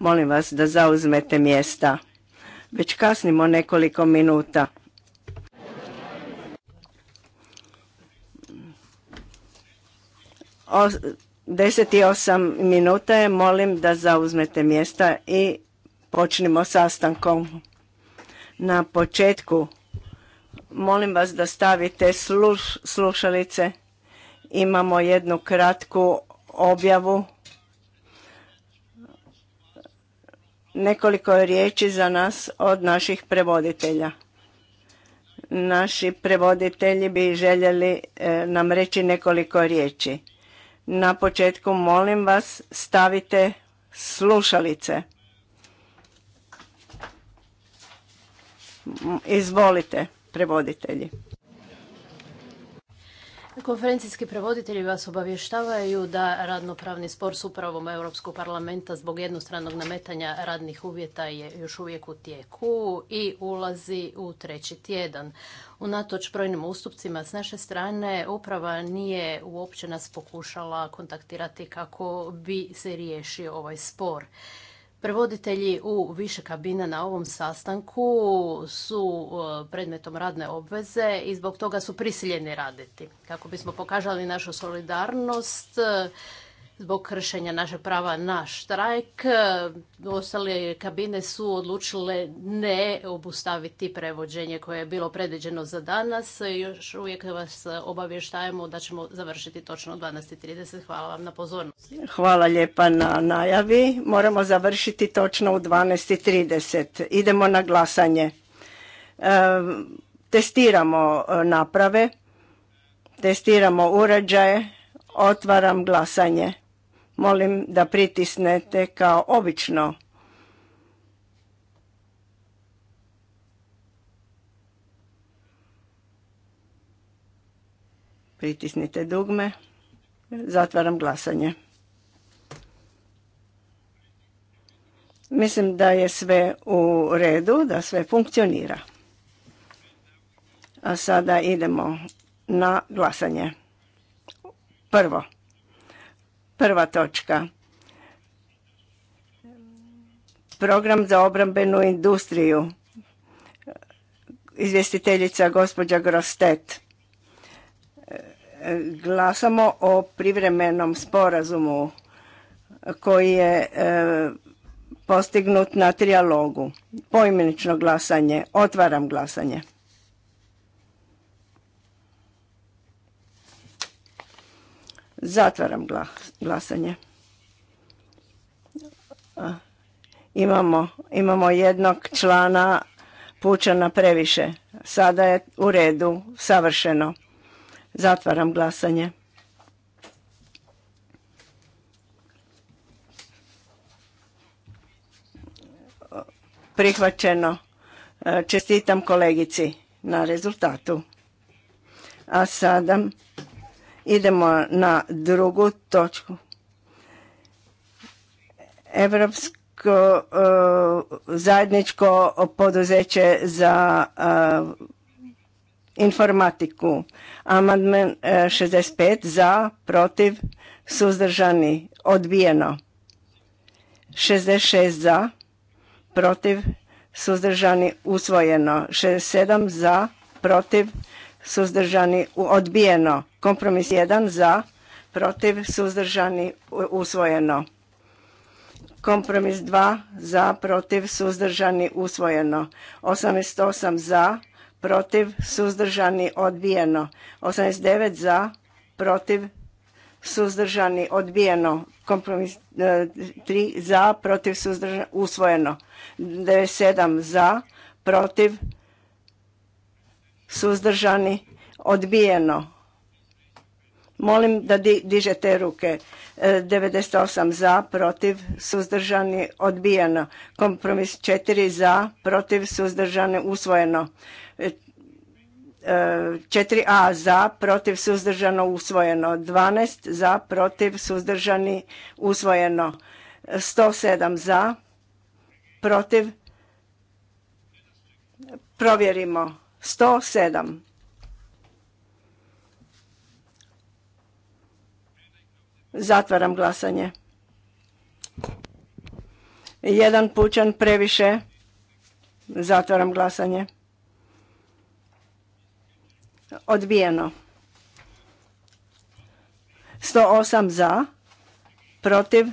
Molim vas da zauzmete mjesta. Već kasnimo nekoliko minuta. Os, osam minuta je, molim da zauzmete mjesta i počnimo sastankom. Na početku molim vas da stavite sluš, slušalice. Imamo jednu kratku objavu. Nekoliko riječi za nas od naših prevoditelja. Naši prevoditelji bi željeli e, nam reći nekoliko riječi. Na početku molim vas stavite slušalice. Izvolite prevoditelji. Konferencijski prevoditelji vas obavještavaju da radnopravni spor s upravom Europskog parlamenta zbog jednostranog nametanja radnih uvjeta je još uvijek u tijeku i ulazi u treći tjedan. Unatoč brojnim ustupcima s naše strane uprava nije uopće nas pokušala kontaktirati kako bi se riješio ovaj spor. Prevoditelji u više kabina na ovom sastanku su e, predmetom radne obveze i zbog toga su prisiljeni raditi. Kako bismo pokazali našu solidarnost, zbog kršenja našeg prava na štrajk. E, ostale kabine su odlučile ne obustaviti prevođenje koje je bilo predviđeno za danas. Još uvijek vas obavještajemo da ćemo završiti točno 12.30. Hvala vam na pozornosti. Hvala lijepa na najavi. Moramo završiti točno u 12.30. Idemo na glasanje. E, testiramo e, naprave, testiramo uređaje, otvaram glasanje. Molim da pritisnete kao obično. Pritisnite dugme. Zatvaram glasanje. Mislim da je sve u redu, da sve funkcionira. A sada idemo na glasanje. Prvo. Prva točka. Program za obrambenu industriju. Izvjestiteljica gospođa Grostet. Glasamo o privremenom sporazumu koji je e, postignut na trijalogu. Poimenično glasanje. Otvaram glasanje. Zatvaram glasanje. Imamo, imamo jednog člana pučana previše. Sada je u redu, savršeno. Zatvaram glasanje. Prihvaćeno. E, čestitam kolegici na rezultatu. A sada Idemo na drugu točku. Evropsko e, zajedničko poduzeće za e, informatiku. Amandman 65 e, za, protiv, suzdržani, odbijeno. 66 za, protiv, suzdržani, usvojeno. 67 za, protiv, suzdržani, odbijeno. Kompromis 1 za, protiv, suzdržani, usvojeno. Kompromis 2 za, protiv, suzdržani, usvojeno. 88 za, protiv, suzdržani, odbijeno. 89 za, protiv, suzdržani, odbijeno. Kompromis 3 e, za, protiv, suzdržani, usvojeno. 97 za, protiv, suzdržani, odbijeno. Molim da dižete ruke. 98 e, za, protiv, suzdržani, odbijeno. Kompromis 4 za, protiv, suzdržani, usvojeno. 4a e, e, za, protiv, suzdržano, usvojeno. 12 za, protiv, suzdržani, usvojeno. 107 za, protiv, provjerimo. 107. Zatvaram glasanje. Jedan pučan previše. Zatvaram glasanje. Odbijeno. 108 za, protiv,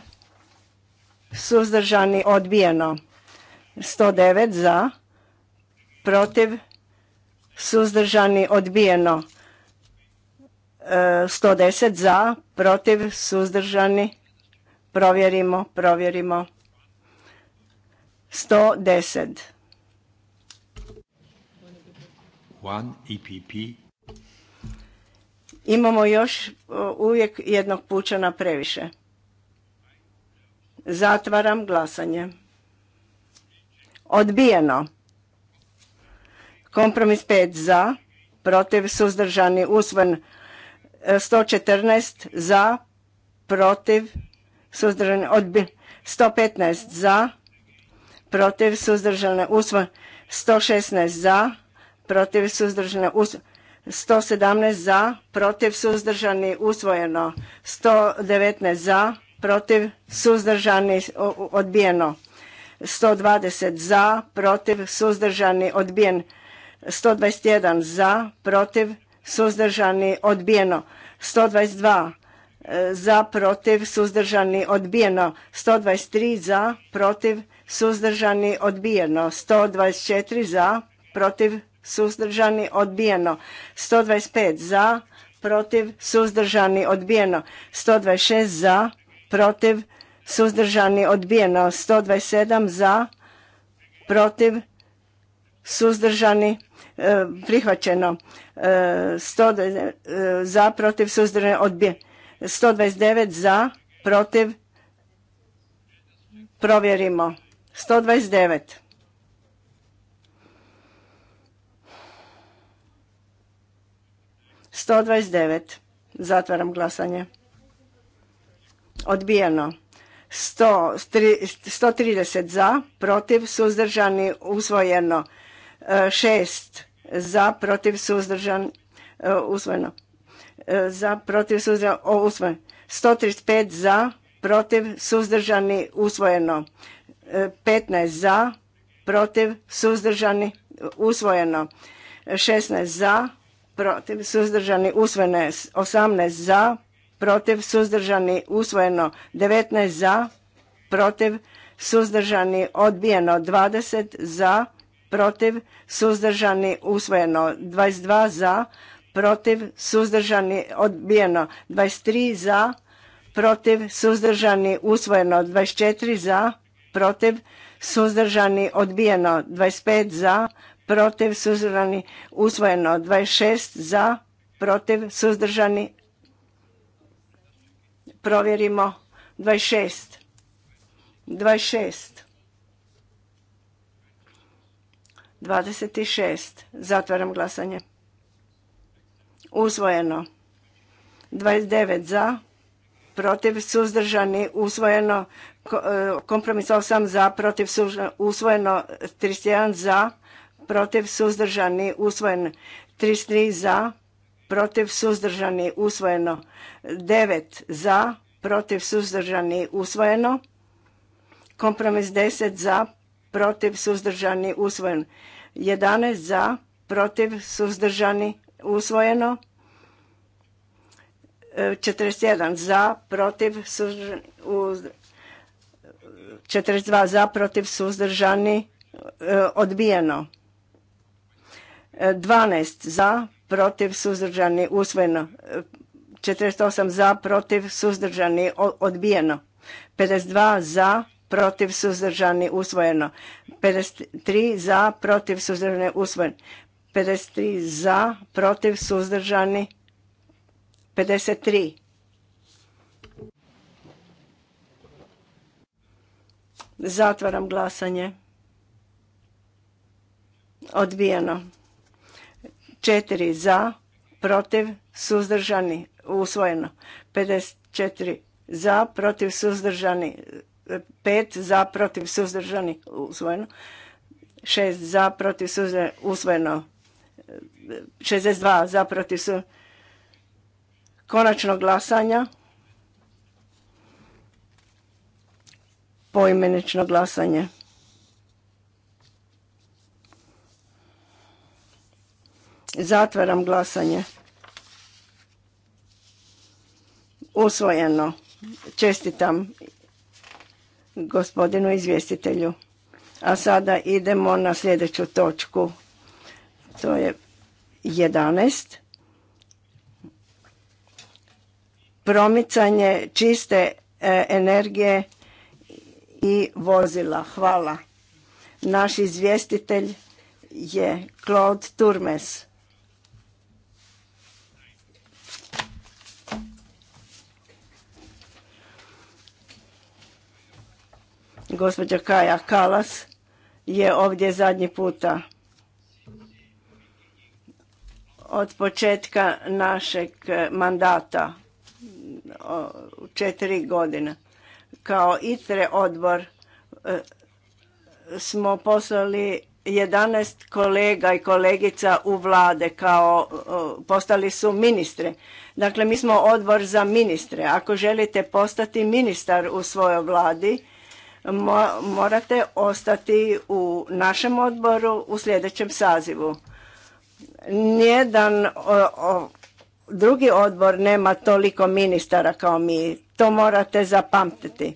suzdržani, odbijeno. 109 za, protiv, suzdržani, odbijeno. 110 za, protiv, suzdržani. Provjerimo, provjerimo. 110. One e Imamo još uvijek jednog na previše. Zatvaram glasanje. Odbijeno. Kompromis 5 za, protiv, suzdržani, usvojen 114 za, protiv, suzdržan odbi, 115 za, protiv, suzdržane, usvoj, 116 za, protiv, suzdržane, us. 117 za, protiv, suzdržani, usvojeno. 119 za, protiv, suzdržani, odbijeno. 120 za, protiv, suzdržani, odbijen. 121 za, protiv, suzdržani odbijeno 122 e, za protiv suzdržani odbijeno 123 za protiv suzdržani odbijeno 124 za protiv suzdržani odbijeno 125 za protiv suzdržani odbijeno 126 za protiv suzdržani odbijeno 127 za protiv suzdržani E, prihvaćeno e, e, za protiv suzdržano, odbije 129 za protiv provjerimo 129 129 zatvaram glasanje odbijeno 100, 130 za protiv suzdržani usvojeno 6 za protiv suzdržan e, usvojeno e, za protiv suzdržan usvojeno 135 za protiv suzdržani usvojeno 15 e, za protiv suzdržani usvojeno 16 za protiv suzdržani usvojeno 18 za protiv suzdržani usvojeno 19 za protiv suzdržani odbijeno 20 za protiv, suzdržani, usvojeno. 22 za, protiv, suzdržani, odbijeno. 23 za, protiv, suzdržani, usvojeno. 24 za, protiv, suzdržani, odbijeno. 25 za, protiv, suzdržani, usvojeno. 26 za, protiv, suzdržani, provjerimo. 26. 26. 26. Zatvaram glasanje. Usvojeno. 29 e, za, protiv, suzdržani, usvojeno. Kompromis 8 za, protiv, suzdržani. usvojeno. 31 za, protiv, suzdržani, usvojeno. 33 za, protiv, suzdržani, usvojeno. 9 za, protiv, suzdržani, usvojeno. Kompromis 10 za, protiv suzdržani usvojen 11 za protiv suzdržani usvojeno 41 za protiv suzdržani 42 za protiv suzdržani e, odbijeno 12 za protiv suzdržani usvojeno 48 za protiv suzdržani odbijeno 52 za protiv suzdržani usvojeno. 53 za, protiv suzdržani usvojeno. 53 za, protiv suzdržani 53. Zatvaram glasanje. Odbijeno. 4 za, protiv, suzdržani, usvojeno. 54 za, protiv, suzdržani, pet za protiv suzdržani usvojeno. 6 za protiv suzdržani usvojeno. 62 za protiv su Konačno glasanja. Poimenično glasanje. Zatvaram glasanje. Usvojeno. Čestitam gospodinu izvjestitelju. A sada idemo na sljedeću točku. To je 11. Promicanje čiste e, energije i vozila. Hvala. Naš izvjestitelj je Claude Turmes. Gospođa Kaja Kalas je ovdje zadnji puta od početka našeg e, mandata u četiri godine. Kao ITRE odbor e, smo poslali 11 kolega i kolegica u vlade kao postali su ministre. Dakle, mi smo odbor za ministre. Ako želite postati ministar u svojoj vladi, morate ostati u našem odboru u sljedećem sazivu. Nijedan drugi odbor nema toliko ministara kao mi. To morate zapamtiti.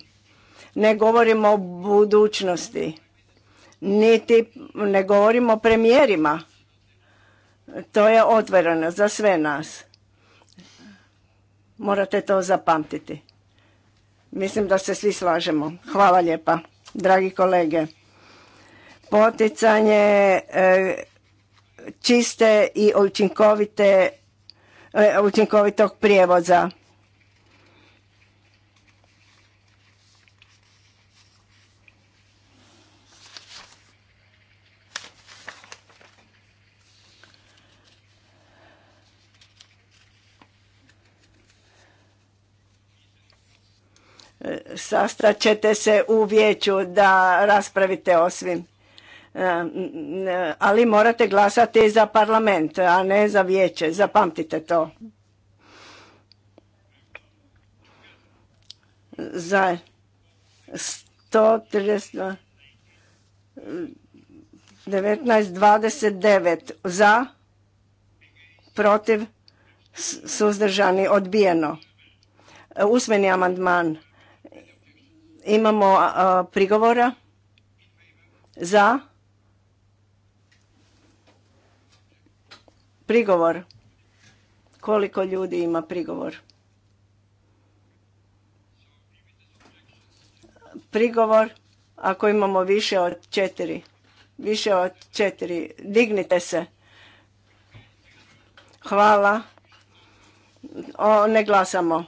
Ne govorimo o budućnosti. Niti ne govorimo o premijerima. To je otvoreno za sve nas. Morate to zapamtiti. Mislim da se svi slažemo. Hvala lijepa, dragi kolege. Poticanje e, čiste i učinkovite, e, učinkovitog prijevoza sastaćete se u vijeću da raspravite o svim. E, ali morate glasati za parlament, a ne za vijeće. Zapamtite to. Za 130... 19.29 e, za, protiv, suzdržani, odbijeno. E, usmeni amandman Imamo prigovora za prigovor. Koliko ljudi ima prigovor? Prigovor ako imamo više od četiri. Više od četiri. Dignite se. Hvala. O, ne glasamo.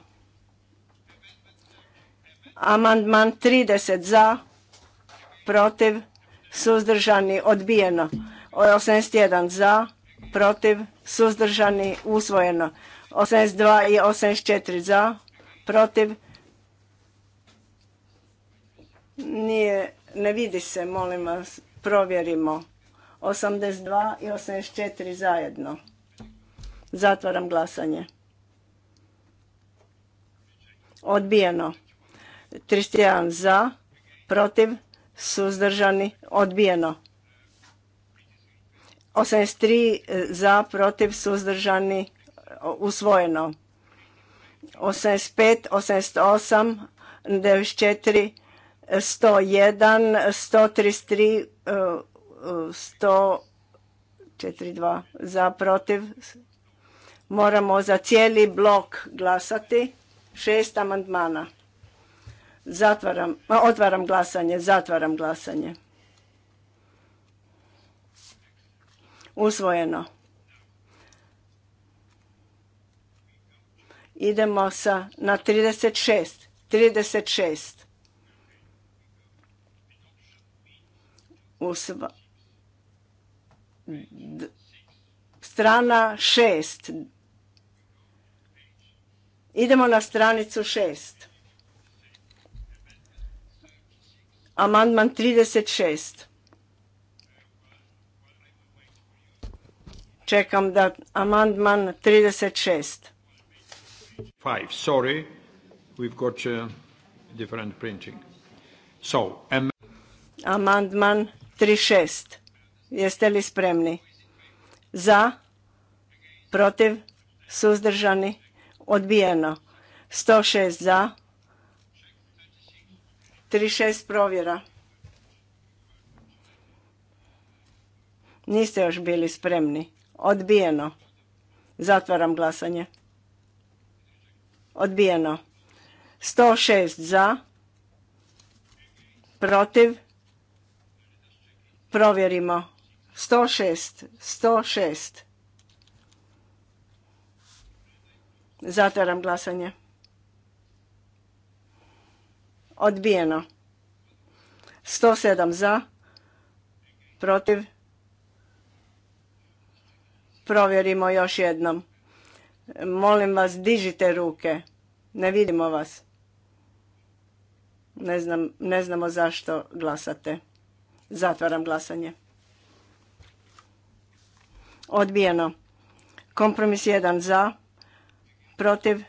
Amandman 30 za, protiv, suzdržani, odbijeno. 81 za, protiv, suzdržani, usvojeno. 82 i 84 za, protiv. Nije, ne vidi se, molim vas, provjerimo. 82 i 84 zajedno. Zatvaram glasanje. Odbijeno. 31 za, protiv, suzdržani, odbijeno. 83 e, za, protiv, suzdržani, e, usvojeno. 85, 88, 94, 101, 133, 142 za, protiv. Moramo za cijeli blok glasati. Šest amandmana. Zatvaram, otvaram glasanje, zatvaram glasanje. Usvojeno. Idemo sa na 36. 36. Usva. D, strana 6. Idemo na stranicu 6. Amandman 36. Čekam da amandman 36. Five, sorry, we've got a uh, different printing. So, amandman 36. Jeste li spremni? Za, protiv, suzdržani, odbijeno. 106 za, 36 provjera. Niste još bili spremni. Odbijeno. Zatvaram glasanje. Odbijeno. 106 za. Protiv. Provjerimo. 106. 106. Zatvaram glasanje. Odbijeno. 107 za. Protiv. Provjerimo još jednom. Molim vas, dižite ruke. Ne vidimo vas. Ne, znam, ne znamo zašto glasate. Zatvaram glasanje. Odbijeno. Kompromis 1 za. Protiv.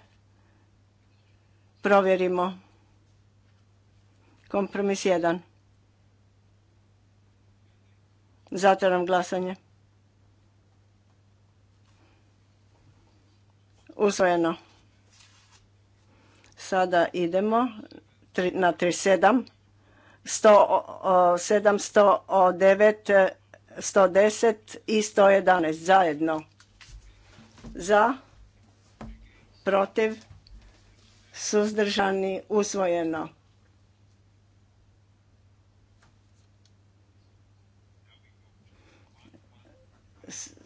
Provjerimo. Kompromis 1. Zatvaram glasanje. Usvojeno. Sada idemo na 37. 107, 109, 110 i 111 zajedno. Za, protiv, suzdržani, usvojeno.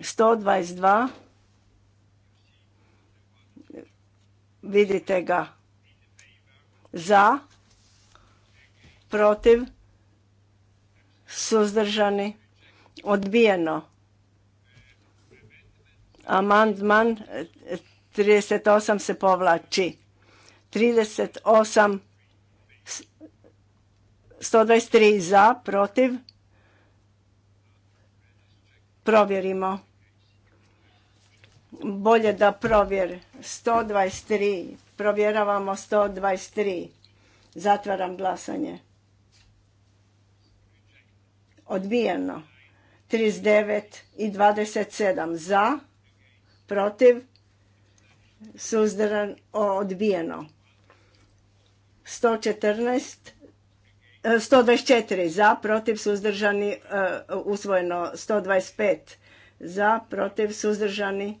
122. Vidite ga. Za. Protiv. Suzdržani. Odbijeno. Amandman 38 e, se povlači. 38 123 za, protiv. Provjerimo. Bolje da provjer. 123. Provjeravamo 123. Zatvaram glasanje. Odbijeno. 39 i 27 za, protiv, suzdran, odbijeno. 114, 124 e, za, protiv, suzdržani, e, usvojeno. 125 za, protiv, suzdržani,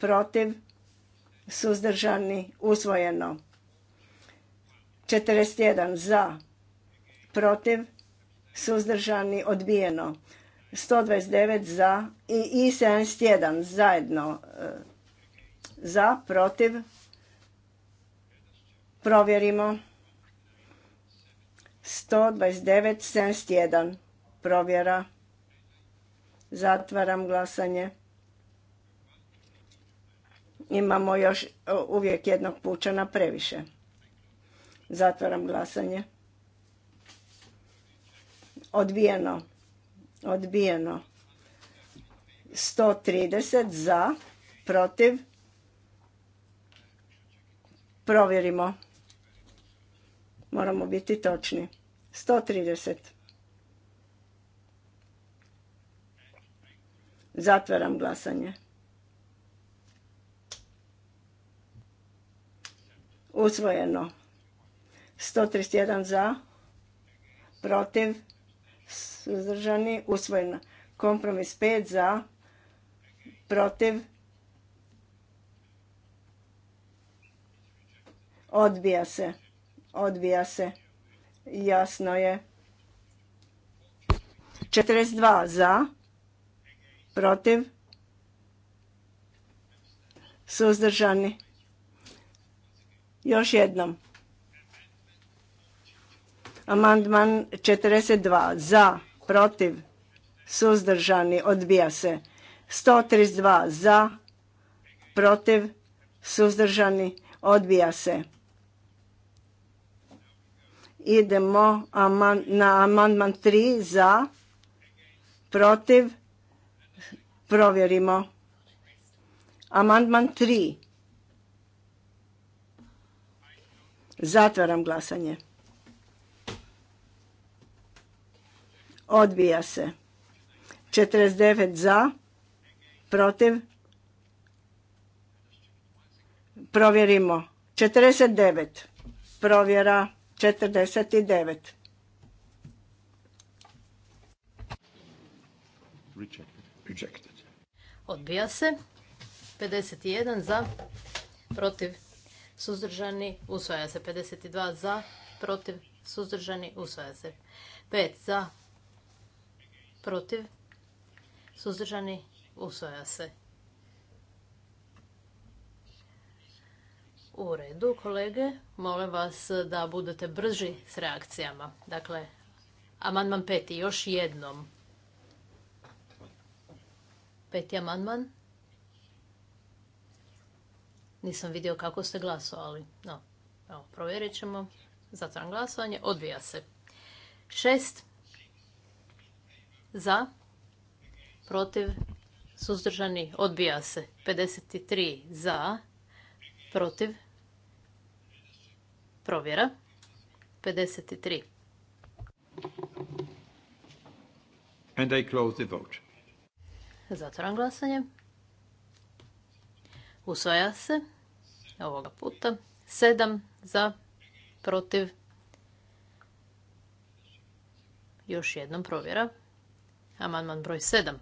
protiv, suzdržani, usvojeno. 41 za, protiv, suzdržani, odbijeno. 129 za i, i 71 zajedno e, za, protiv, provjerimo. 129, 71, provjera. Zatvaram glasanje. Imamo još uvijek jednog pučana previše. Zatvaram glasanje. Odbijeno. Odbijeno. 130 za, protiv. Provjerimo. Moramo biti točni. 130. Zatvaram glasanje. usvojeno 131 za protiv suzdržani usvojeno kompromis 5 za protiv odbija se odbija se jasno je 42 za protiv suzdržani još jednom. Amandman 42. Za, protiv, suzdržani, odbija se. 132. Za, protiv, suzdržani, odbija se. Idemo na amandman 3. Za, protiv, provjerimo. Amandman 3. Zatvaram glasanje. Odbija se. 49 za, protiv. Provjerimo. 49. Provjera 49. Rejected. Odbija se. 51 za, protiv suzdržani, usvaja se. 52 za, protiv, suzdržani, usvaja se. 5 za, protiv, suzdržani, usvaja se. U redu, kolege, molim vas da budete brži s reakcijama. Dakle, amandman peti, još jednom. Peti amandman. Nisam vidio kako ste glasovali. No, evo, provjerit ćemo. Zatvaram glasovanje. Odbija se. Šest. Za. Protiv. Suzdržani. Odbija se. 53. Za. Protiv. Provjera. 53. And Zatvaram glasanje. Usvaja se ovoga puta. sedam za, protiv. Još jednom provjera. Amandman broj sedam.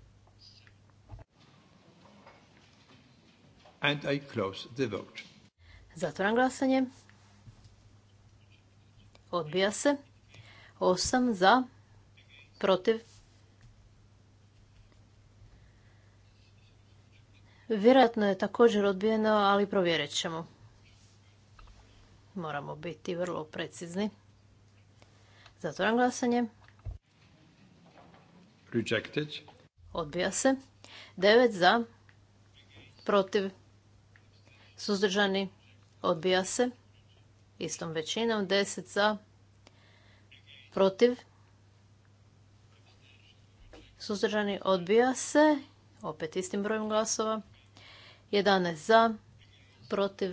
And I close the vote. glasanje. Odbija se. osam za, protiv. Vjerojatno je također odbijeno, ali provjerit ćemo. Moramo biti vrlo precizni. Zatvoram glasanje. Rejected. Odbija se. 9 za. Protiv. Suzdržani. Odbija se. Istom većinom. 10 za. Protiv. Suzdržani. Odbija se. Opet istim brojem glasova. 11 za, protiv,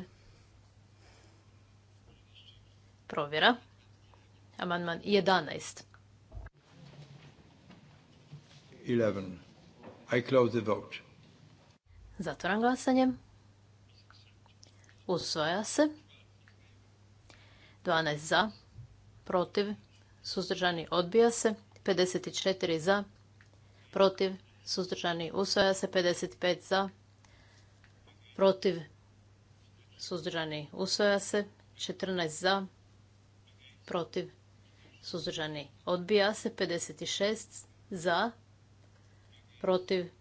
provjera. Amandman 11. 11. I close the vote. Zatvoram glasanje. Usvaja se. 12 za, protiv, suzdržani odbija se. 54 za, protiv, suzdržani usvaja se. 55 za, protiv, suzdržani, usvaja se. 14 za, protiv, suzdržani, odbija se. 56 za, protiv,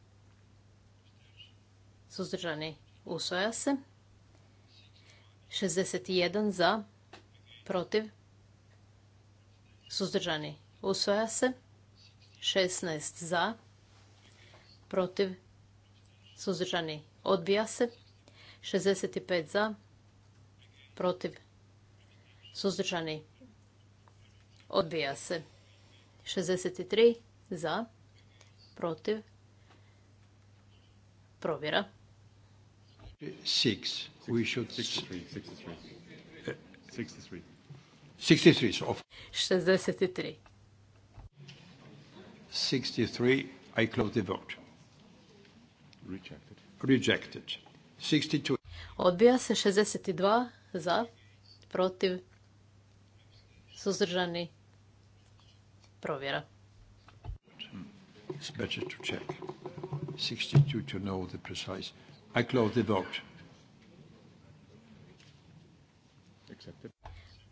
suzdržani, usvaja se. 61 za, protiv, suzdržani, usvaja se. 16 za, protiv, suzdržani, odbija se. 65 za, protiv, suzdržani, odbija se. 63 za, protiv, provjera. 6, we should... 63, I close the vote. Rejected. Rejected. 62. Odbija se 62 za, protiv, suzdržani, provjera. It's better to check. 62 to know the precise. I close the vote.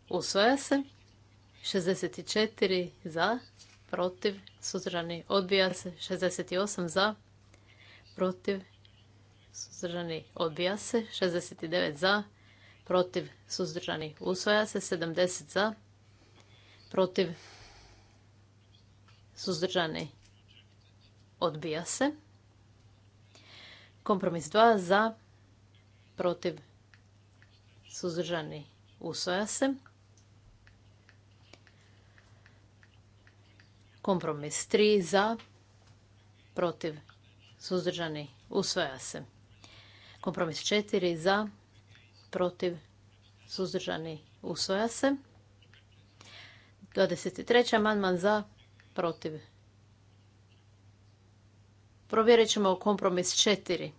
Usvaja se. 64 za, protiv, suzdržani, odbija se. 68 za, protiv, suzdržani, odbija se. 69 za, protiv, suzdržani, usvaja se. 70 za, protiv, suzdržani, odbija se. Kompromis 2 za, protiv, suzdržani, usvaja se. Kompromis 3 za, protiv, suzdržani, usvaja se. Kompromis 4 za, protiv, suzdržani, usvoja se. 23. amandman za, protiv. Provjerit ćemo kompromis četiri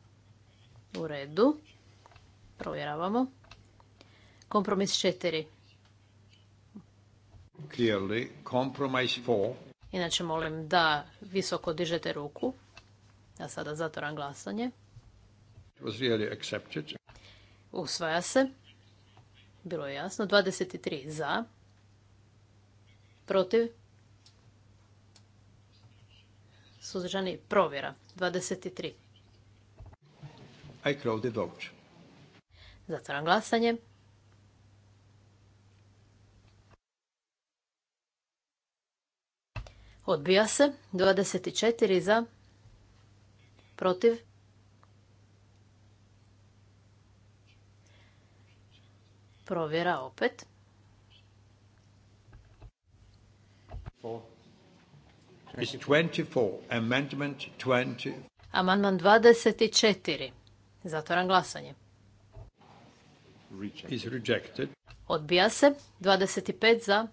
U redu. Provjeravamo. Kompromis 4. Inače molim da visoko dižete ruku. Ja sada zatvoram glasanje was really accepted. Usvaja se. Bilo je jasno. 23 za. Protiv. Suzdržani provjera. 23. I crowd the vote. Zatvaram glasanje. Odbija se. 24 za. Protiv. Provjera opet. Amendment Amandman 24. Zatoran glasanje. Odbija se. 25 za.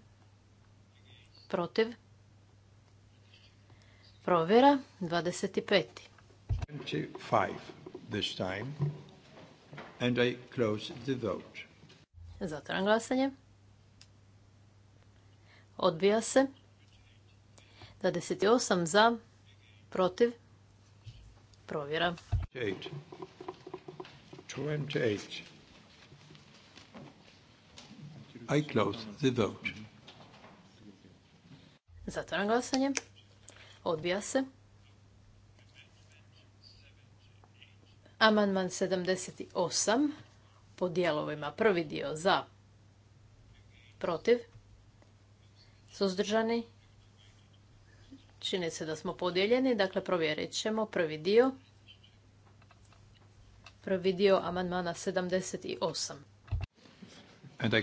Protiv. Provjera. 25. 25 this time. And I close the vote. Zatvaram glasanje. Odbija se. 28 za, protiv. Provjera. 28. I close the vote. Zatvaram glasanje. Odbija se. Amandman 78 po dijelovima. Prvi dio za, protiv, suzdržani. Čini se da smo podijeljeni, dakle provjerit ćemo prvi dio. Prvi dio amandmana 78. And I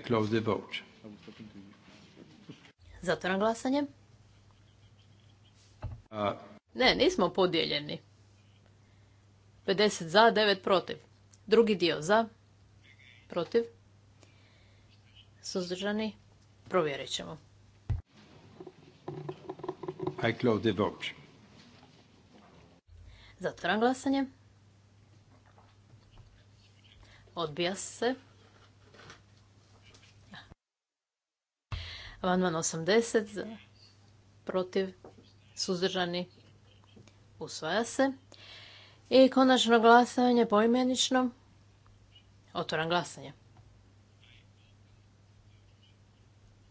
glasanje. Ne, nismo podijeljeni. 50 za, 9 protiv. Drugi dio za, Protiv? Suzdržani? Provjerit ćemo. I close the glasanje. Odbija se. Amandman 80 protiv suzdržani usvaja se. I konačno glasanje poimenično. Otvoram glasanje.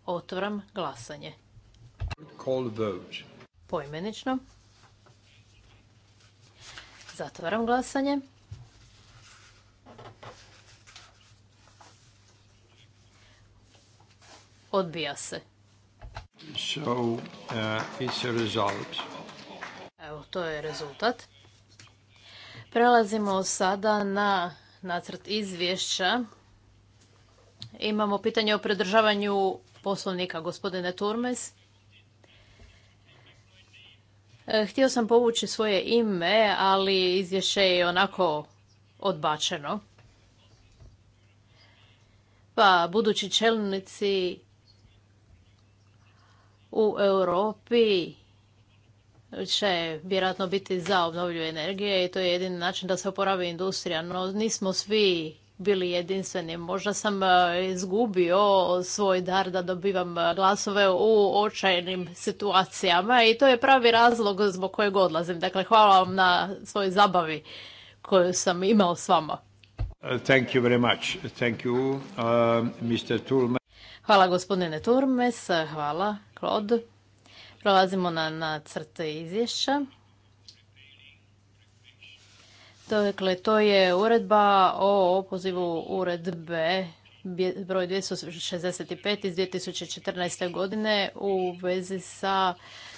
Otvoram glasanje. Call vote. Poimenično. Zatvaram glasanje. Odbija se. So, uh, it's Evo, to je rezultat. Prelazimo sada na nacrt izvješća. Imamo pitanje o predržavanju poslovnika gospodine Turmes. E, htio sam povući svoje ime, ali izvješće je onako odbačeno. Pa budući čelnici u Europi će vjerojatno biti za obnovljive energije i to je jedini način da se oporavi industrija. No nismo svi bili jedinstveni. Možda sam e, izgubio svoj dar da dobivam e, glasove u očajnim situacijama i to je pravi razlog zbog kojeg odlazim. Dakle, hvala vam na svojoj zabavi koju sam imao s vama. Uh, uh, hvala gospodine Turmes, hvala Claude. Prelazimo na crte izvješća. Dakle, to je uredba o opozivu uredbe broj 265 iz 2014. godine u vezi sa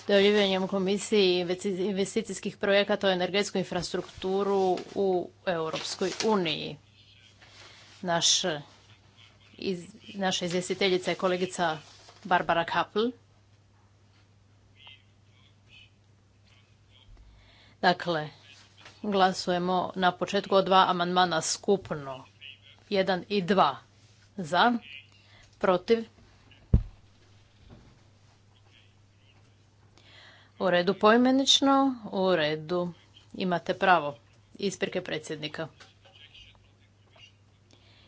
dojavljivanjem komisiji investicijskih projekata o energetsku infrastrukturu u Europskoj uniji. naša izvjestiteljica je kolegica Barbara Kappel. Dakle, glasujemo na početku o dva amandmana skupno. jedan i dva za, protiv. U redu poimenično, u redu. Imate pravo. Isprike predsjednika.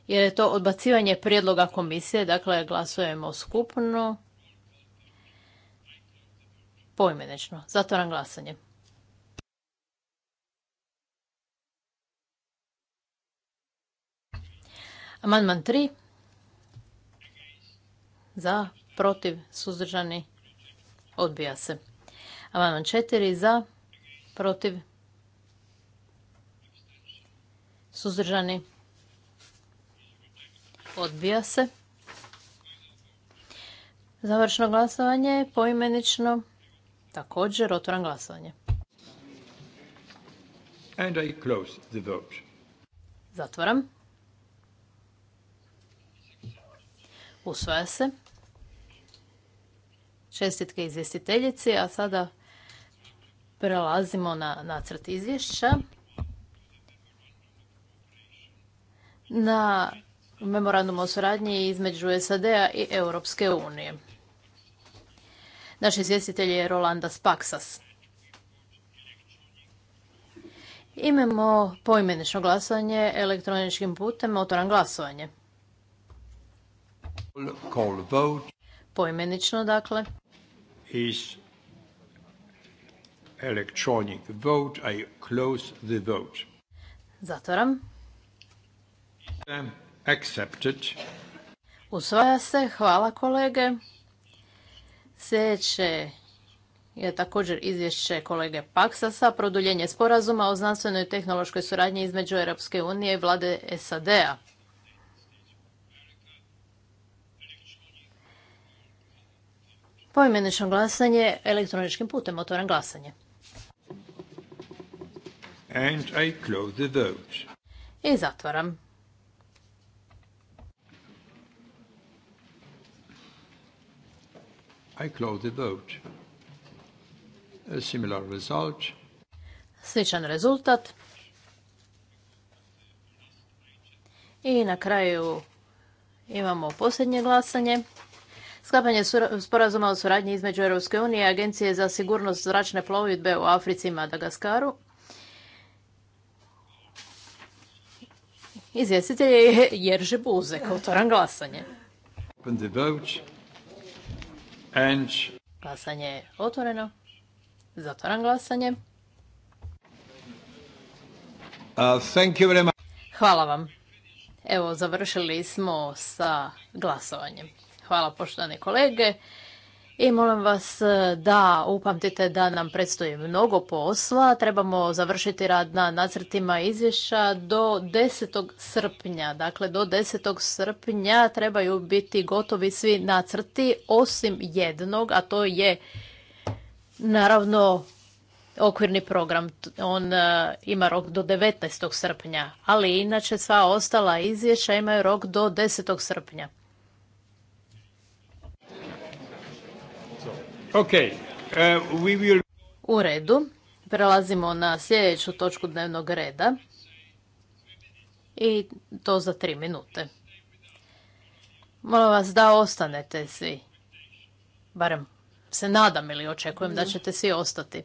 Jer je to odbacivanje prijedloga komisije, dakle glasujemo skupno poimenično. Zatvoram glasanje. Amandman 3. Za, protiv, suzdržani, odbija se. Amandman 4. Za, protiv, suzdržani, odbija se. Završno glasovanje poimenično. Također otvaram glasovanje. And Zatvaram. Usvaja se. Čestitke izvjestiteljici, a sada prelazimo na nacrt izvješća. Na memorandum o suradnji između SAD-a i Europske unije. Naš izvjestitelj je Rolanda Spaksas. Imamo poimenično glasovanje elektroničkim putem, motoran glasovanje. Poimenično, dakle. Is electronic vote. I close the vote. Accepted. Usvaja se. Hvala kolege. Sljedeće je također izvješće kolege Paksasa, produljenje sporazuma o znanstvenoj i tehnološkoj suradnji između Europske unije i vlade SAD-a. Poimenično glasanje elektroničkim putem. otvoren glasanje. I close the vote. zatvaram. I close the vote. A similar result. Sličan rezultat. I na kraju imamo posljednje glasanje. Sklapanje sporazuma o suradnji između Europske unije i Agencije za sigurnost zračne plovidbe u Africi i Madagaskaru. Izvjestitelj je Jerže Buzek, Otvoran glasanje. Glasanje je otvoreno. Zatvaram glasanje. Uh, Hvala vam. Evo, završili smo sa glasovanjem. Hvala poštovane kolege. I molim vas e, da upamtite da nam predstoji mnogo posla. Trebamo završiti rad na nacrtima izvješća do 10. srpnja. Dakle, do 10. srpnja trebaju biti gotovi svi nacrti osim jednog, a to je naravno okvirni program. On e, ima rok do 19. srpnja, ali inače sva ostala izvješća imaju rok do 10. srpnja. Uh, U redu. Prelazimo na sljedeću točku dnevnog reda. I to za tri minute. Molim vas da ostanete svi. Barem se nadam ili očekujem da ćete svi ostati.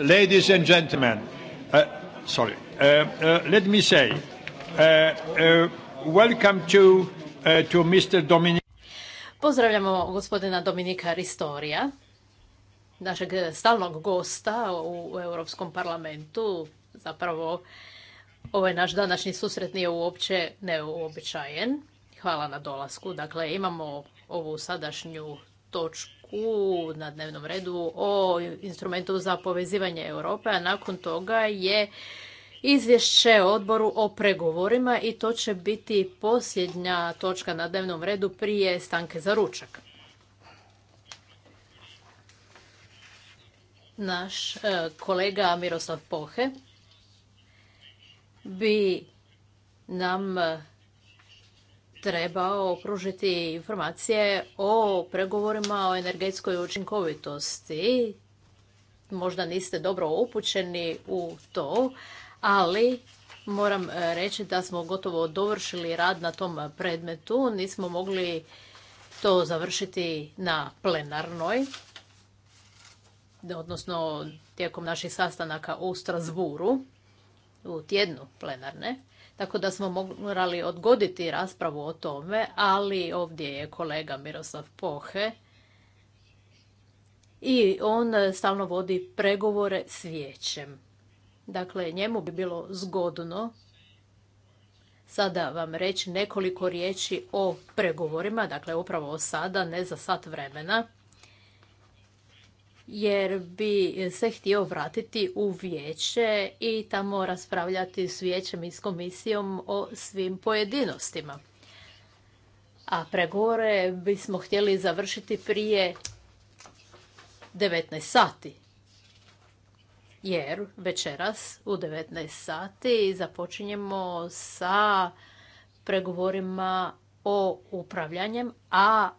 ladies and gentlemen, uh, sorry, uh, uh, let me say, welcome to, to Mr. Dominic. Pozdravljamo gospodina Dominika Ristorija, našeg stalnog gosta u Europskom parlamentu. Zapravo, ovaj naš današnji susret nije uopće neuobičajen. Hvala na dolasku. Dakle, imamo ovu sadašnju točku u, na dnevnom redu o instrumentu za povezivanje Europe, a nakon toga je izvješće odboru o pregovorima i to će biti posljednja točka na dnevnom redu prije stanke za ručak. Naš e, kolega Miroslav Pohe bi nam trebao pružiti informacije o pregovorima o energetskoj učinkovitosti. Možda niste dobro upućeni u to, ali moram reći da smo gotovo dovršili rad na tom predmetu. Nismo mogli to završiti na plenarnoj, odnosno tijekom naših sastanaka u Strasburu u tjednu plenarne tako da smo morali odgoditi raspravu o tome, ali ovdje je kolega Miroslav Pohe i on stalno vodi pregovore s vijećem. Dakle, njemu bi bilo zgodno sada vam reći nekoliko riječi o pregovorima, dakle upravo sada, ne za sat vremena jer bi se htio vratiti u vijeće i tamo raspravljati s vijećem i s komisijom o svim pojedinostima. A pregovore bismo htjeli završiti prije 19 sati. Jer večeras u 19 sati započinjemo sa pregovorima o upravljanjem, a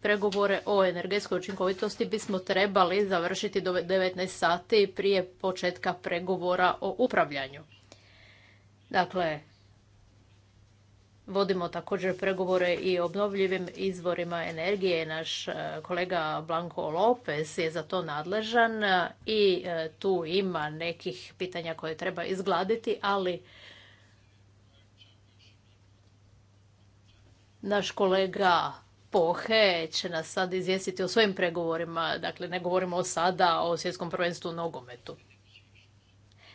pregovore o energetskoj učinkovitosti bismo trebali završiti do 19 sati prije početka pregovora o upravljanju. Dakle, vodimo također pregovore i obnovljivim izvorima energije. Naš e, kolega Blanco Lopez je za to nadležan e, i e, tu ima nekih pitanja koje treba izgladiti, ali naš kolega Pohe će nas sad izvijestiti o svojim pregovorima, dakle ne govorimo o sada o svjetskom prvenstvu u nogometu.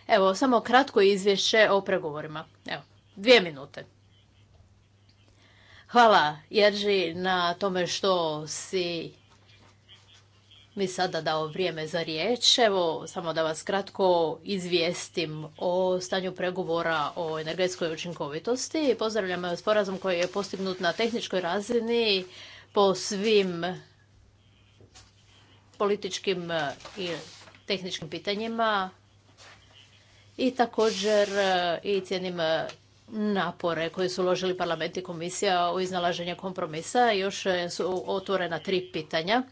Evo, samo kratko izvješće o pregovorima. Evo, dvije minute. Hvala Jerži na tome što si mi sada dao vrijeme za riječ. Evo, samo da vas kratko izvijestim o stanju pregovora o energetskoj učinkovitosti. Pozdravljam sporazum koji je postignut na tehničkoj razini po svim političkim i tehničkim pitanjima i također i cijenim napore koje su uložili parlament i komisija u iznalaženje kompromisa. Još su otvorena tri pitanja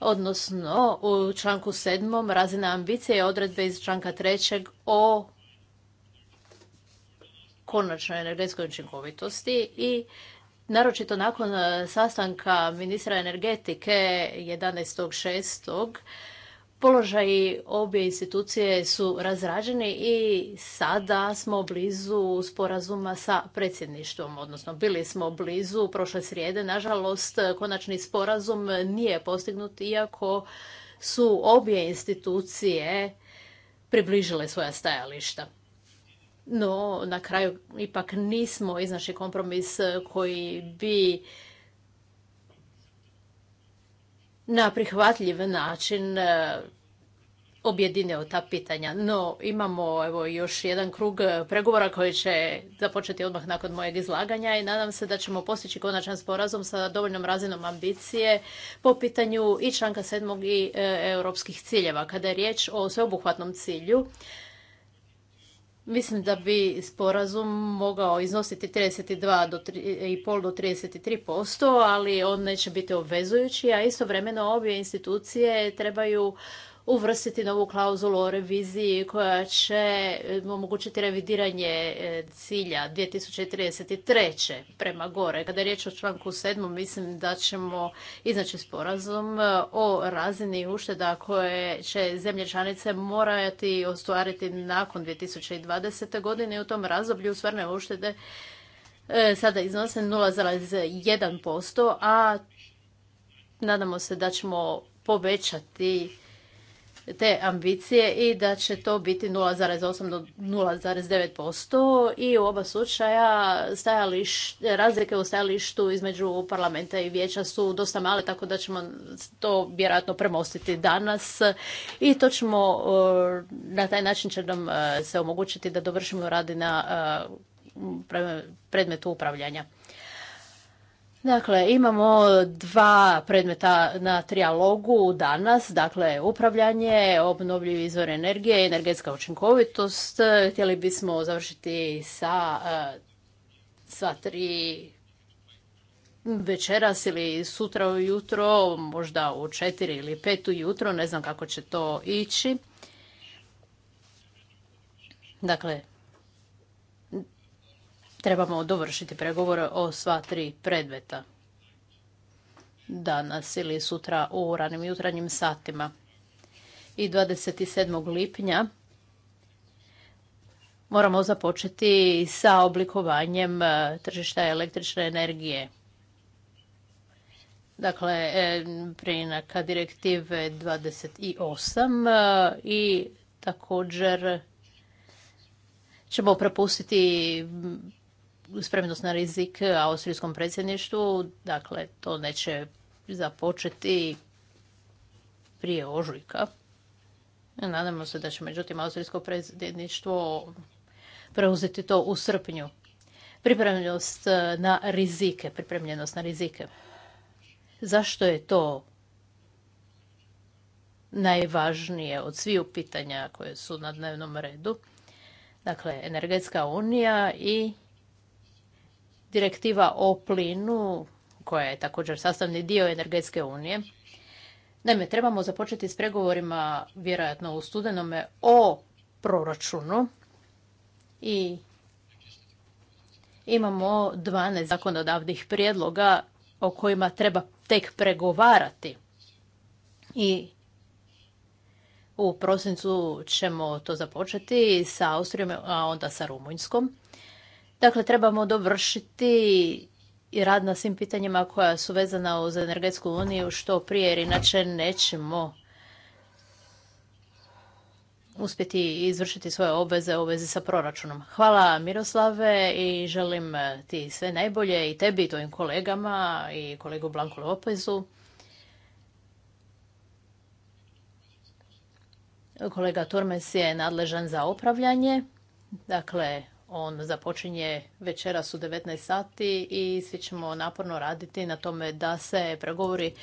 odnosno u članku 7. razina ambicije i odredbe iz članka 3. o konačnoj energetskoj učinkovitosti i naročito nakon e, sastanka ministra energetike 11.6 Položaji obje institucije su razrađeni i sada smo blizu sporazuma sa predsjedništvom, odnosno bili smo blizu prošle srijede. Nažalost, konačni sporazum nije postignut iako su obje institucije približile svoja stajališta. No, na kraju ipak nismo iznašli kompromis koji bi na prihvatljiv način e, objedineo ta pitanja. No, imamo evo, još jedan krug e, pregovora koji će započeti odmah nakon mojeg izlaganja i nadam se da ćemo postići konačan sporazum sa dovoljnom razinom ambicije po pitanju i članka 7. i e, europskih ciljeva. Kada je riječ o sveobuhvatnom cilju, Mislim da bi sporazum mogao iznositi 32 do pol do 33%, ali on neće biti obvezujući, a istovremeno obje institucije trebaju uvrstiti novu klauzulu o reviziji koja će e, omogućiti revidiranje e, cilja 2033. prema gore. Kada je riječ o članku 7. mislim da ćemo iznaći sporazum e, o razini ušteda koje će zemlje članice morati ostvariti nakon 2020. godine i u tom razdoblju stvarne uštede sada iznose 0,1%, a nadamo se da ćemo povećati te ambicije i da će to biti 0,8 do 0,9% i u oba slučaja stajališ, razlike u stajalištu između parlamenta i vijeća su dosta male, tako da ćemo to vjerojatno premostiti danas i to ćemo, e, na taj način će nam e, se omogućiti da dovršimo radi na e, predmetu upravljanja. Dakle, imamo dva predmeta na trijalogu danas, dakle upravljanje, obnovljivi izvor energije energetska učinkovitost. Htjeli bismo završiti sa eh, sva tri večeras ili sutra ujutro, možda u četiri ili pet ujutro, ne znam kako će to ići. Dakle, trebamo dovršiti pregovore o sva tri predmeta danas ili sutra u ranim jutranjim satima. I 27. lipnja moramo započeti sa oblikovanjem e, tržišta električne energije. Dakle, e, prinaka direktive 28 e, i također ćemo prepustiti spremnost na rizik austrijskom predsjedništvu. Dakle, to neće započeti prije ožujka. Nadamo se da će međutim austrijsko predsjedništvo preuzeti to u srpnju. Pripremljenost na rizike, pripremljenost na rizike. Zašto je to najvažnije od sviju pitanja koje su na dnevnom redu? Dakle, energetska unija i direktiva o plinu, koja je također sastavni dio energetske unije. Naime, trebamo započeti s pregovorima, vjerojatno u studenome, o proračunu i imamo 12 zakonodavnih prijedloga o kojima treba tek pregovarati. I u prosincu ćemo to započeti sa Austrijom, a onda sa Rumunjskom. Dakle, trebamo dovršiti i rad na svim pitanjima koja su vezana uz energetsku uniju što prije, jer inače nećemo uspjeti izvršiti svoje obveze u vezi sa proračunom. Hvala Miroslave i želim ti sve najbolje i tebi i tvojim kolegama i kolegu Blanku Lopezu. Kolega Turmes je nadležan za upravljanje, dakle on započinje večeras u 19 sati i svi ćemo naporno raditi na tome da se pregovori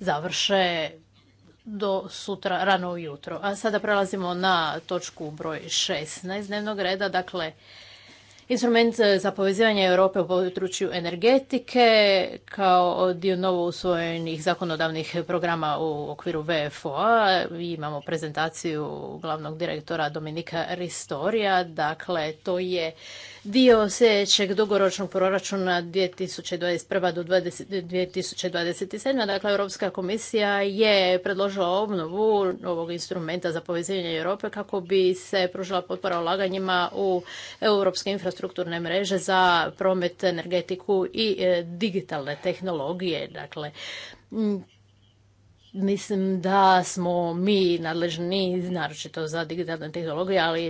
završe do sutra, rano ujutro. A sada prelazimo na točku broj 16 dnevnog reda, dakle instrument za povezivanje Europe u području energetike kao dio novo usvojenih zakonodavnih programa u okviru VFOA. Imamo prezentaciju glavnog direktora Dominika Ristorija. Dakle, to je dio sljedećeg dugoročnog proračuna 2021. do 2027. Dakle, Europska komisija je predložila obnovu ovog instrumenta za povezivanje Europe kako bi se pružila potpora ulaganjima u europske infrastrukturne mreže za promet, energetiku i e, digitalne tehnologije. Dakle, Mislim da smo mi nadležni, naročito za digitalne tehnologije, ali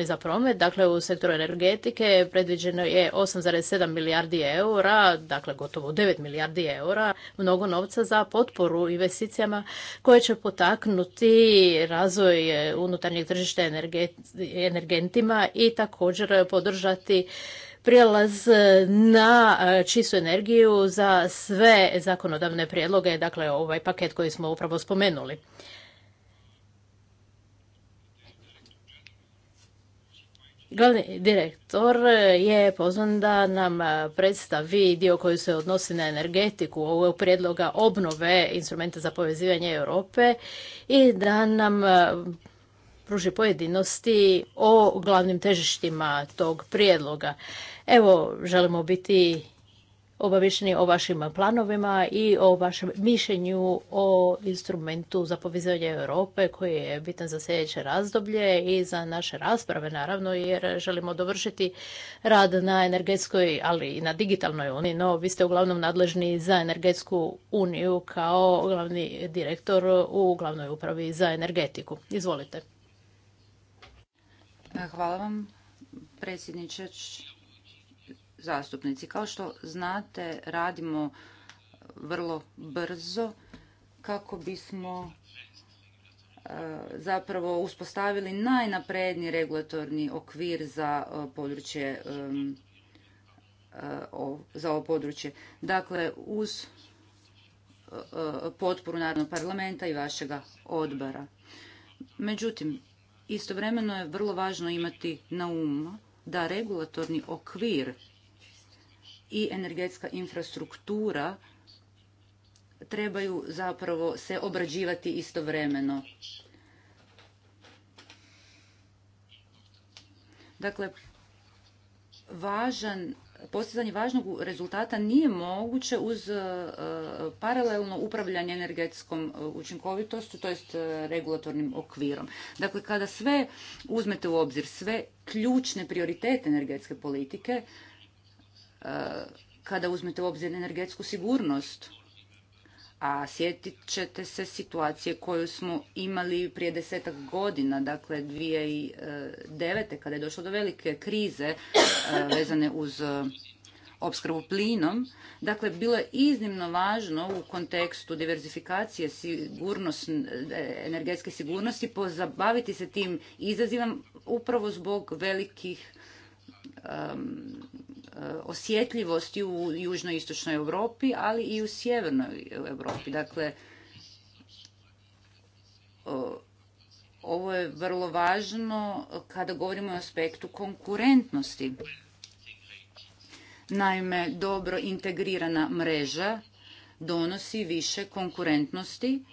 i za promet. Dakle, u sektoru energetike predviđeno je 8,7 milijardi eura, dakle gotovo 9 milijardi eura, mnogo novca za potporu investicijama koje će potaknuti razvoj unutarnjeg tržišta energentima i također podržati prijelaz e, na e, čistu energiju za sve zakonodavne prijedloge, dakle ovaj paket koji smo upravo spomenuli. Glavni direktor je pozvan da nam e, predstavi dio koji se odnosi na energetiku ovog prijedloga obnove instrumenta za povezivanje Europe i da nam pruži pojedinosti o glavnim težištima tog prijedloga. Evo, želimo biti obavišeni o vašim planovima i o vašem mišljenju o instrumentu za povezivanje Europe koji je bitan za sljedeće razdoblje i za naše rasprave naravno jer želimo dovršiti rad na energetskoj ali i na digitalnoj uniji no vi ste uglavnom nadležni za energetsku uniju kao glavni direktor u glavnoj upravi za energetiku. Izvolite. E, hvala vam, predsjedniče zastupnici. Kao što znate, radimo vrlo brzo kako bismo e, zapravo uspostavili najnapredniji regulatorni okvir za e, područje za ovo područje. Dakle, uz potporu Narodnog parlamenta i vašega odbora. Međutim, Istovremeno je vrlo važno imati na umu da regulatorni okvir i energetska infrastruktura trebaju zapravo se obrađivati istovremeno. Dakle, važan postizanje važnog rezultata nije moguće uz e, paralelno upravljanje energetskom e, učinkovitošću, to jest e, regulatornim okvirom. Dakle, kada sve uzmete u obzir, sve ključne prioritete energetske politike, kada uzmete u obzir energetsku sigurnost, a sjetit ćete se situacije koju smo imali prije desetak godina, dakle 2009. E, kada je došlo do velike krize e, vezane uz e, opskrbu plinom. Dakle, bilo je iznimno važno u kontekstu diversifikacije sigurnost, energetske sigurnosti pozabaviti se tim izazivom upravo zbog velikih Eh, osjetljivosti u južnoj Europi, ali i u sjevernoj Europi. Dakle, eh, ovo je vrlo važno kada govorimo o aspektu konkurentnosti. Naime, dobro integrirana mreža donosi više konkurentnosti,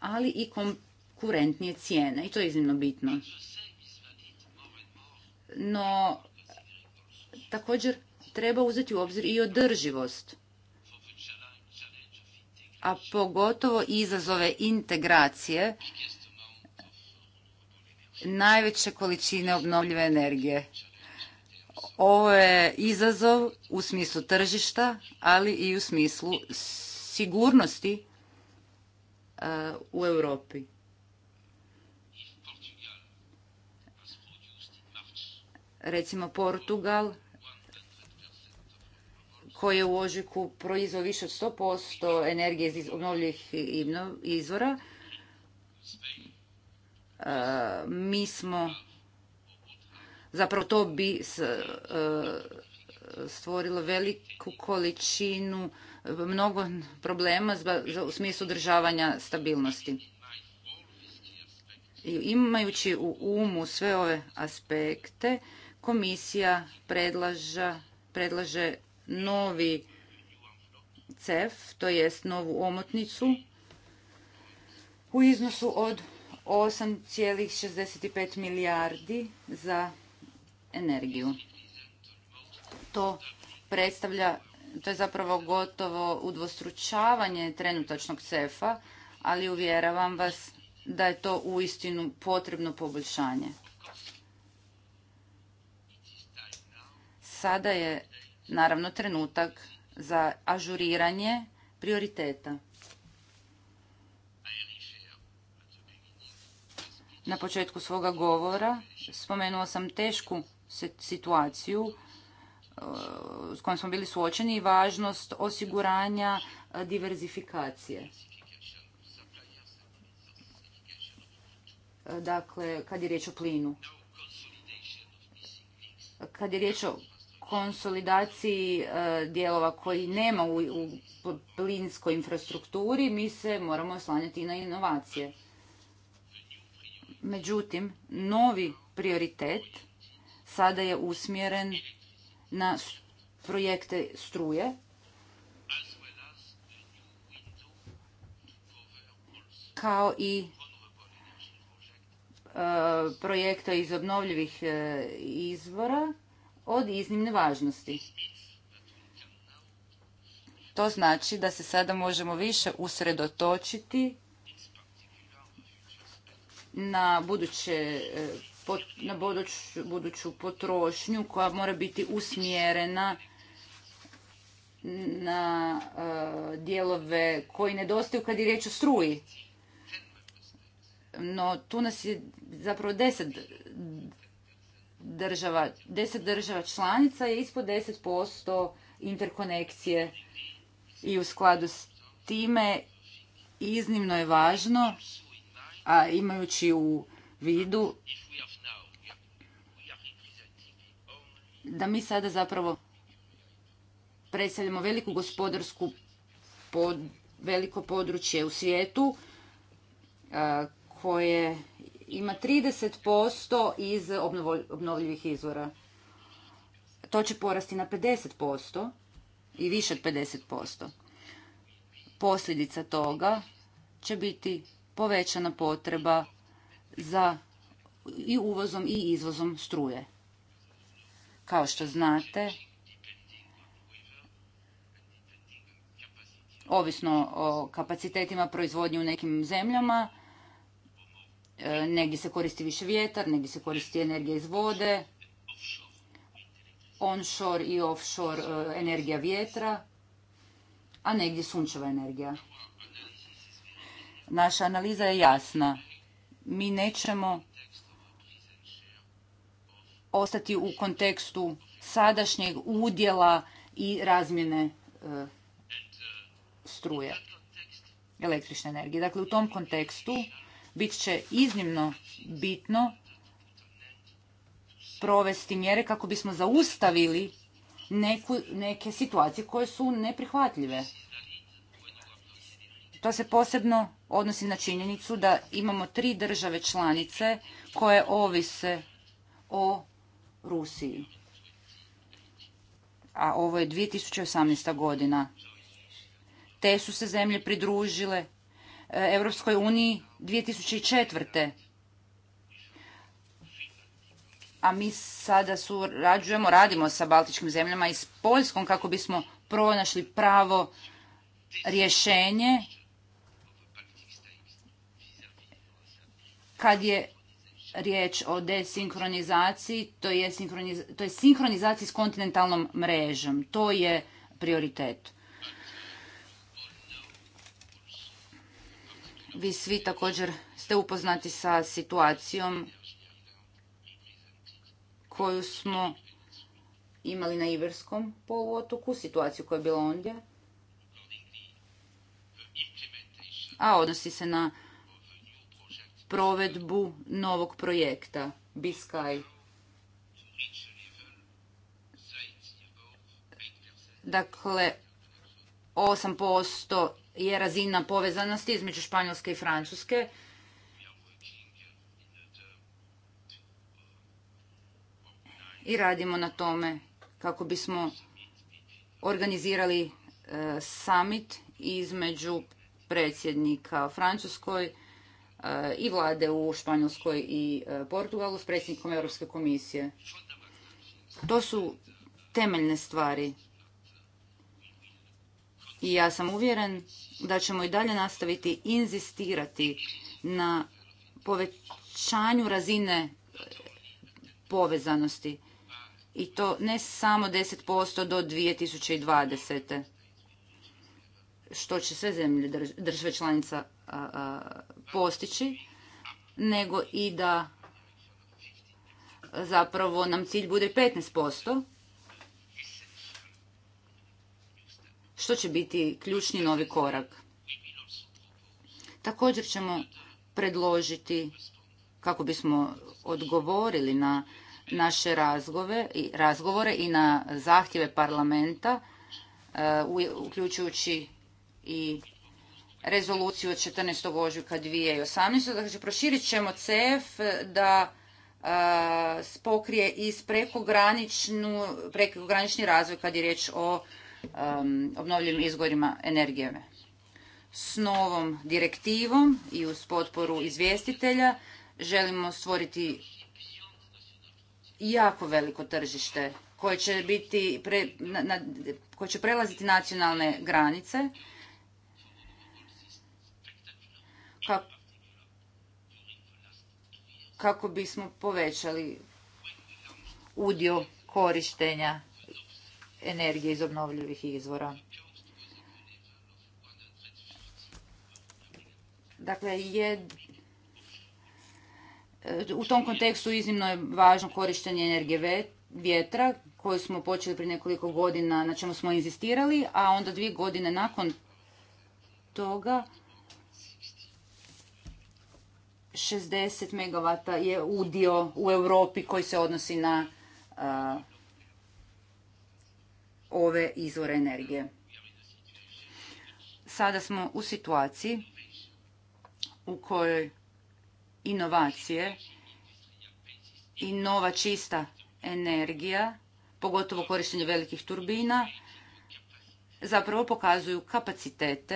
ali i konkurentnije cijene. I to je iznimno bitno. No, Također treba uzeti u obzir i održivost, a pogotovo izazove integracije najveće količine obnovljive energije. Ovo je izazov u smislu tržišta, ali i u smislu sigurnosti uh, u Europi. Recimo Portugal koji je u ožujku proizveo više od 100% energije iz obnovljivih izvora. E, mi smo zapravo to bi e, stvorilo veliku količinu mnogo problema u smislu održavanja stabilnosti. Imajući u umu sve ove aspekte, komisija predlaže novi CEF, to jest novu omotnicu u iznosu od 8,65 milijardi za energiju. To predstavlja, to je zapravo gotovo udvostručavanje trenutačnog cefa, ali uvjeravam vas da je to uistinu potrebno poboljšanje. Sada je naravno trenutak za ažuriranje prioriteta. Na početku svoga govora spomenuo sam tešku situaciju e, s kojom smo bili suočeni i važnost osiguranja e, diverzifikacije. E, dakle, kad je riječ o plinu. Kad je riječ o konsolidaciji e, dijelova koji nema u, plinskoj infrastrukturi, mi se moramo oslanjati na inovacije. Međutim, novi prioritet sada je usmjeren na projekte struje, kao i e, projekta iz obnovljivih e, izvora od iznimne važnosti. To znači da se sada možemo više usredotočiti na buduće e, na buduću, potrošnju koja mora biti usmjerena na e, dijelove koji nedostaju kad je riječ o struji. No tu nas je zapravo deset država, 10 država članica je ispod 10% interkonekcije i u skladu s time iznimno je važno, a imajući u vidu da mi sada zapravo predstavljamo veliku gospodarsku veliko područje u svijetu koje ima 30% iz obnovljivih izvora. To će porasti na 50% i više od 50%. Posljedica toga će biti povećana potreba za i uvozom i izvozom struje. Kao što znate, ovisno o kapacitetima proizvodnje u nekim zemljama, negdje se koristi više vjetar, negdje se koristi energija iz vode, onshore i offshore e, energija vjetra, a negdje sunčeva energija. Naša analiza je jasna. Mi nećemo ostati u kontekstu sadašnjeg udjela i razmjene e, struje, električne energije. Dakle, u tom kontekstu bit će iznimno bitno provesti mjere kako bismo zaustavili neku, neke situacije koje su neprihvatljive. To se posebno odnosi na činjenicu da imamo tri države članice koje ovise o Rusiji. A ovo je 2018. godina. Te su se zemlje pridružile Europskoj eh, uniji 2004. A mi sada surađujemo, radimo sa baltičkim zemljama i s Poljskom kako bismo pronašli pravo rješenje kad je riječ o desinkronizaciji, to je, to je s kontinentalnom mrežom. To je prioritet. Vi svi također ste upoznati sa situacijom koju smo imali na Iverskom poluotoku, situaciju koja je bila ondje. A odnosi se na provedbu novog projekta Biscay. Dakle, 8% je razina povezanosti između Španjolske i Francuske. I radimo na tome kako bismo organizirali e, summit između predsjednika Francuskoj e, i vlade u Španjolskoj i e, Portugalu s predsjednikom Europske komisije. To su temeljne stvari i ja sam uvjeren da ćemo i dalje nastaviti inzistirati na povećanju razine povezanosti. I to ne samo 10% do 2020. Što će sve zemlje države članica postići, nego i da zapravo nam cilj bude 15%. što će biti ključni novi korak. Također ćemo predložiti kako bismo odgovorili na naše razgovore i na zahtjeve parlamenta, e, uključujući i rezoluciju od 14. ožujka 2018. Dakle, proširit ćemo CEF da e, pokrije i prekogranični razvoj kad je riječ o Um, obnovljivim izgorima energije. S novom direktivom i uz potporu izvjestitelja želimo stvoriti jako veliko tržište koje će, biti pre, na, koje će prelaziti nacionalne granice kako, kako bismo povećali udio korištenja energije iz obnovljivih izvora. Dakle, je, e, u tom kontekstu iznimno je važno korištenje energije vjetra, koju smo počeli prije nekoliko godina, na čemu smo inzistirali, a onda dvije godine nakon toga 60 MW je udio u Europi koji se odnosi na e, ove izvore energije. Sada smo u situaciji u kojoj inovacije i nova čista energija, pogotovo korištenje velikih turbina, zapravo pokazuju kapacitete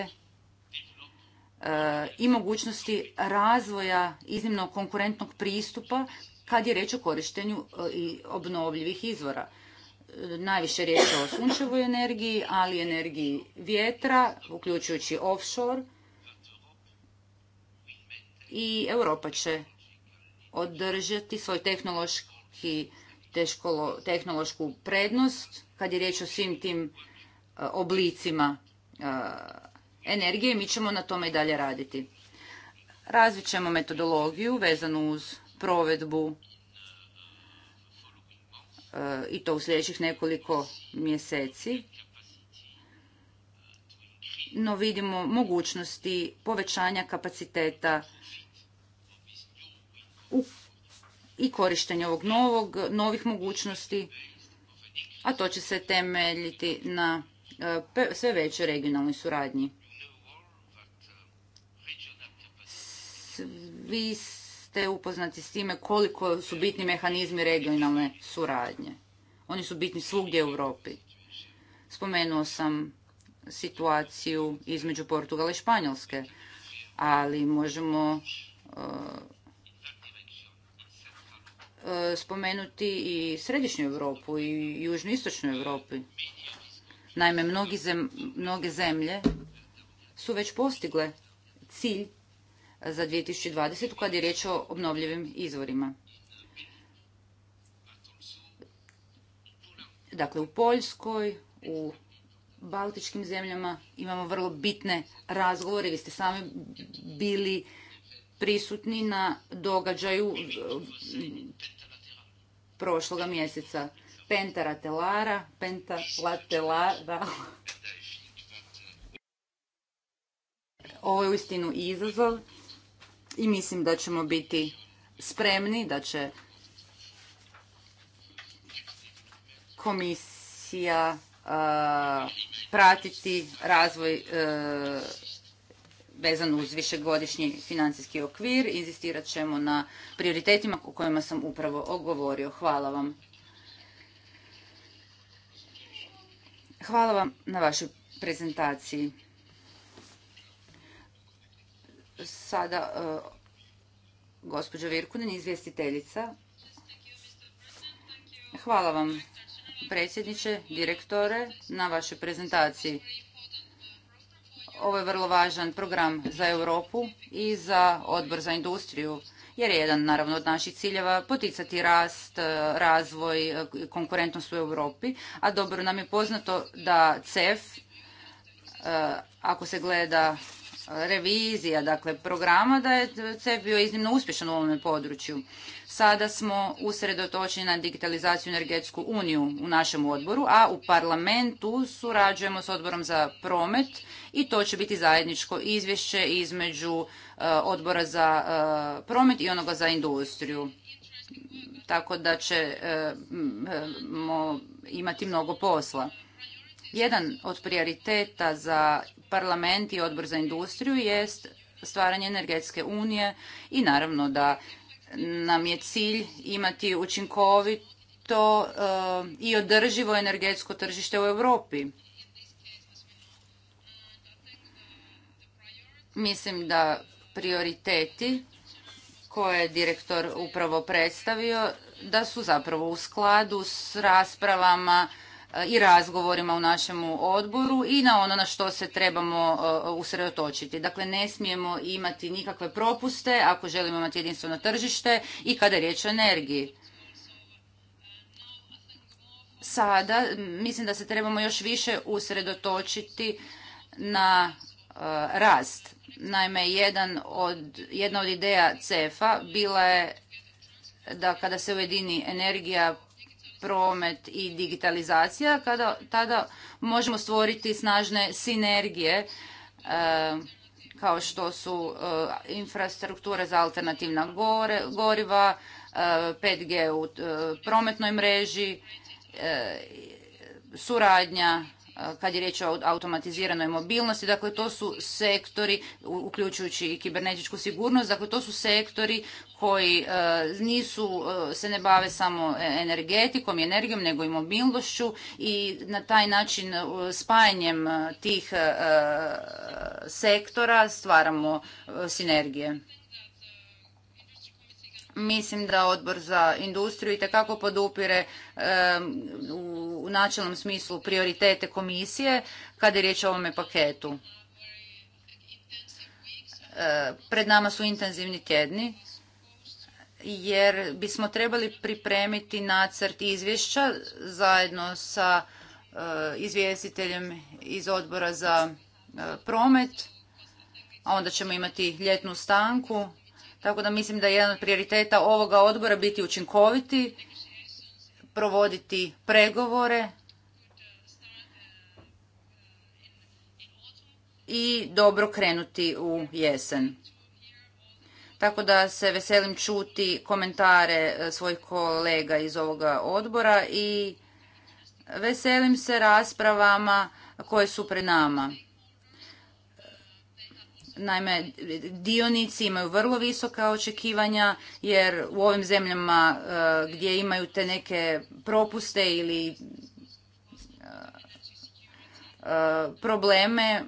e, i mogućnosti razvoja iznimno konkurentnog pristupa kad je reč o korištenju e, i obnovljivih izvora najviše riječ o sunčevoj energiji, ali i energiji vjetra, uključujući offshore. I Europa će održati svoj tehnološki, tehnološku prednost kad je riječ o svim tim e, oblicima e, energije. Mi ćemo na tome i dalje raditi. Razvit ćemo metodologiju vezanu uz provedbu i to u sljedećih nekoliko mjeseci. No vidimo mogućnosti povećanja kapaciteta i korištenja ovog novog, novih mogućnosti, a to će se temeljiti na e, sve većoj regionalnoj suradnji. Svi te upoznati s time koliko su bitni mehanizmi regionalne suradnje. Oni su bitni svugdje u Europi. Spomenuo sam situaciju između Portugala i Španjolske, ali možemo e, e, spomenuti i središnju Europu i južnoistočnu Europu. Naime, mnogi mnoge zemlje su već postigle cilj za 2020. kad je riječ o obnovljivim izvorima. Dakle, u Poljskoj, u Baltičkim zemljama imamo vrlo bitne razgovore. Vi ste sami bili prisutni na događaju e, prošloga mjeseca. Pentaratelara, Latelara. Ovo je uistinu izazov i mislim da ćemo biti spremni, da će komisija e, pratiti razvoj e, vezan uz višegodišnji financijski okvir. Inzistirat ćemo na prioritetima o kojima sam upravo ogovorio. Hvala vam. Hvala vam na vašoj prezentaciji sada e, gospođa Virkunen, izvjestiteljica. Hvala vam, predsjedniče, direktore, na vašoj prezentaciji. Ovo je vrlo važan program za Europu i za odbor za industriju, jer je jedan, naravno, od naših ciljeva poticati rast, e, razvoj, e, konkurentnost u Europi, a dobro nam je poznato da CEF, ako se gleda revizija, dakle programa, da je CEP bio iznimno uspješan u ovom području. Sada smo usredotočeni na digitalizaciju energetsku uniju u našem odboru, a u parlamentu surađujemo s odborom za promet i to će biti zajedničko izvješće između e, odbora za e, promet i onoga za industriju. Tako da ćemo e, imati mnogo posla. Jedan od prioriteta za parlament i odbor za industriju jest stvaranje energetske unije i naravno da nam je cilj imati učinkovito eh, i održivo energetsko tržište u Europi. Mislim da prioriteti koje je direktor upravo predstavio da su zapravo u skladu s raspravama E, i razgovorima u našemu odboru i na ono na što se trebamo e, usredotočiti. Dakle, ne smijemo imati nikakve propuste ako želimo imati jedinstveno tržište i kada je riječ o energiji. Sada mislim da se trebamo još više usredotočiti na e, rast. Naime, jedan od, jedna od ideja CEFA bila je da kada se ujedini energija, promet i digitalizacija, kada, tada možemo stvoriti snažne sinergije e, kao što su e, infrastrukture za alternativna goriva, 5G e, u prometnoj mreži, suradnja kad je riječ o automatiziranoj mobilnosti, dakle to su sektori, uključujući i kibernetičku sigurnost, dakle to su sektori koji e, nisu, e, se ne bave samo e, energetikom i energijom, nego i mobilnošću i na taj način spajanjem tih sektora stvaramo sinergije. Mislim da odbor za industriju i tekako podupire u načelnom smislu prioritete komisije kada je riječ o ovome paketu. pred nama su intenzivni tjedni jer bismo trebali pripremiti nacrt izvješća zajedno sa e, izvjestiteljem iz odbora za e, promet, a onda ćemo imati ljetnu stanku. Tako da mislim da je jedan od prioriteta ovoga odbora biti učinkoviti, provoditi pregovore i dobro krenuti u jesen. Tako da se veselim čuti komentare e, svojih kolega iz ovoga odbora i veselim se raspravama koje su pred nama. Naime, dionici imaju vrlo visoka očekivanja jer u ovim zemljama e, gdje imaju te neke propuste ili e, probleme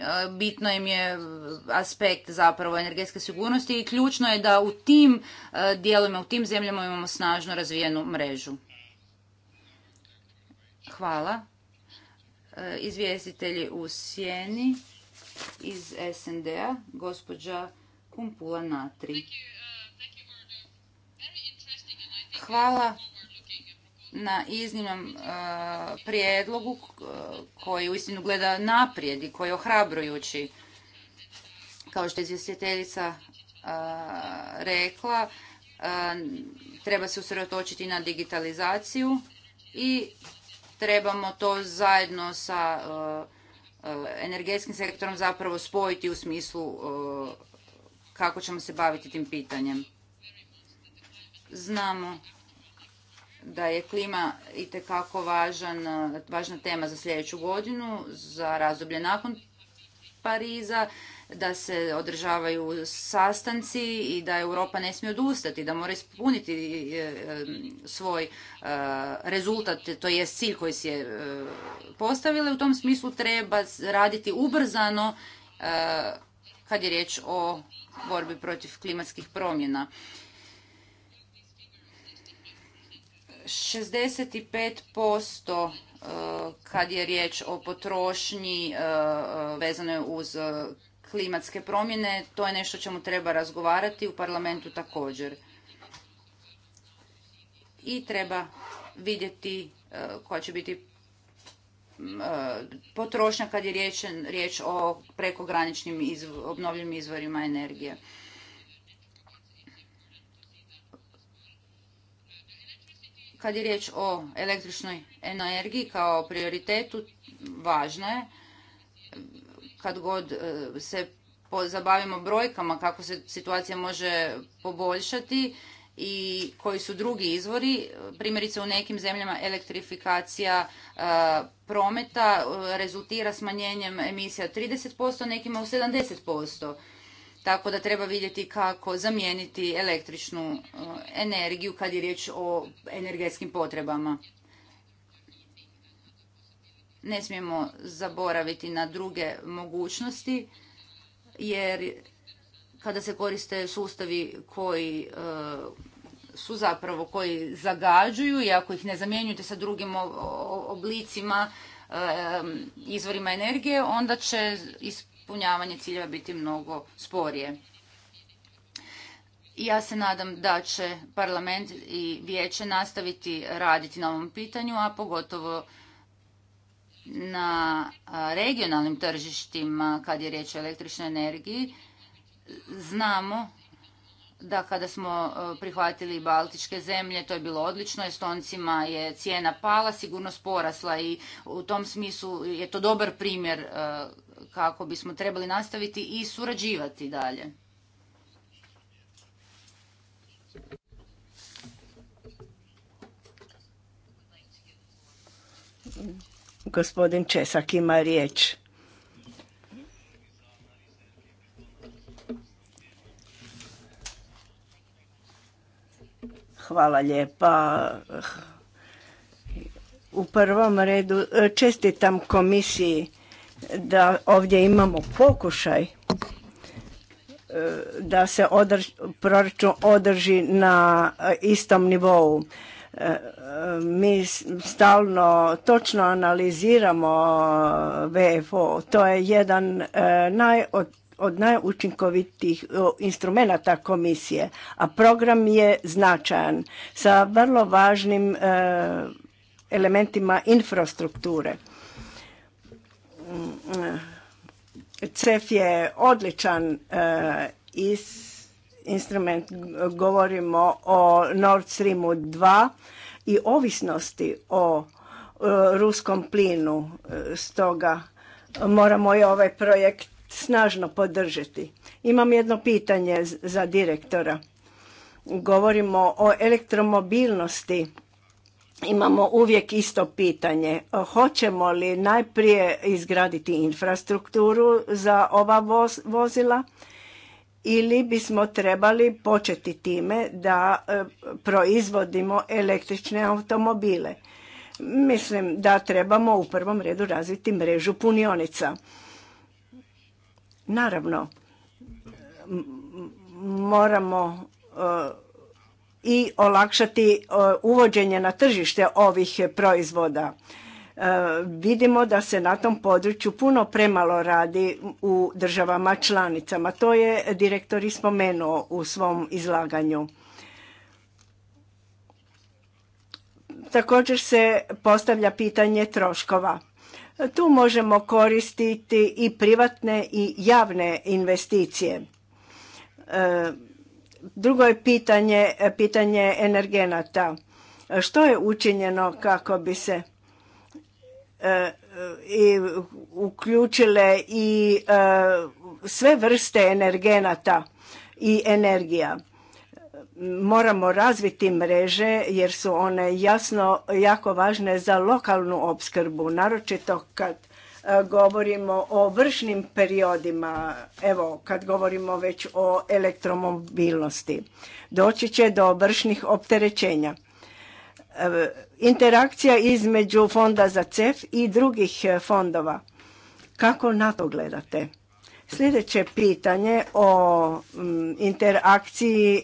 E, bitno im je aspekt zapravo energetske sigurnosti i ključno je da u tim e, dijelovima, u tim zemljama imamo snažno razvijenu mrežu. Hvala. E, izvjestitelji u sjeni iz SND-a, gospođa Kumpula Natri. Uh, Hvala na iznimnom e, prijedlogu e, koji istinu gleda naprijed i koji je ohrabrujući. Kao što je izvjestiteljica e, rekla, treba se usredotočiti na digitalizaciju i trebamo to zajedno sa energetskim sektorom zapravo spojiti u smislu kako ćemo se baviti tim pitanjem. Znamo da je klima itekako važan, važna tema za sljedeću godinu, za razdoblje nakon Pariza, da se održavaju sastanci i da Europa ne smije odustati, da mora ispuniti e, svoj e, rezultat, to je cilj koji si je e, postavila. U tom smislu treba raditi ubrzano kad je riječ o borbi protiv klimatskih promjena. 65% eh, kad je riječ o potrošnji eh, vezano uz eh, klimatske promjene, to je nešto čemu treba razgovarati u parlamentu također. I treba vidjeti koja će biti mm, potrošnja kad je riječ, o prekograničnim obnovljivim izvorima energije. Kad je riječ o električnoj energiji kao prioritetu, važno je kad god e, se zabavimo brojkama kako se situacija može poboljšati i koji su drugi izvori. Primjerice u nekim zemljama elektrifikacija e, prometa e, rezultira smanjenjem emisija 30%, nekima u 70% tako da treba vidjeti kako zamijeniti električnu e, energiju kad je riječ o energetskim potrebama. Ne smijemo zaboraviti na druge mogućnosti jer kada se koriste sustavi koji e, su zapravo koji zagađuju i ako ih ne zamjenjujete sa drugim oblicima e, izvorima energije, onda će iz ispunjavanje ciljeva biti mnogo sporije. Ja se nadam da će parlament i vijeće nastaviti raditi na ovom pitanju, a pogotovo na regionalnim tržištima kad je riječ o električnoj energiji. Znamo da kada smo prihvatili baltičke zemlje, to je bilo odlično, Estoncima je cijena pala, sigurnost porasla i u tom smislu je to dobar primjer kako bismo trebali nastaviti i surađivati dalje. Gospodin Česak ima riječ. Hvala lijepa. U prvom redu e, čestitam komisiji da ovdje imamo pokušaj e, da se proračun održi na e, istom nivou. E, mi stalno točno analiziramo VFO. To je jedan od, od najučinkovitijih instrumenata komisije, a program je značajan sa vrlo važnim elementima infrastrukture. CEF je odličan eh, instrument, govorimo o Nord Streamu 2 i ovisnosti o eh, ruskom plinu, eh, stoga moramo i ovaj projekt snažno podržati. Imam jedno pitanje za direktora. Govorimo o elektromobilnosti imamo uvijek isto pitanje. Hoćemo li najprije izgraditi infrastrukturu za ova vozila ili bismo trebali početi time da e, proizvodimo električne automobile? Mislim da trebamo u prvom redu razviti mrežu punionica. Naravno, moramo e, i olakšati e, uvođenje na tržište ovih proizvoda. E, vidimo da se na tom području puno premalo radi u državama članicama. To je direktor i u svom izlaganju. Također se postavlja pitanje troškova. Tu možemo koristiti i privatne i javne investicije. E, Drugo je pitanje, pitanje energenata. Što je učinjeno kako bi se e, e, i uključile i e, sve vrste energenata i energija. Moramo razviti mreže jer su one jasno jako važne za lokalnu opskrbu, naročito kad E, govorimo o vršnim periodima, evo kad govorimo već o elektromobilnosti, doći će do vršnih opterećenja. E, interakcija između fonda za CEF i drugih e, fondova. Kako na to gledate? Sljedeće pitanje o interakciji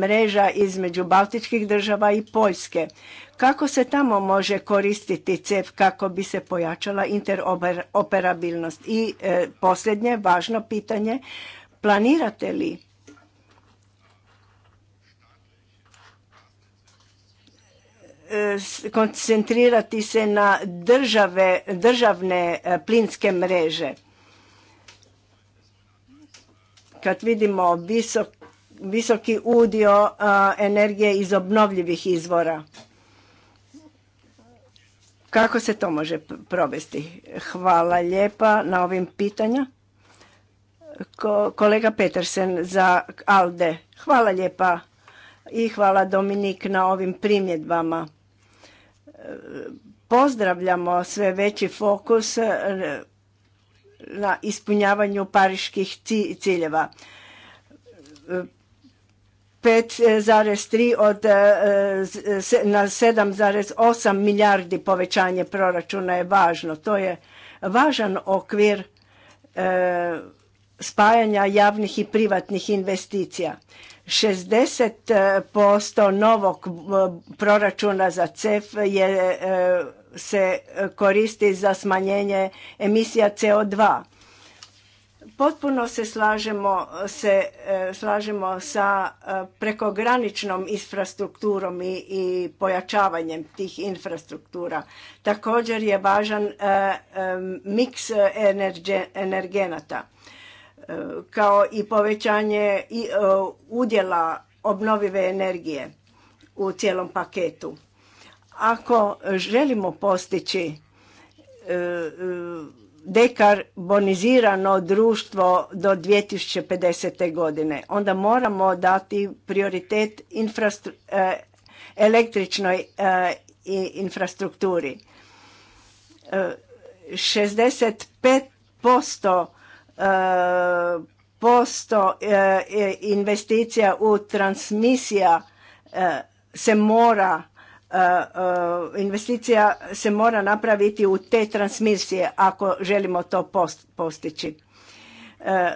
mreža između Baltičkih država i Poljske. Kako se tamo može koristiti CEF kako bi se pojačala interoperabilnost? I e, posljednje važno pitanje, planirate li e, koncentrirati se na državne e, plinske mreže. Kad vidimo visoki udio energije iz obnovljivih izvora. Kako se to može provesti? Hvala lijepa na ovim pitanja. kolega Petersen za ALDE. Hvala lijepa i hvala Dominik na ovim primjedbama. E, pozdravljamo sve veći fokus e, na ispunjavanju pariških ciljeva e, 5,3 od e, e, na 7,8 milijardi povećanje proračuna je važno. To je važan okvir e, spajanja javnih i privatnih investicija. 60% novog proračuna za CEF je, se koristi za smanjenje emisija CO2. Potpuno se slažemo, se, e, slažemo sa e, prekograničnom infrastrukturom i, pojačavanjem tih infrastruktura. Također je važan e, miks energenata kao i povećanje udjela obnovive energije u cijelom paketu. Ako želimo postići dekarbonizirano društvo do 2050. godine. Onda moramo dati prioritet e, električnoj e, infrastrukturi. 65% e, posto investicija u transmisija se mora E, e, investicija se mora napraviti u te transmisije ako želimo to postići. E,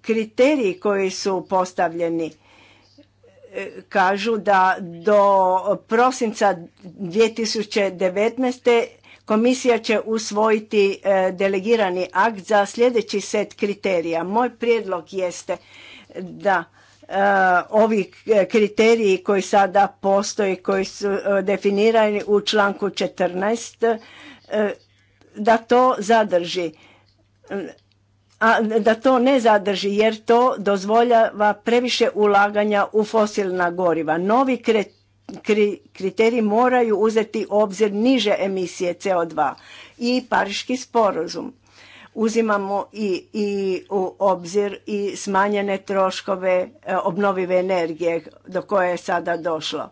kriteriji koji su postavljeni kažu da do prosinca 2019. komisija će usvojiti delegirani akt za sljedeći set kriterija. Moj prijedlog jeste da Eh, ovi eh, kriteriji koji sada postoji, koji su eh, definirani u članku 14, da to zadrži. A da to ne zadrži jer to dozvoljava previše ulaganja u fosilna goriva. Novi kriteriji moraju uzeti u obzir niže emisije CO2 i pariški sporazum uzimamo i, u obzir i smanjene troškove e, obnovive energije do koje je sada došlo.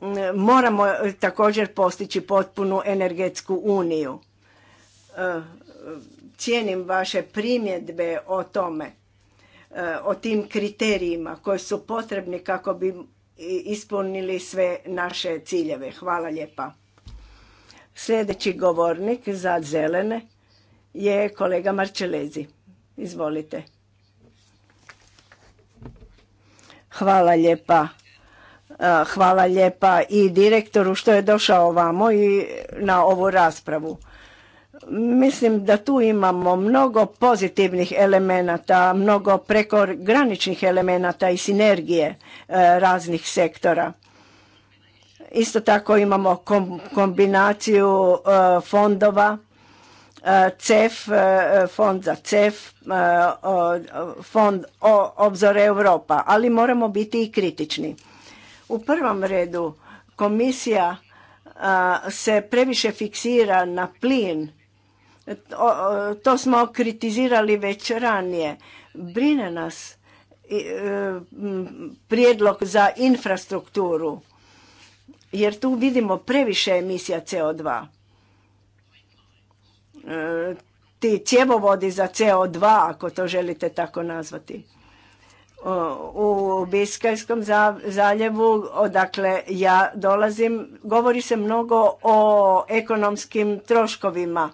Mm, moramo e, također postići potpunu energetsku uniju. E, cijenim vaše primjedbe o tome, o tim kriterijima koji su potrebni kako bi ispunili sve naše ciljeve. Hvala lijepa. Sljedeći govornik za zelene je kolega Marčelezi. Izvolite. Hvala lijepa. Hvala lijepa i direktoru što je došao ovamo i na ovu raspravu. Mislim da tu imamo mnogo pozitivnih elemenata, mnogo prekograničnih elemenata i sinergije e, raznih sektora. Isto tako imamo kombinaciju e, fondova, e, CEF, e, fond za CEF, fond Obzor Europa, ali moramo biti i kritični. U prvom redu komisija se previše fiksira na plin. To smo kritizirali već ranije. Brine nas prijedlog za infrastrukturu jer tu vidimo previše emisija CO2. E, ti cjevovodi za CO2, ako to želite tako nazvati. U Biskajskom zaljevu, odakle ja dolazim, govori se mnogo o ekonomskim troškovima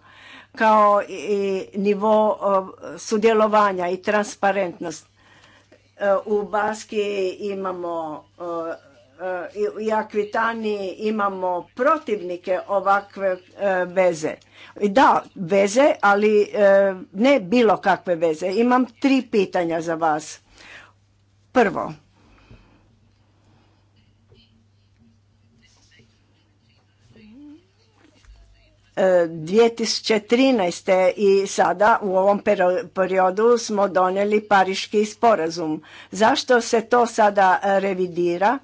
kao i nivo sudjelovanja i transparentnost. E, u Baski imamo i Akvitaniji imamo protivnike ovakve e, veze. Da, veze, ali e, ne bilo kakve veze. Imam tri pitanja za vas. Prvo, E, 2013. i sada u ovom periodu smo donijeli Pariški sporazum. Zašto se to sada revidira?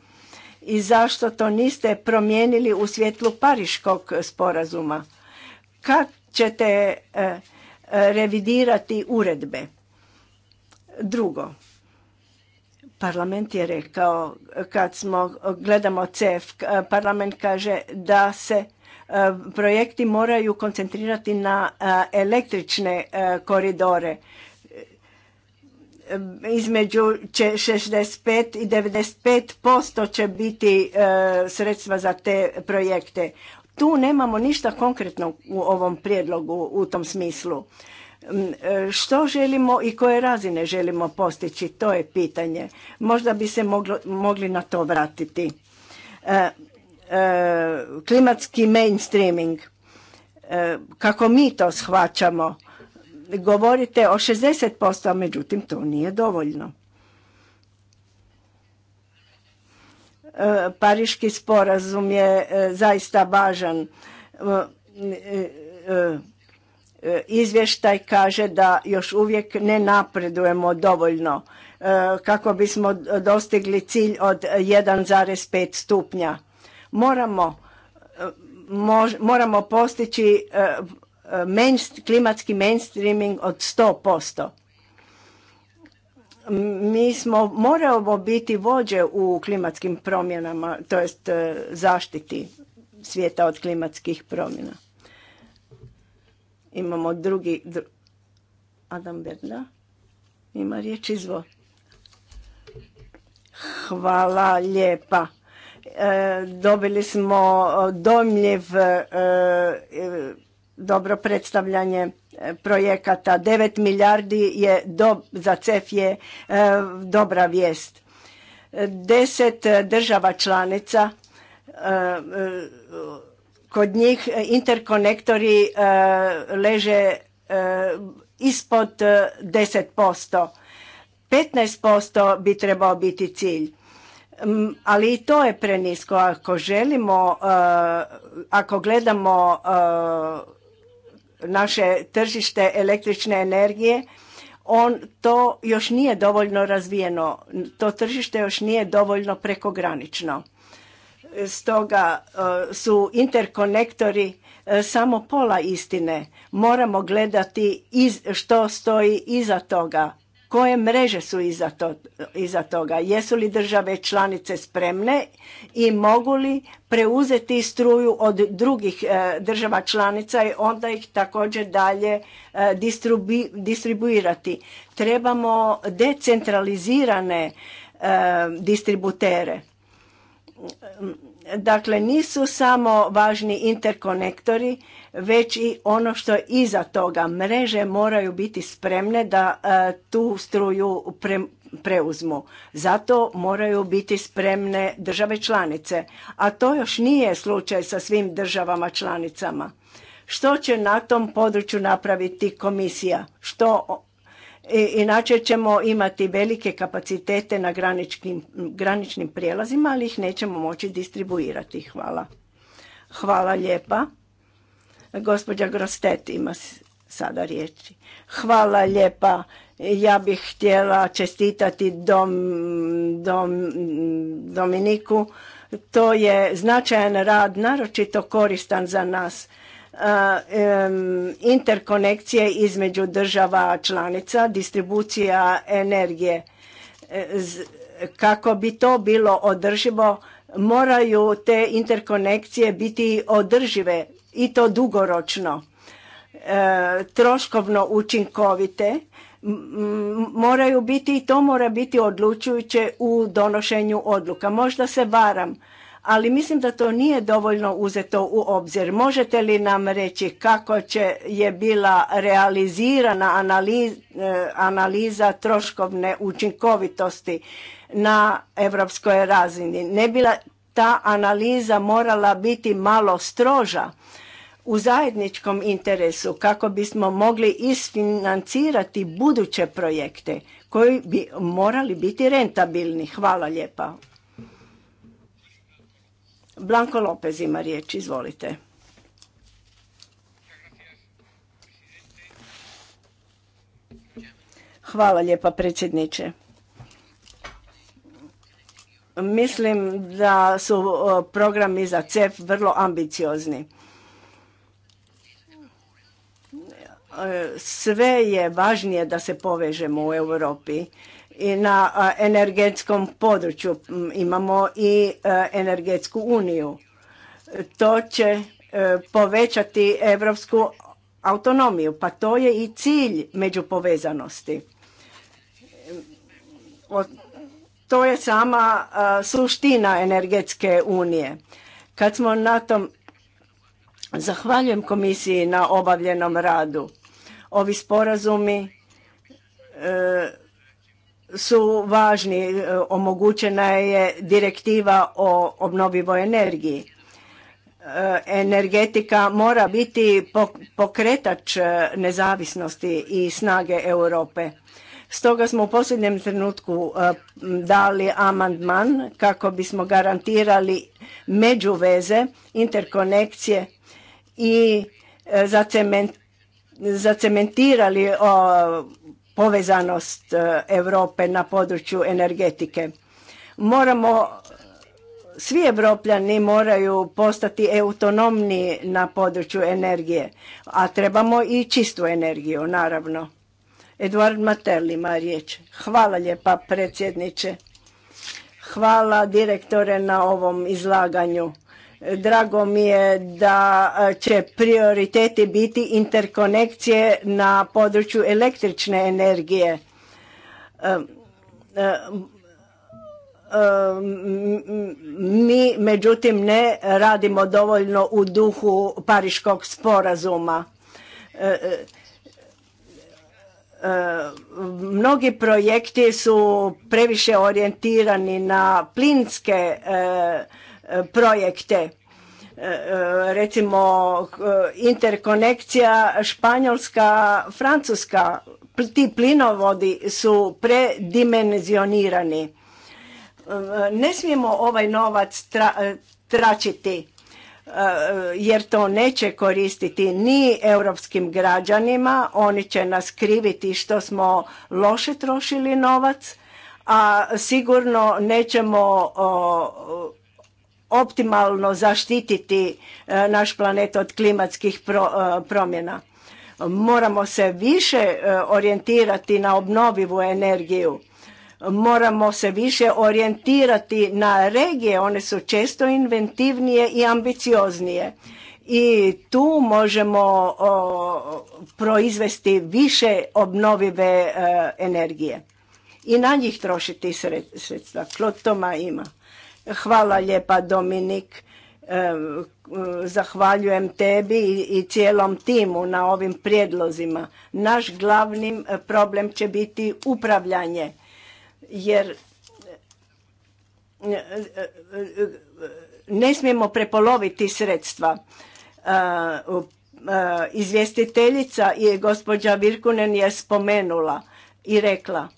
i zašto to niste promijenili u svjetlu Pariškog sporazuma? Kad ćete e, e, revidirati uredbe? Drugo, parlament je rekao, kad smo, gledamo CEF, e, parlament kaže da se projekti moraju koncentrirati na električne koridore između 65 i 95% će biti e, sredstva za te projekte. Tu nemamo ništa konkretno u ovom prijedlogu u tom smislu. E, što želimo i koje razine želimo postići, to je pitanje. Možda bi se mogli na to vratiti. E, klimatski mainstreaming, kako mi to shvaćamo, govorite o 60%, međutim to nije dovoljno. E, Pariški sporazum je e, zaista važan. E, izvještaj kaže da još uvijek ne napredujemo dovoljno kako bismo dostigli cilj od 1,5 stupnja. Moramo, moramo postići klimatski mainstreaming od 100%. Mi smo moramo biti vođe u klimatskim promjenama, to jest e, zaštiti svijeta od klimatskih promjena. Imamo drugi... Adam Berda ima riječ izvo. Hvala lijepa. E, dobili smo dojmljiv e, e dobro predstavljanje e, projekata. 9 milijardi je do, za CEF je e, dobra vijest. Deset država članica e, kod njih interkonektori leže ispod 10%. 15% bi trebao biti cilj ali i to je prenisko ako želimo ako gledamo naše tržište električne energije on to još nije dovoljno razvijeno to tržište još nije dovoljno prekogranično stoga e, su interkonektori e, samo pola istine moramo gledati što stoji iza toga koje mreže su iza, toga jesu li države članice spremne i mogu li preuzeti struju od drugih e, država članica i onda ih također dalje e, distribuirati trebamo decentralizirane e, distributere dakle nisu samo važni interkonektori već i ono što je iza toga. Mreže moraju biti spremne da e, tu struju preuzmu. Zato moraju biti spremne države članice. A to još nije slučaj sa svim državama članicama. Što će na tom području napraviti komisija? Što Inače ćemo imati velike kapacitete na graničnim prijelazima, ali ih nećemo moći distribuirati. Hvala. Hvala lijepa. Gospođa Grostet ima sada riječi. Hvala lijepa. Ja bih htjela čestitati dom, dom, Dominiku. To je značajan rad, naročito koristan za nas. Interkonekcije između država članica, distribucija energije. Kako bi to bilo održivo, moraju te interkonekcije biti održive i to dugoročno e, troškovno učinkovite moraju biti i to mora biti odlučujuće u donošenju odluka. Možda se varam, ali mislim da to nije dovoljno uzeto u obzir. Možete li nam reći kako će je bila realizirana e, analiza troškovne učinkovitosti na europskoj razini? Ne bila ta analiza morala biti malo stroža? u zajedničkom interesu kako bismo mogli isfinancirati buduće projekte koji bi morali biti rentabilni. Hvala lijepa. Blanko Lopez ima riječ, izvolite. Hvala lijepa predsjedniče. Mislim da su programi za CEF vrlo ambiciozni sve je važnije da se povežemo u Europi i na energetskom području imamo i energetsku uniju. To će e, povećati evropsku autonomiju, pa to je i cilj međupovezanosti. To je sama suština energetske unije. Kad smo na tom Zahvaljujem komisiji na obavljenom radu. Ovi sporazumi e, su važni. E, omogućena je direktiva o obnovivoj energiji. E, energetika mora biti pokretač nezavisnosti i snage Europe. Stoga smo u posljednjem trenutku dali amandman kako bismo garantirali međuveze, interkonekcije i zacement zacementirali povezanost e, Europe na području energetike. Moramo svi Evropljani moraju postati autonomni na području energije, a trebamo i čistu energiju, naravno. Eduard Materli ima riječ. Hvala lijepa predsjedniče. Hvala direktore na ovom izlaganju. Drago mi je da e, će prioriteti biti interkonekcije na području električne energije. E, e, mi, međutim, ne radimo dovoljno u duhu Pariškog sporazuma. Mnogi projekti su previše orijentirani na plinske projekte. E, e, recimo e, interkonekcija Španjolska-Francuska, ti plinovodi su predimenzionirani. Ne smijemo ovaj novac tračiti jer to neće koristiti ni europskim građanima, oni će nas kriviti što smo loše trošili novac, a sigurno nećemo optimalno zaštititi e, naš planet od klimatskih e, promjena. Moramo se više e, orijentirati na obnovivu energiju. Moramo se više orijentirati na regije, one su često inventivnije i ambicioznije. I tu možemo proizvesti više obnovive energije i na njih trošiti sredstva. Klod ima. Hvala lijepa Dominik. E, zahvaljujem tebi i cijelom timu na ovim prijedlozima. Naš glavni problem će biti upravljanje jer e, e, ne smijemo prepoloviti sredstva. Izvjestiteljica je gospođa Virkunen je spomenula i rekla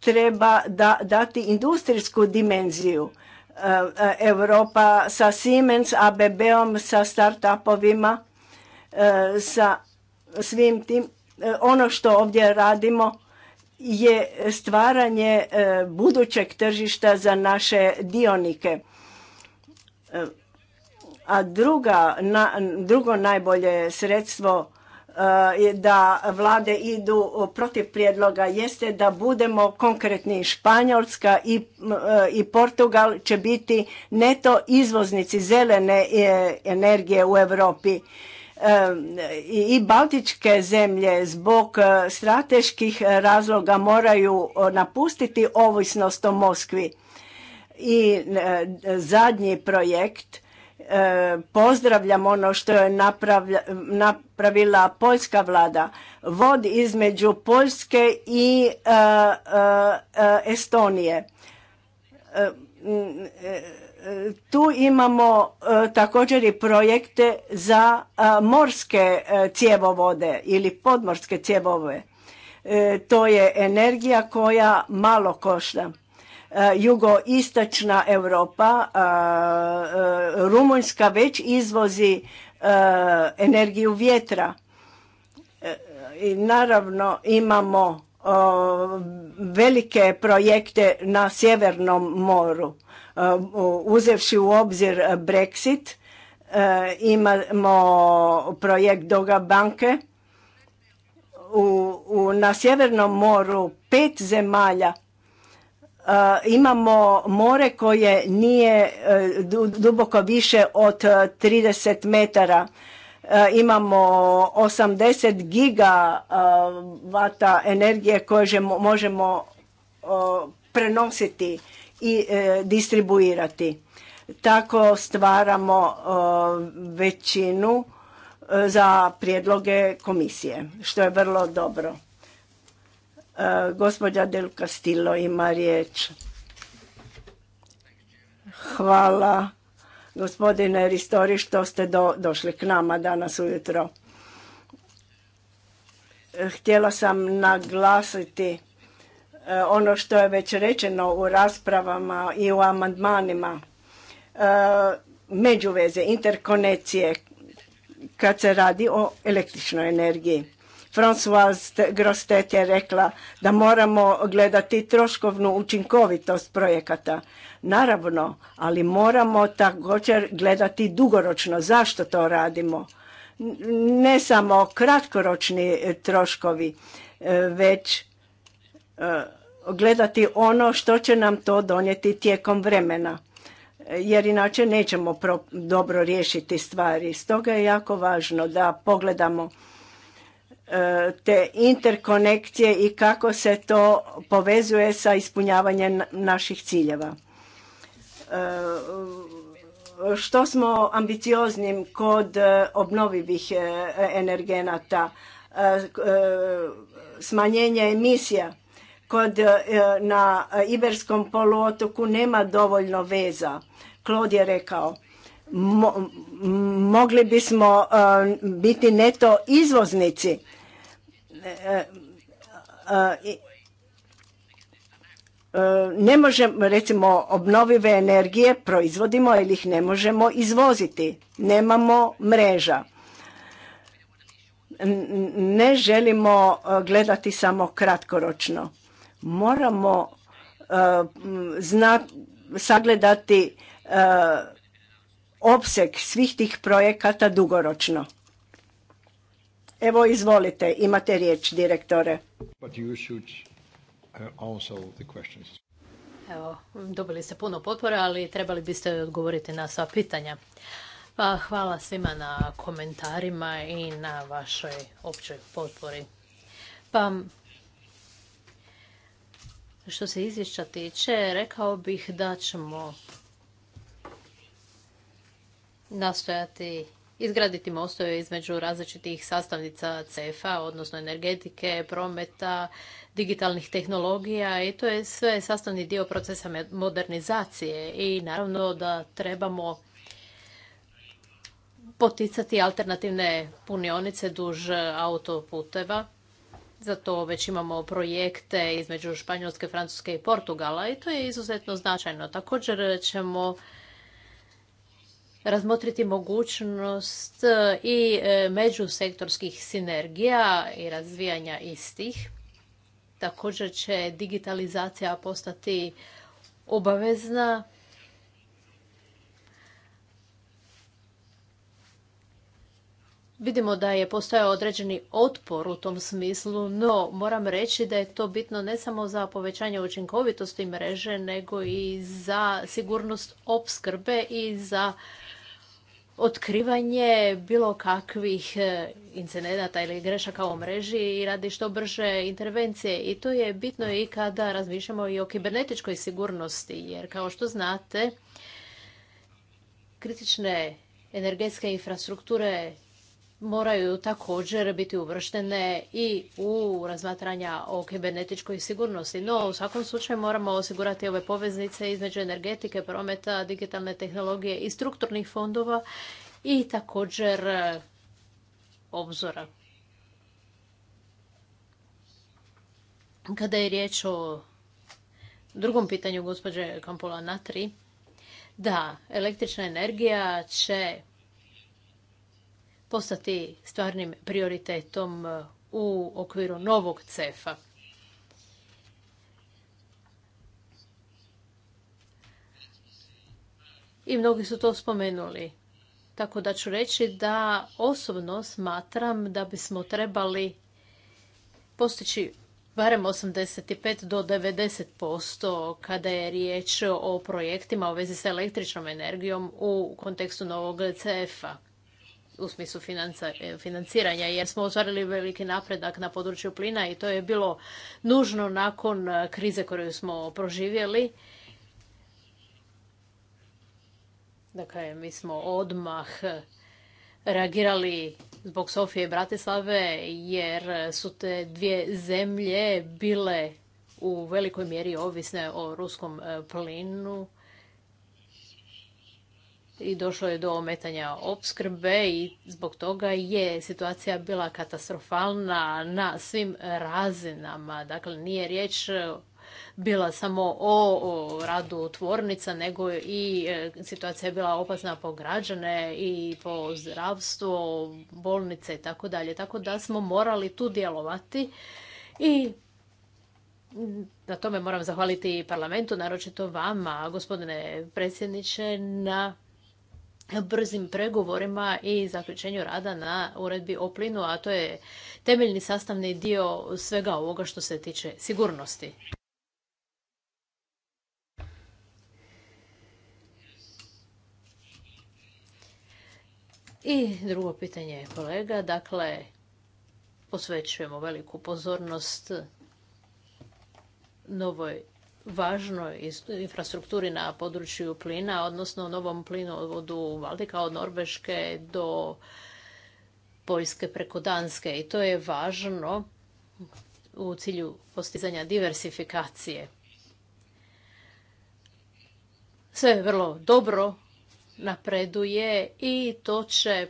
treba dati industrijsku dimenziju Eh, eh, Europa sa Siemens, ABB-om, sa startupovima, eh, sa svim tim. Ono što ovdje radimo je stvaranje budućeg tržišta za naše dionike. A drugo najbolje sredstvo Eh, da vlade idu protiv prijedloga jeste da budemo konkretni. Španjolska i, eh, i Portugal će biti neto izvoznici zelene eh, energije u Europi i baltičke zemlje zbog strateških razloga moraju napustiti ovisnost o Moskvi. I zadnji projekt E, pozdravljam ono što je napravila poljska vlada. Vod između Poljske i e, e, Estonije. Tu imamo također i projekte za morske cjevovode ili podmorske cjevove. To je energija koja malo košta. E, jugoistočna Europa, e, e, Rumunjska već izvozi energiju vjetra. I naravno imamo velike projekte na Sjevernom moru. Uzevši u obzir Brexit, imamo projekt Doga banke. u, na Sjevernom moru pet zemalja Eh, imamo more koje nije eh, duboko više od 30 eh, metara. Imamo 80 vata energije koje možemo prenositi i distribuirati. Tako stvaramo većinu za prijedloge komisije, što je vrlo dobro. E, gospođa Del Castillo ima riječ. Hvala gospodine Ristori što ste do, došli k nama danas ujutro. Htjela sam naglasiti e, ono što je već rečeno u raspravama i u amandmanima. E, međuveze, interkonekcije kad se radi o električnoj energiji. Françoise Grostet je rekla da moramo gledati troškovnu učinkovitost projekata. Naravno, ali moramo također gledati dugoročno zašto to radimo. Ne samo kratkoročni e, troškovi, e, već e, gledati ono što će nam to donijeti tijekom vremena jer inače nećemo dobro riješiti stvari. Stoga je jako važno da pogledamo te interkonekcije i kako se to povezuje sa ispunjavanjem naših ciljeva. E, što smo ambicioznim kod obnovivih e, energenata, e, smanjenje emisija, kod na Iberskom poluotoku nema dovoljno veza. Klod je rekao, mogli bismo biti neto izvoznici E, e, e, ne možemo, recimo, obnovive energije proizvodimo ili ih ne možemo izvoziti. Nemamo mreža. Ne želimo gledati samo kratkoročno. Moramo sagledati opseg svih tih projekata dugoročno. Evo, izvolite, imate riječ, direktore. Uh, Evo, dobili ste puno potpore, ali trebali biste odgovoriti na sva pitanja. Pa hvala svima na komentarima i na vašoj općoj potpori. Pa, što se izvješća tiče, rekao bih da ćemo nastojati izgraditi mostove između različitih sastavnica CEFA, odnosno energetike, prometa, digitalnih tehnologija i to je sve sastavni dio procesa modernizacije i naravno da trebamo poticati alternativne punionice duž autoputeva. Zato već imamo projekte između Španjolske, Francuske i Portugala i to je izuzetno značajno. Također ćemo razmotriti mogućnost e, i e, međusektorskih sinergija i razvijanja istih. Također će digitalizacija postati obavezna Vidimo da je postojao određeni otpor u tom smislu, no moram reći da je to bitno ne samo za povećanje učinkovitosti mreže, nego i za sigurnost opskrbe i za otkrivanje bilo kakvih e, incidenata ili grešaka u mreži i radi što brže intervencije. I to je bitno i kada razmišljamo i o kibernetičkoj sigurnosti, jer kao što znate, kritične energetske infrastrukture moraju također biti uvrštene i u razmatranja o kibernetičkoj sigurnosti. No, u svakom slučaju moramo osigurati ove poveznice između energetike, prometa, digitalne tehnologije i strukturnih fondova i također eh, obzora. Kada je riječ o drugom pitanju gospođe Kampola Natri, da, električna energija će postati stvarnim prioritetom e, u okviru novog CEF-a. I mnogi su to spomenuli. Tako da ću reći da osobno smatram da bismo trebali postići barem 85 do 90% kada je riječ o projektima u vezi sa električnom energijom u kontekstu novog cef a u smislu e, financiranja jer smo ostvarili veliki napredak na području plina i to je bilo nužno nakon e, krize koju smo proživjeli. Dakle, mi smo odmah e, reagirali zbog Sofije i Bratislave jer su te dvije zemlje bile u velikoj mjeri ovisne o ruskom plinu i došlo je do ometanja opskrbe i zbog toga je situacija bila katastrofalna na svim razinama. Dakle, nije riječ e, bila samo o radu tvornica, nego i e, situacija je bila opasna po građane i po zdravstvo, bolnice i tako dalje. Tako da smo morali tu djelovati i na tome moram zahvaliti parlamentu, naročito vama, gospodine predsjedniče, na brzim pregovorima i zaključenju rada na uredbi o plinu, a to je temeljni sastavni dio svega ovoga što se tiče sigurnosti. I drugo pitanje kolega, dakle, posvećujemo veliku pozornost novoj važnoj infrastrukturi na području plina, odnosno novom plinovodu Valdika od Norveške do Poljske preko Danske. I to je važno u cilju postizanja diversifikacije. Sve je vrlo dobro napreduje i to će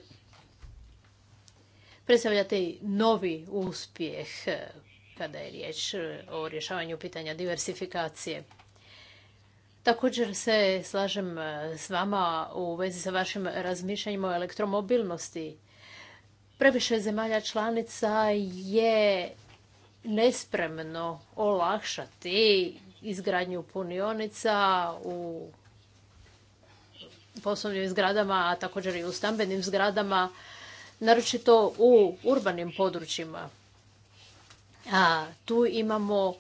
predstavljati novi uspjeh kada je riječ e, o rješavanju pitanja diversifikacije. Također se slažem e, s vama u vezi sa vašim razmišljanjima o elektromobilnosti. Previše zemalja članica je nespremno olakšati izgradnju punionica u poslovnim zgradama, a također i u stambenim zgradama, naročito u urbanim područjima. A tu imamo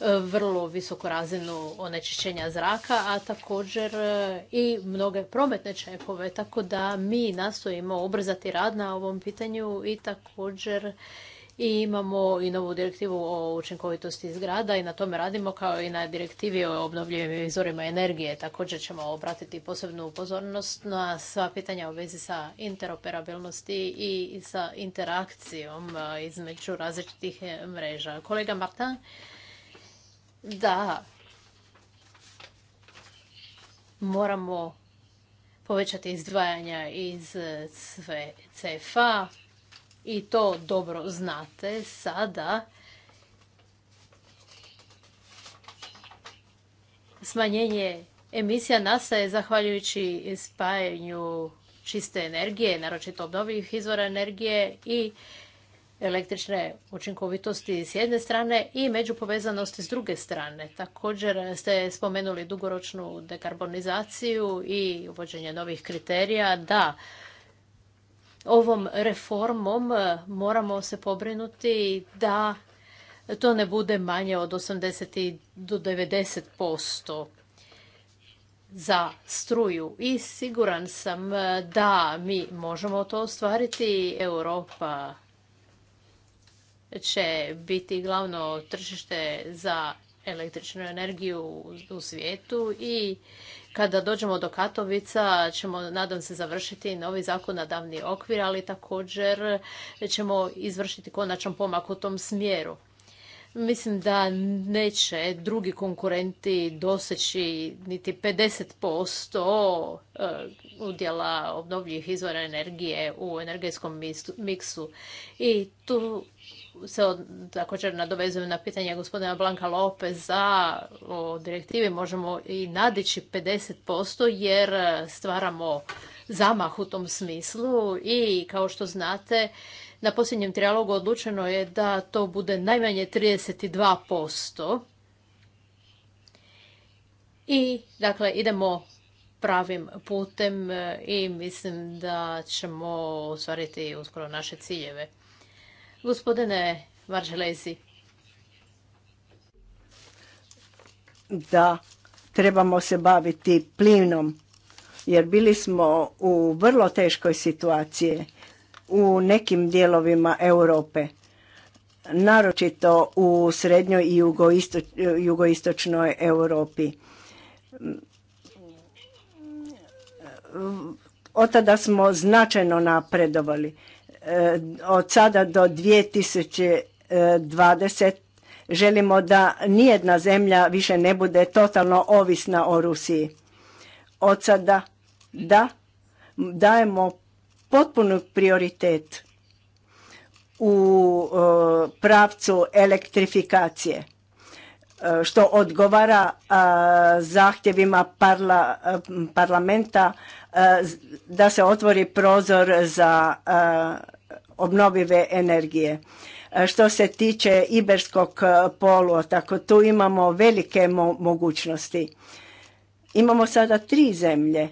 e, vrlo visoku razinu onečišćenja zraka, a također e, i mnoge prometne čepove, tako da mi nastojimo ubrzati rad na ovom pitanju i također i imamo i novu direktivu o učinkovitosti zgrada i na tome radimo kao i na direktivi o obnovljivim izvorima energije. Također ćemo obratiti posebnu pozornost na sva pitanja u vezi sa interoperabilnosti i sa interakcijom između različitih e, mreža. Kolega Martin, da, moramo povećati izdvajanja iz e, CEFA, i to dobro znate sada, smanjenje emisija je zahvaljujući spajanju čiste energije, naročito obnovljivih izvora energije i električne učinkovitosti s jedne strane i međupovezanosti s druge strane. Također ste spomenuli dugoročnu dekarbonizaciju i uvođenje novih kriterija. Da, ovom reformom e, moramo se pobrinuti da to ne bude manje od 80 do 90% za struju i siguran sam e, da mi možemo to ostvariti. Europa će biti glavno tržište za električnu energiju u svijetu i kada dođemo do Katovica ćemo, nadam se, završiti novi zakonodavni okvir, ali također ćemo izvršiti konačan pomak u tom smjeru. Mislim da neće drugi konkurenti doseći niti 50% e, udjela obnovljivih izvora energije u energetskom miksu. I tu se također nadovezujem na pitanje gospodina Blanka Lopeza o direktivi možemo i nadići 50% jer stvaramo zamah u tom smislu i kao što znate na posljednjem trijalogu odlučeno je da to bude najmanje 32%. I dakle idemo pravim putem i mislim da ćemo ostvariti uskoro naše ciljeve. Gospodine Marželezi. Da, trebamo se baviti plinom, jer bili smo u vrlo teškoj situaciji u nekim dijelovima Europe, naročito u srednjoj i jugoistočnoj Europi. Od tada smo značajno napredovali. Eh, od sada do 2020 želimo da nijedna zemlja više ne bude totalno ovisna o Rusiji. Od sada da dajemo potpuni prioritet u eh, pravcu elektrifikacije eh, što odgovara zahtjevima parlamenta E, da se otvori prozor za e, obnovive energije. E, što se tiče Iberskog polu, tako tu imamo velike mogućnosti. Imamo sada tri zemlje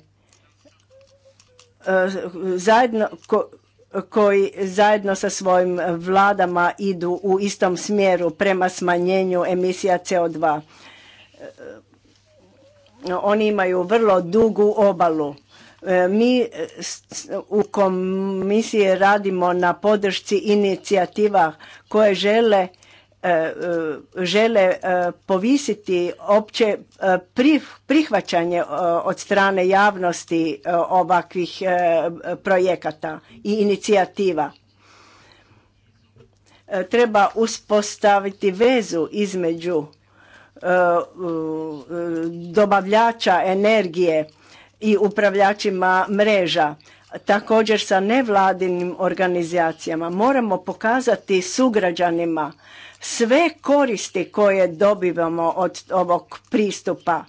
zajedno koji zajedno sa svojim vladama idu u istom smjeru prema smanjenju emisija CO2. Oni imaju vrlo dugu obalu E, mi e, u komisiji radimo na podršci inicijativa koje žele e, žele povisiti opće prihvaćanje od strane javnosti ovakvih projekata i inicijativa. Treba uspostaviti vezu između dobavljača energije i upravljačima mreža, također sa nevladinim organizacijama. Moramo pokazati sugrađanima sve koristi koje dobivamo od ovog pristupa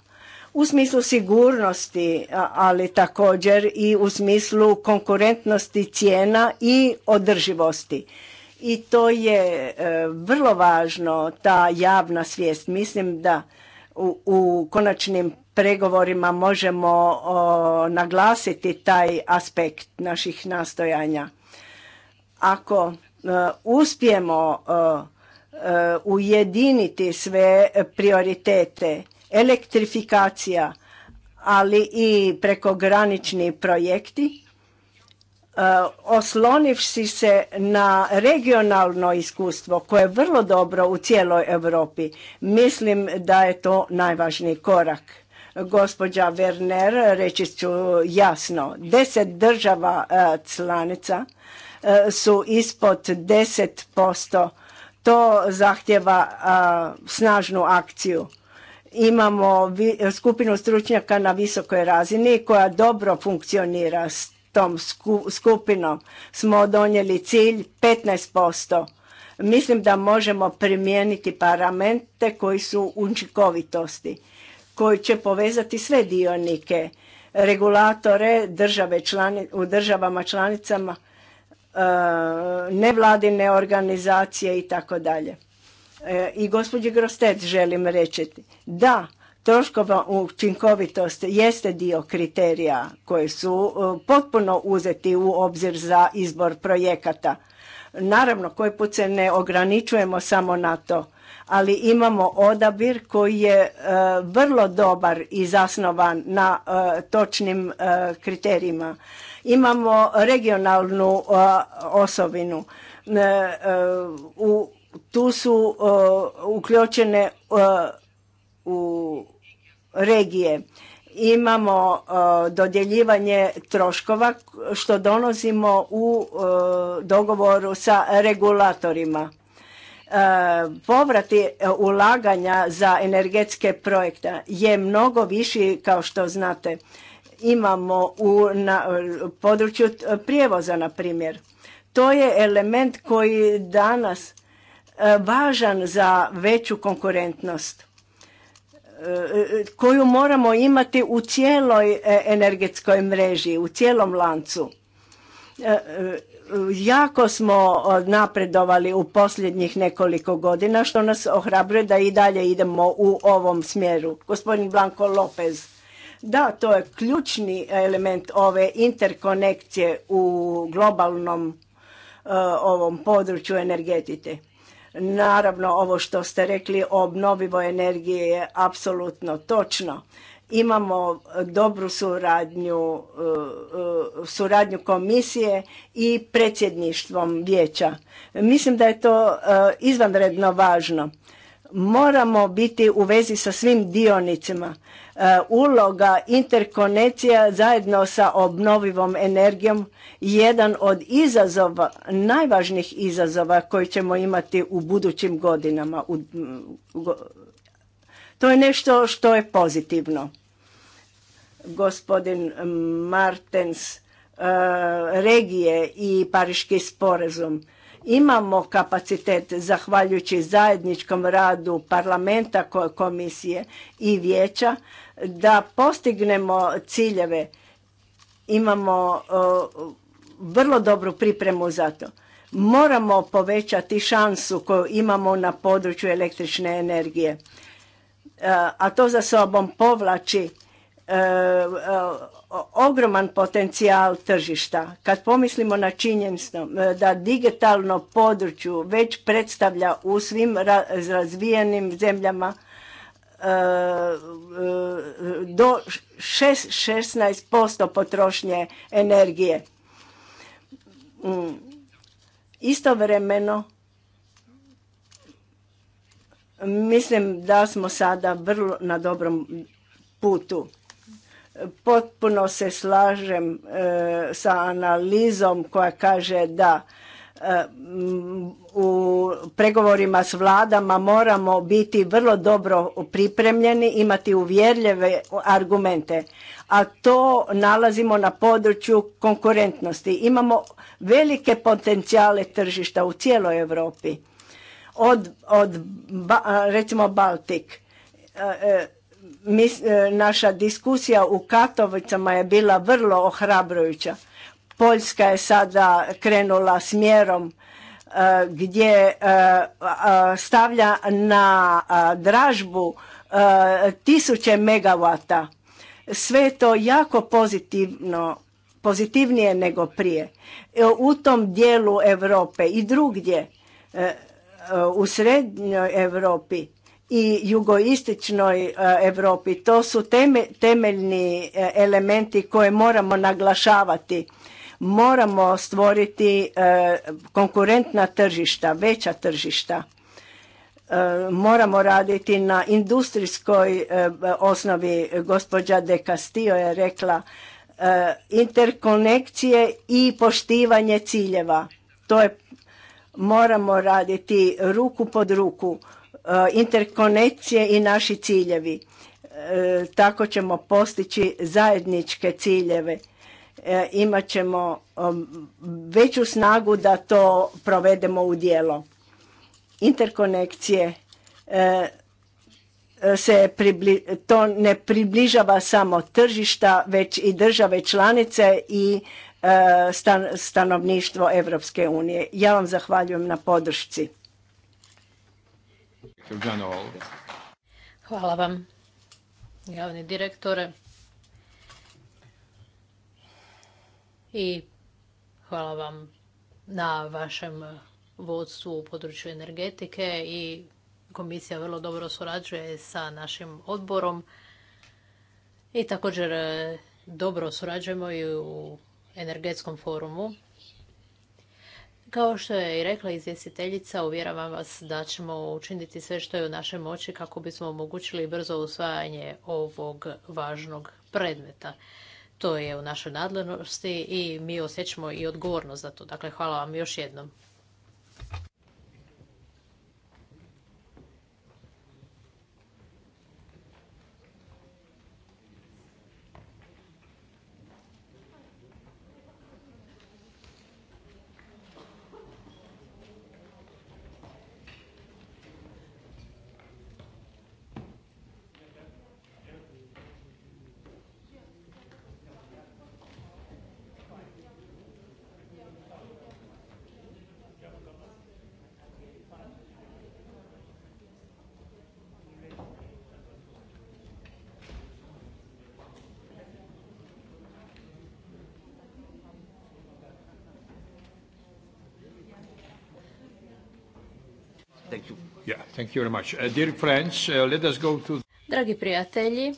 u smislu sigurnosti, ali također i u smislu konkurentnosti cijena i održivosti. I to je e, vrlo važno, ta javna svijest. Mislim da u, u konačnim pregovorima možemo naglasiti taj aspekt naših nastojanja. Ako e, uspijemo e, ujediniti sve prioritete, elektrifikacija, ali i prekogranični projekti, e, oslonivši se na regionalno iskustvo koje je vrlo dobro u cijeloj Europi, mislim da je to najvažniji korak Gospođa Werner, reći ću jasno, deset država e, članica e, su ispod 10%. To zahtjeva e, snažnu akciju. Imamo skupinu stručnjaka na visokoj razini koja dobro funkcionira s tom skupinom. Smo donijeli cilj 15%. Mislim da možemo primijeniti paramente koji su učinkovitosti koji će povezati sve dionike, regulatore države u državama članicama, e, nevladine organizacije i tako dalje. E, I gospođi Grostec želim reći da troškova učinkovitost jeste dio kriterija koji su e, potpuno uzeti u obzir za izbor projekata. Naravno, koji put se ne ograničujemo samo na to ali imamo odabir koji je e, vrlo dobar i zasnovan na e, točnim e, kriterijima. Imamo regionalnu osobinu. U, tu su uključene u regije. Imamo dodjeljivanje troškova što donosimo u dogovoru sa regulatorima povrati e, ulaganja za energetske projekte je mnogo viši kao što znate imamo u na, području e, prijevoza na primjer to je element koji danas e, važan za veću konkurentnost koju moramo imati u cijeloj energetskoj mreži u cijelom lancu jako smo napredovali u posljednjih nekoliko godina što nas ohrabruje da i dalje idemo u ovom smjeru. Gospodin Blanko Lopez. Da, to je ključni element ove interkonekcije u globalnom e, ovom području energetike. Naravno, ovo što ste rekli o obnovivoj energiji je apsolutno točno. Imamo eh, dobru suradnju, eh, eh, suradnju komisije i predsjedništvom vijeća. Mislim da je to izvanredno važno. Moramo biti u vezi sa svim dionicima. Uloga interkonecija zajedno sa obnovivom energijom jedan od izazova, najvažnijih izazova koji ćemo imati u budućim godinama. To je nešto što je pozitivno gospodin Martens, e, regije i Pariški sporazum. Imamo kapacitet zahvaljujući zajedničkom radu parlamenta, komisije i vijeća da postignemo ciljeve. Imamo e, vrlo dobru pripremu za to. Moramo povećati šansu koju imamo na području električne energije. E, a to za sobom povlači E, e, ogroman potencijal tržišta. Kad pomislimo na činjenstvo e, da digitalno području već predstavlja u svim razvijenim zemljama do 6-16% potrošnje energije. Mm. Istovremeno mislim da smo sada vrlo na dobrom putu. Potpuno se slažem e, sa analizom koja kaže da e, u pregovorima s vladama moramo biti vrlo dobro pripremljeni, imati uvjerljive argumente, a to nalazimo na području konkurentnosti. Imamo velike potencijale tržišta u cijeloj Europi. Od, od recimo Baltik e, E, naša diskusija u Katovicama je bila vrlo ohrabrujuća. Poljska je sada krenula smjerom e, gdje e, stavlja na dražbu tisuće megavata. Sve je to jako pozitivno, pozitivnije nego prije. U tom dijelu Europe i drugdje u srednjoj Europi i jugoističnoj e, Europi. To su temeljni e, elementi koje moramo naglašavati. Moramo stvoriti e, konkurentna tržišta, veća tržišta. Moramo raditi na industrijskoj osnovi. Gospođa De Castillo je rekla interkonekcije i poštivanje ciljeva. To je moramo raditi ruku pod ruku Eh, interkonekcije i naši ciljevi. Eh, tako ćemo postići zajedničke ciljeve. Eh, imat ćemo veću snagu da to provedemo u dijelo. Interkonekcije se to ne približava samo tržišta, već i države članice i stanovništvo Europske unije. Ja vam zahvaljujem na podršci. Hvala vam, javni direktore. I hvala vam na vašem vodstvu u području energetike i komisija vrlo dobro surađuje sa našim odborom i također eh, dobro surađujemo i u energetskom forumu. Kao što je i rekla izvjestiteljica, uvjeravam vas da ćemo učiniti sve što je u našoj moći kako bismo omogućili brzo usvajanje ovog važnog predmeta. To je u našoj nadležnosti i mi osjećamo i odgovornost za to. Dakle, hvala vam još jednom. Thank Dragi prijatelji,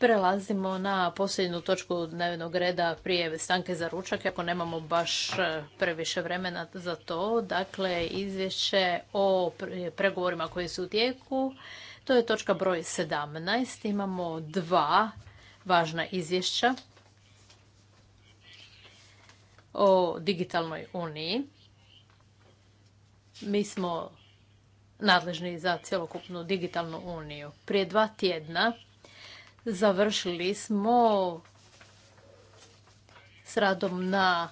prelazimo na posljednju točku dnevnog reda prije stanke za ručak, ako nemamo baš uh, previše vremena za to. Dakle, izvješće o pregovorima koji su u tijeku. To je točka broj 17. Imamo dva važna izvješća o digitalnoj uniji. Mi smo nadležni za cjelokupnu digitalnu uniju. Prije dva tjedna završili smo s radom na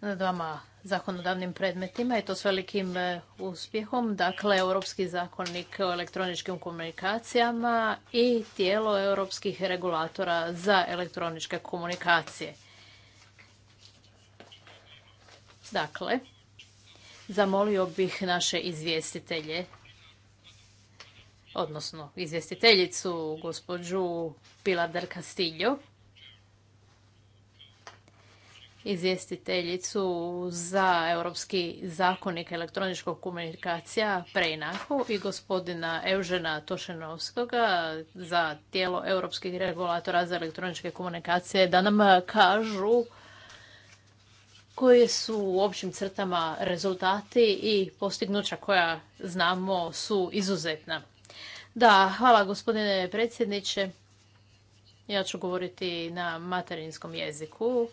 dvama zakonodavnim predmetima i to s velikim e, uspjehom. Dakle, Europski zakonik o elektroničkim komunikacijama i tijelo europskih regulatora za elektroničke komunikacije. Dakle, zamolio bih naše izvjestitelje, odnosno izvjestiteljicu, gospođu Pilar del izvjestiteljicu za Europski zakonik elektroničkog komunikacija preinaku i gospodina Eužena Tošenovskoga za tijelo europskih regulatora za elektroničke komunikacije da nam kažu koje su u općim crtama rezultati i postignuća koja znamo su izuzetna. Da, hvala gospodine predsjedniče. Ja ću govoriti na materinskom jeziku.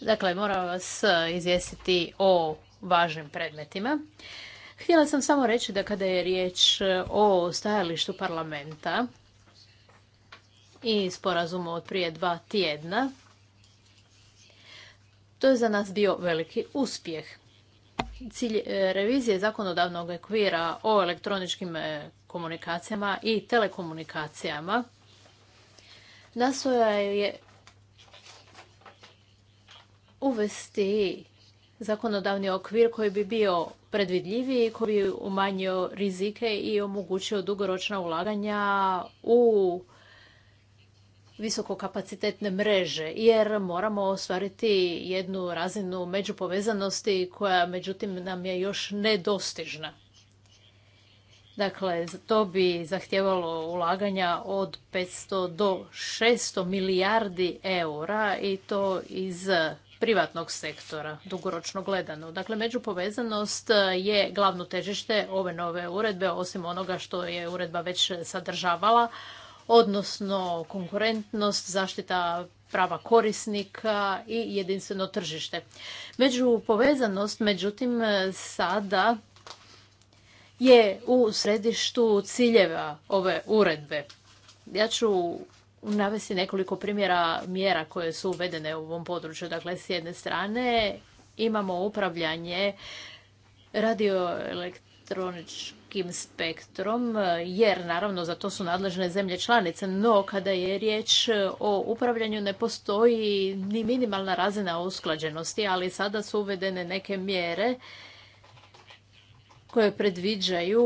Dakle, moram vas izvijestiti o važnim predmetima. Htjela sam samo reći da kada je riječ o stajalištu parlamenta i sporazumu od prije dva tjedna, to je za nas bio veliki uspjeh. Cilj e, revizije zakonodavnog okvira o elektroničkim e, komunikacijama i telekomunikacijama nastoja je uvesti zakonodavni okvir koji bi bio predvidljiviji, koji bi umanjio rizike i omogućio dugoročna ulaganja u visokokapacitetne mreže, jer moramo ostvariti jednu razinu međupovezanosti koja međutim nam je još nedostižna. Dakle, to bi zahtjevalo ulaganja od 500 do 600 milijardi eura i to iz privatnog sektora, dugoročno gledano. Dakle, međupovezanost je glavno težište ove nove uredbe, osim onoga što je uredba već sadržavala, odnosno konkurentnost, zaštita prava korisnika i jedinstveno tržište. Među povezanost, međutim, sada je u središtu ciljeva ove uredbe. Ja ću navesti nekoliko primjera mjera koje su uvedene u ovom području. Dakle, s jedne strane imamo upravljanje radioelektroničkog širokim spektrom, e, jer naravno za to su nadležne zemlje članice, no kada je riječ e, o upravljanju ne postoji ni minimalna razina usklađenosti, ali sada su uvedene neke mjere koje predviđaju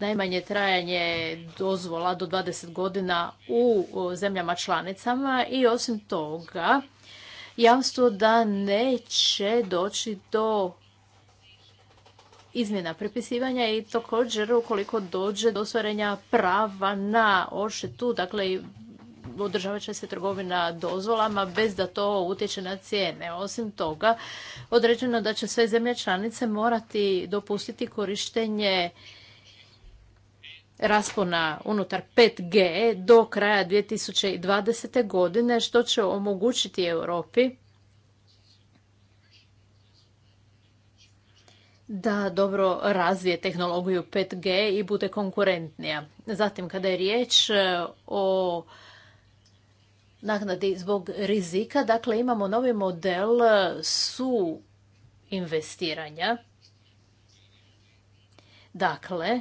najmanje trajanje dozvola do 20 godina u zemljama članicama i osim toga jamstvo da neće doći do izmjena prepisivanja i također ukoliko dođe do ostvarenja prava na ošetu, dakle održavat će se trgovina dozvolama bez da to utječe na cijene. Osim toga, određeno da će sve zemlje članice morati dopustiti korištenje raspona unutar 5G do kraja 2020. godine, što će omogućiti Europi da dobro razvije tehnologiju 5G i bude konkurentnija. Zatim, kada je riječ e, o naknadi zbog rizika, dakle imamo novi model su investiranja. Dakle,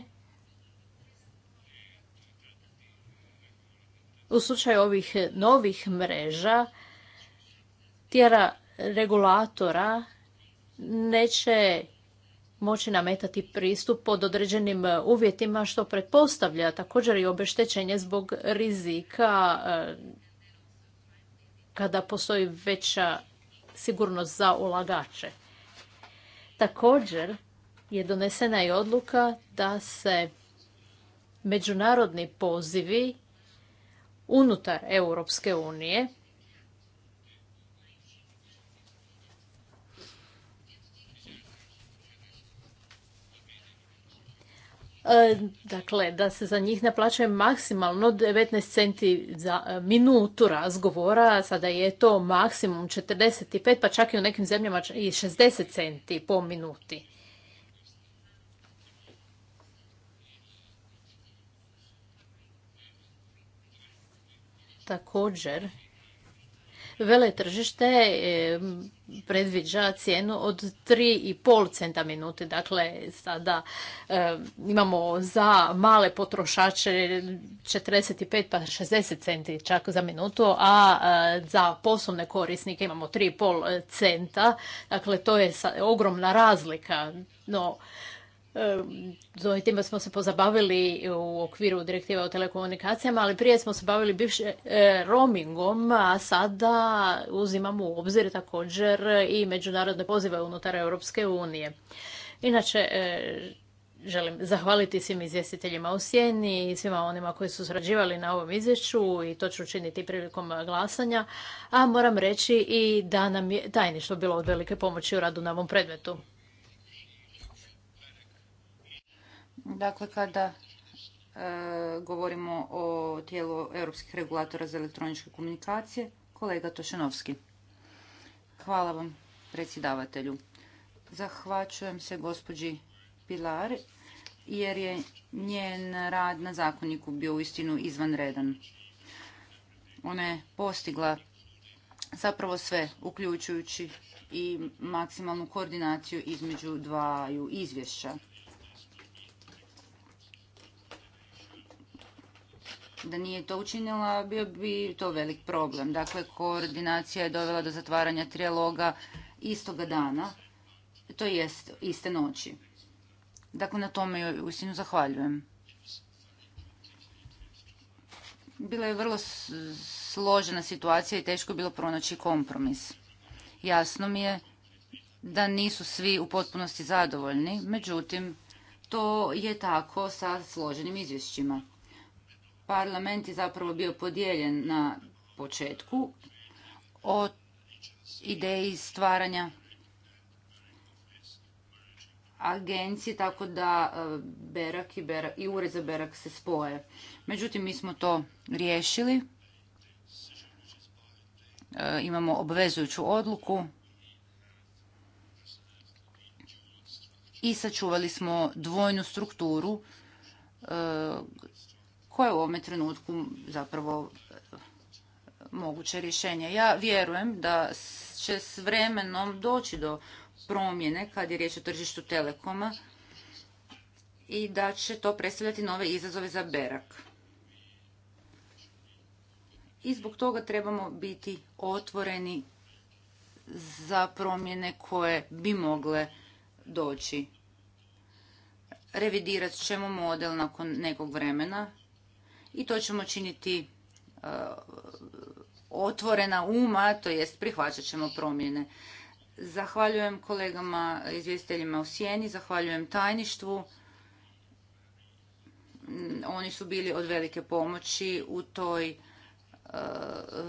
u slučaju ovih novih mreža tjera regulatora neće moći nametati pristup pod određenim e, uvjetima što pretpostavlja također i obeštećenje zbog rizika e, kada postoji veća sigurnost za ulagače. Također je donesena i odluka da se međunarodni pozivi unutar Europske unije E, dakle da se za njih naplaćuje maksimalno 19 centi za e, minutu razgovora, sada je to maksimum 45 pa čak i u nekim zemljama i 60 centi po minuti. Također veletržište e, predviđa cijenu od 3,5 centa minuti. Dakle, sada e, imamo za male potrošače 45 pa 60 centi čak za minutu, a e, za poslovne korisnike imamo 3,5 centa. Dakle, to je ogromna razlika. No, E, time smo se pozabavili u okviru direktiva o telekomunikacijama, ali prije smo se bavili bivšim e, roamingom, a sada uzimamo u obzir također i međunarodne pozive unutar Europske unije. Inače, e, želim zahvaliti svim izvjestiteljima u Sjeni i svima onima koji su srađivali na ovom izvješću i to ću učiniti prilikom glasanja, a moram reći i da nam je tajništvo bilo od velike pomoći u radu na ovom predmetu. Dakle, kada e, govorimo o tijelu europskih regulatora za elektroničke komunikacije, kolega Tošenovski. Hvala vam, predsjedavatelju. Zahvaćujem se gospođi Pilar, jer je njen rad na zakoniku bio istinu izvanredan. Ona je postigla zapravo sve, uključujući i maksimalnu koordinaciju između dvaju izvješća. da nije to učinila, bio bi to velik problem. Dakle, koordinacija je dovela do zatvaranja trijaloga istoga dana, to jest iste noći. Dakle, na tome joj uistinu zahvaljujem. Bila je vrlo složena situacija i teško je bilo pronaći kompromis. Jasno mi je da nisu svi u potpunosti zadovoljni, međutim, to je tako sa složenim izvješćima. Parlament je zapravo bio podijeljen na početku o ideji stvaranja agencije, tako da e, Berak i, Berak, i Ured za Berak se spoje. Međutim, mi smo to riješili. E, imamo obvezujuću odluku i sačuvali smo dvojnu strukturu e, koje u ovome trenutku zapravo e, moguće rješenje. Ja vjerujem da će s vremenom doći do promjene kad je riječ o tržištu telekoma i da će to predstavljati nove izazove za berak. I zbog toga trebamo biti otvoreni za promjene koje bi mogle doći. Revidirat ćemo model nakon nekog vremena i to ćemo činiti e, otvorena uma, to jest prihvaćat ćemo promjene. Zahvaljujem kolegama izvjestiteljima u Sjeni, zahvaljujem tajništvu. Mm, oni su bili od velike pomoći u toj e,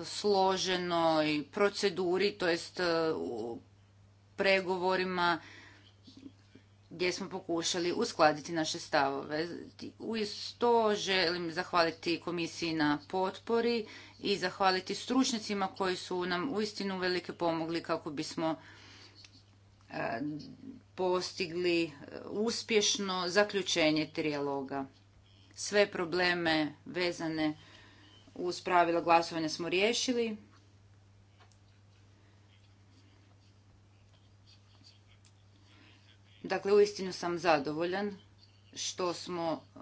složenoj proceduri, to jest e, u pregovorima gdje smo pokušali uskladiti naše stavove. U to želim zahvaliti komisiji na potpori i zahvaliti stručnicima koji su nam uistinu velike pomogli kako bismo e, postigli e, uspješno zaključenje trijaloga. Sve probleme vezane uz pravila glasovanja smo riješili Dakle, uistinu sam zadovoljan što smo e,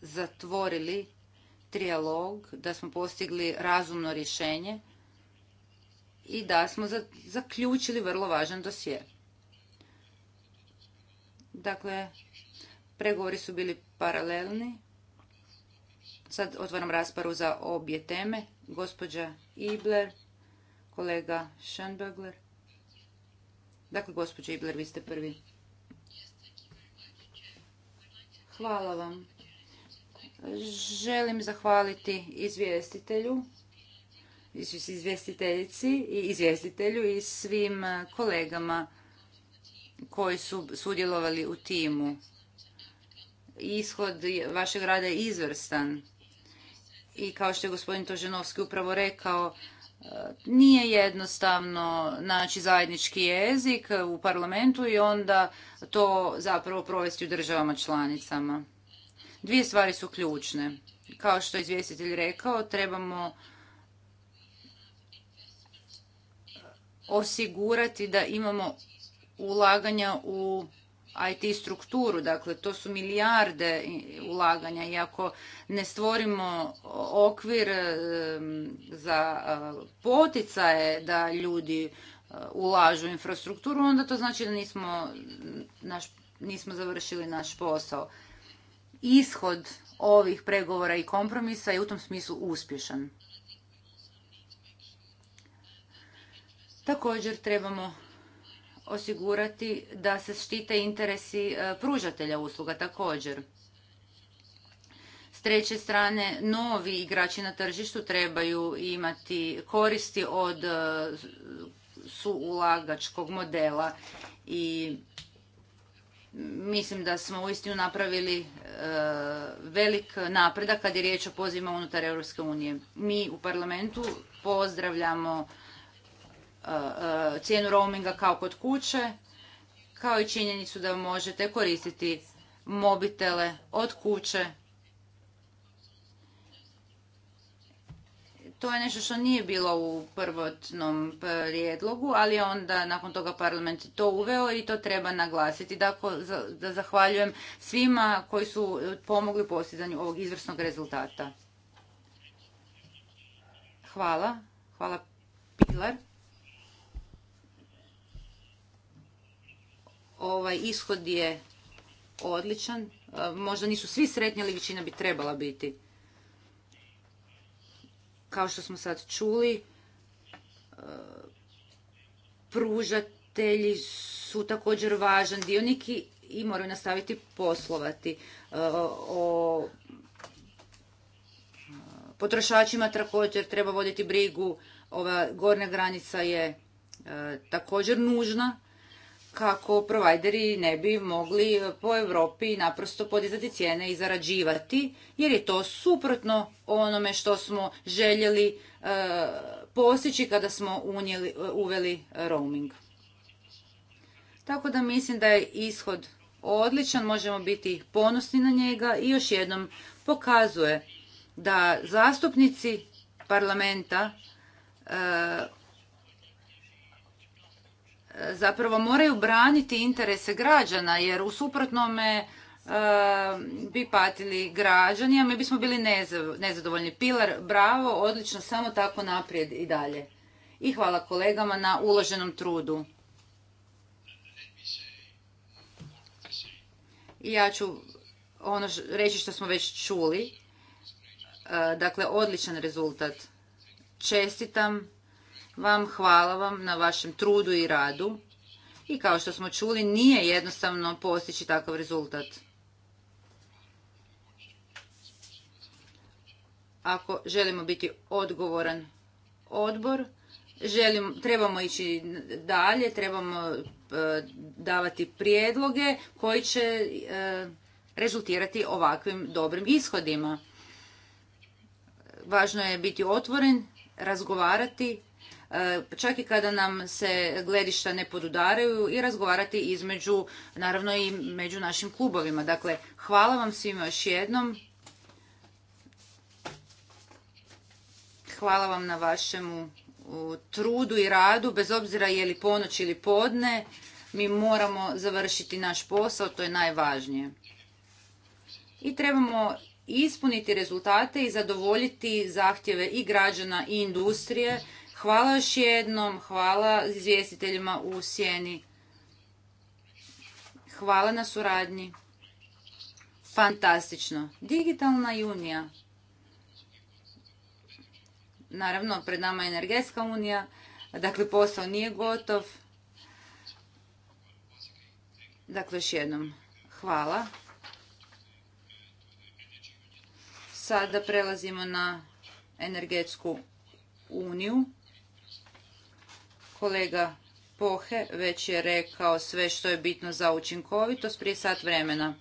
zatvorili trijalog, da smo postigli razumno rješenje i da smo zaključili vrlo važan dosje. Dakle, pregovori su bili paralelni. Sad otvaram rasparu za obje teme. Gospođa Ibler, kolega Schenbergler. Dakle, gospođo Ibler, vi ste prvi. Hvala vam. Želim zahvaliti izvjestitelju, izvjestiteljici i izvjestitelju i svim kolegama koji su sudjelovali u timu. Ishod vašeg rada je izvrstan. I kao što je gospodin Toženovski upravo rekao, nije jednostavno naći zajednički jezik u parlamentu i onda to zapravo provesti u državama članicama. Dvije stvari su ključne. Kao što je izvjestitelj rekao, trebamo osigurati da imamo ulaganja u IT strukturu, dakle to su milijarde ulaganja i ako ne stvorimo okvir za poticaje da ljudi e, ulažu u infrastrukturu, onda to znači da nismo, naš, nismo završili naš posao. Ishod ovih pregovora i kompromisa je u tom smislu uspješan. Također trebamo osigurati da se štite interesi e, pružatelja usluga također. S treće strane, novi igrači na tržištu trebaju imati koristi od e, suulagačkog modela i mislim da smo uistinu napravili e, velik napredak kad je riječ o pozivima unutar EU. Mi u parlamentu pozdravljamo Eh, cijenu roaminga kao kod kuće, kao i činjenicu da možete koristiti mobitele od kuće. To je nešto što nije bilo u prvotnom prijedlogu, ali onda nakon toga parlament to uveo i to treba naglasiti. Dakle, da zahvaljujem svima koji su pomogli postizanju ovog izvrsnog rezultata. Hvala. Hvala Pilar. Ovaj ishod je odličan. E, možda nisu svi sretni, ali većina bi trebala biti. Kao što smo sad čuli, e, pružatelji su također važan dionik i moraju nastaviti poslovati. E, o potrošačima također treba voditi brigu. Ova gornja granica je također nužna kako provajderi ne bi mogli po Europi naprosto podizati cijene i zarađivati, jer je to suprotno onome što smo željeli e, postići kada smo e, uveli roaming. Tako da mislim da je ishod odličan, možemo biti ponosni na njega i još jednom pokazuje da zastupnici parlamenta e, zapravo moraju braniti interese građana jer u suprotnome e, bi patili građani, a mi bismo bili nezadovoljni. Pilar, bravo, odlično, samo tako naprijed i dalje. I hvala kolegama na uloženom trudu. Ja ću ono reći što smo već čuli. E, dakle, odličan rezultat. Čestitam vam, hvala vam na vašem trudu i radu. I kao što smo čuli, nije jednostavno postići takav rezultat. Ako želimo biti odgovoran odbor, trebamo ići dalje, trebamo e, davati prijedloge koji će e, rezultirati ovakvim dobrim ishodima. Važno je biti otvoren, razgovarati E, čak i kada nam se gledišta ne podudaraju i razgovarati između, naravno i među našim klubovima. Dakle, hvala vam svima još jednom. Hvala vam na vašemu trudu i radu, bez obzira je li ponoć ili podne, mi moramo završiti naš posao, to je najvažnije. I trebamo ispuniti rezultate i zadovoljiti zahtjeve i građana i industrije Hvala još jednom, hvala izvjestiteljima u Sjeni. Hvala na suradnji. Fantastično. Digitalna unija. Naravno, pred nama je energetska unija. Dakle, posao nije gotov. Dakle, još jednom hvala. Sada prelazimo na energetsku uniju. Kolega Pohe već je rekao sve što je bitno za učinkovitost prije sat vremena.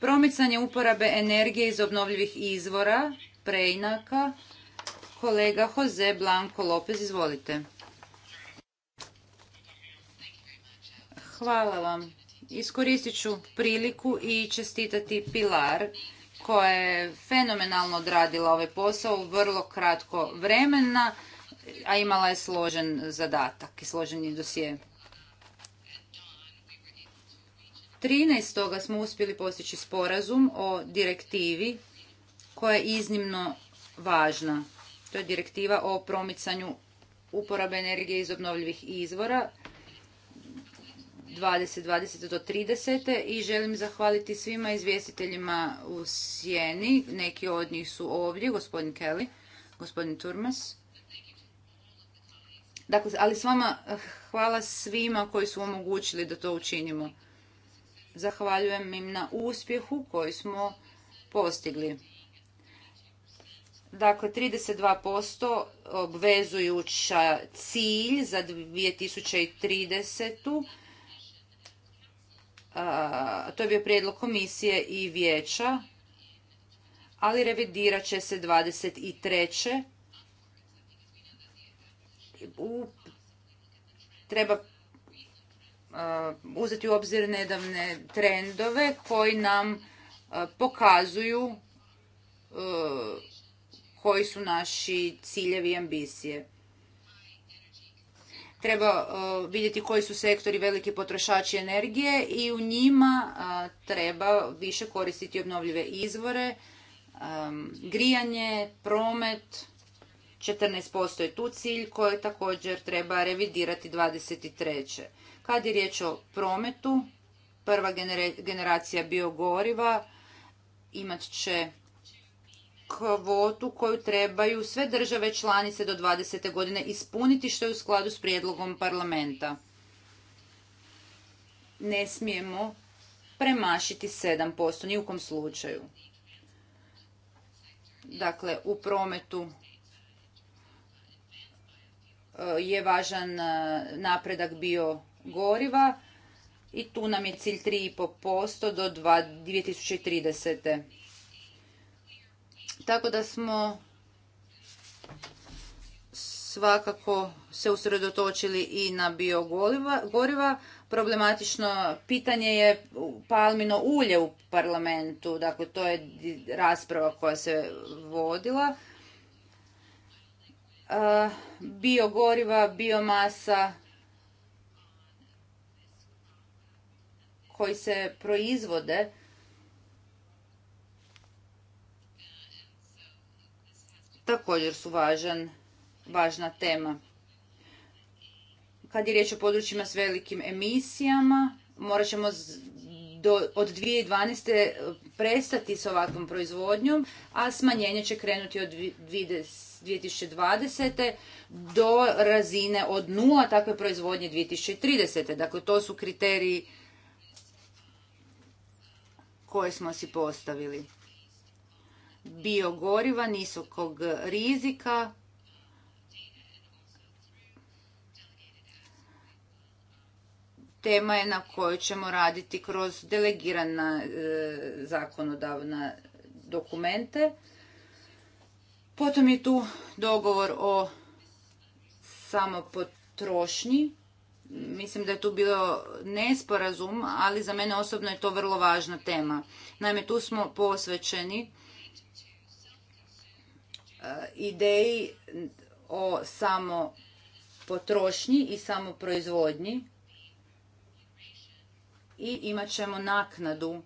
Promicanje uporabe energije iz obnovljivih izvora, preinaka. Kolega Jose Blanco Lopez, izvolite. Hvala vam. Iskoristit ću priliku i čestitati Pilar koja je fenomenalno odradila ovaj posao u vrlo kratko vremena a imala je složen zadatak i je dosije. 13. smo uspjeli postići sporazum o direktivi koja je iznimno važna. To je direktiva o promicanju uporabe energije iz obnovljivih izvora 2020 do 30. i želim zahvaliti svima izvjestiteljima u Sjeni. Neki od njih su ovdje, gospodin Kelly, gospodin Turmas, Dakle, ali s vama eh, hvala svima koji su omogućili da to učinimo. Zahvaljujem im na uspjehu koji smo postigli. Dakle, 32% obvezujuća cilj za 2030. A, eh, to je bio prijedlog komisije i vijeća, ali revidirat će se 23 treba uzeti u obzir nedavne trendove koji nam pokazuju koji su naši ciljevi i ambicije. Treba vidjeti koji su sektori veliki potrošači energije i u njima treba više koristiti obnovljive izvore, grijanje, promet, 14% je tu cilj koji također treba revidirati 23. Kad je riječ o prometu, prva generacija biogoriva imat će kvotu koju trebaju sve države članice do 20. godine ispuniti što je u skladu s prijedlogom parlamenta. Ne smijemo premašiti 7%, ni u kom slučaju. Dakle, u prometu je važan e, napredak bio goriva i tu nam je cilj 3,5% do 2030. Tako da smo svakako se usredotočili i na biogoriva. Problematično pitanje je palmino ulje u parlamentu, dakle to je rasprava koja se vodila biogoriva, biomasa koji se proizvode također su važan, važna tema. Kad je riječ o područjima s velikim emisijama, morat ćemo do, od 2012. prestati s ovakvom proizvodnjom, a smanjenje će krenuti od 2020. do razine od nula takve proizvodnje 2030. Dakle, to su kriteriji koje smo si postavili. Biogoriva, nisokog rizika, tema je na kojoj ćemo raditi kroz delegirana e, zakonodavna dokumente. Potom je tu dogovor o samopotrošnji. Mislim da je tu bilo nesporazum, ali za mene osobno je to vrlo važna tema. Naime, tu smo posvećeni e, ideji o samopotrošnji i samoproizvodnji i imat ćemo naknadu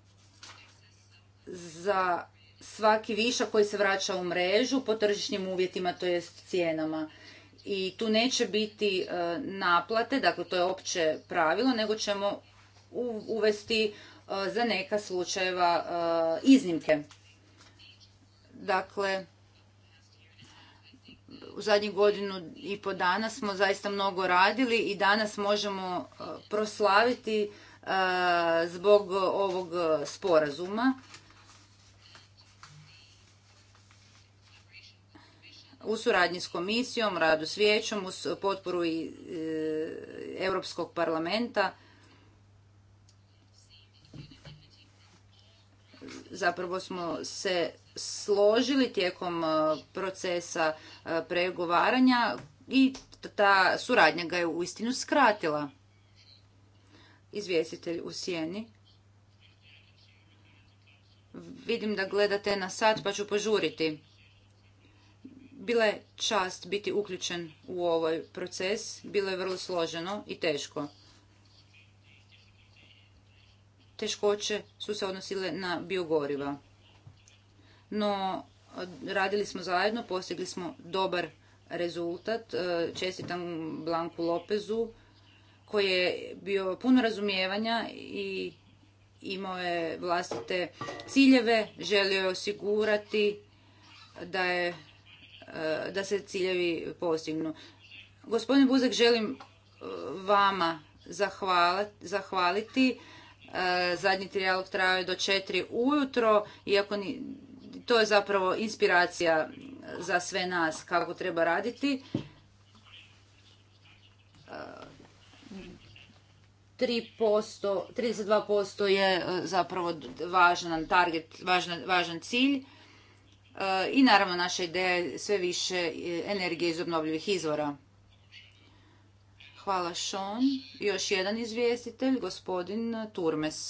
za svaki višak koji se vraća u mrežu po tržišnim uvjetima, to jest cijenama. I tu neće biti e, naplate, dakle to je opće pravilo, nego ćemo uvesti e, za neka slučajeva e, iznimke. Dakle, u zadnjih godinu i po dana smo zaista mnogo radili i danas možemo proslaviti zbog ovog sporazuma. u suradnji s komisijom, radu s vijećom, uz potporu i e, Europskog parlamenta. Zapravo smo se složili tijekom e, procesa e, pregovaranja i ta suradnja ga je uistinu skratila izvjestitelj u sjeni. Vidim da gledate na sat, pa ću požuriti. Bila je čast biti uključen u ovaj proces. Bilo je vrlo složeno i teško. Teškoće su se odnosile na biogoriva. No, radili smo zajedno, postigli smo dobar rezultat. Čestitam Blanku Lopezu koji je bio puno razumijevanja i imao je vlastite ciljeve, želio je osigurati da, je, e, da se ciljevi postignu. Gospodin Buzek, želim e, vama zahvaliti. E, zadnji trijalog trajao je do četiri ujutro, iako ni, to je zapravo inspiracija za sve nas kako treba raditi 3%, 32% je e, zapravo važan target, važan, važan cilj. E, I naravno naša ideja je sve više e, energije iz obnovljivih izvora. Hvala Sean. Još jedan izvjestitelj, gospodin Turmes.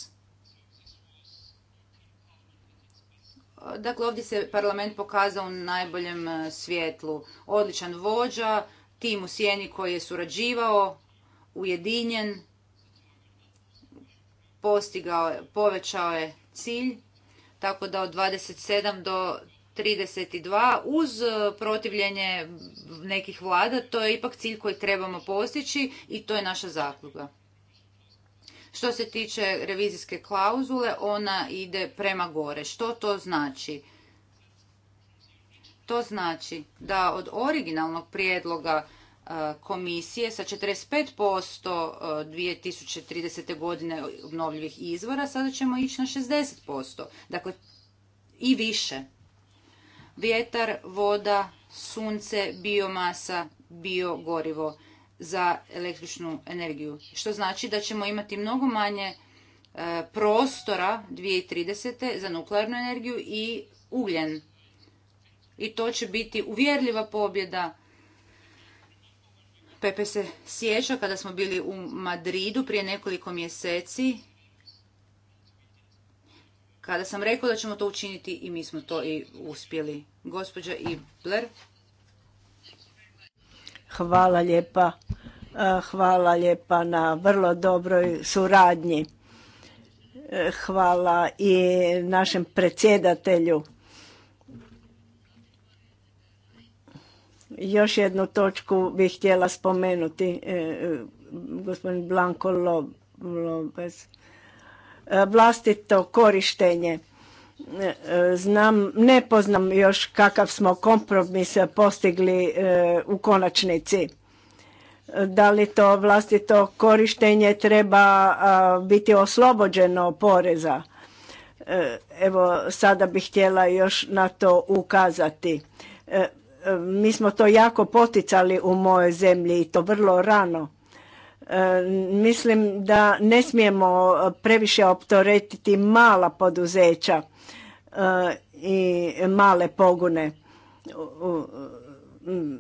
Dakle, ovdje se parlament pokazao u najboljem svjetlu. Odličan vođa, tim u sjeni koji je surađivao, ujedinjen postigao je, povećao je cilj, tako da od 27 do 32 uz e, protivljenje nekih vlada, to je ipak cilj koji trebamo postići i to je naša zakluga. Što se tiče revizijske klauzule, ona ide prema gore. Što to znači? To znači da od originalnog prijedloga komisije sa 45% 2030. E, godine obnovljivih izvora, sada ćemo ići na 60%. Dakle, i više. Vjetar, voda, sunce, biomasa, biogorivo za električnu energiju. Što znači da ćemo imati mnogo manje e, prostora 2030. za nuklearnu energiju i ugljen. I to će biti uvjerljiva pobjeda Pepe se sjeća kada smo bili u Madridu prije nekoliko mjeseci, kada sam rekao da ćemo to učiniti i mi smo to i uspjeli. Gospođa Ibler. Hvala lijepa. E, hvala lijepa na vrlo dobroj suradnji. E, hvala i našem predsjedatelju Još jednu točku bih htjela spomenuti, e, e, gospodin Blanko Lopez. E, vlastito korištenje. Znam, ne poznam još kakav smo kompromis postigli u konačnici. Da li to vlastito korištenje treba biti oslobođeno poreza? Evo, sada bih htjela još na to ukazati mi smo to jako poticali u mojoj zemlji i to vrlo rano. E, mislim da ne smijemo previše optoretiti mala poduzeća e, i male pogune.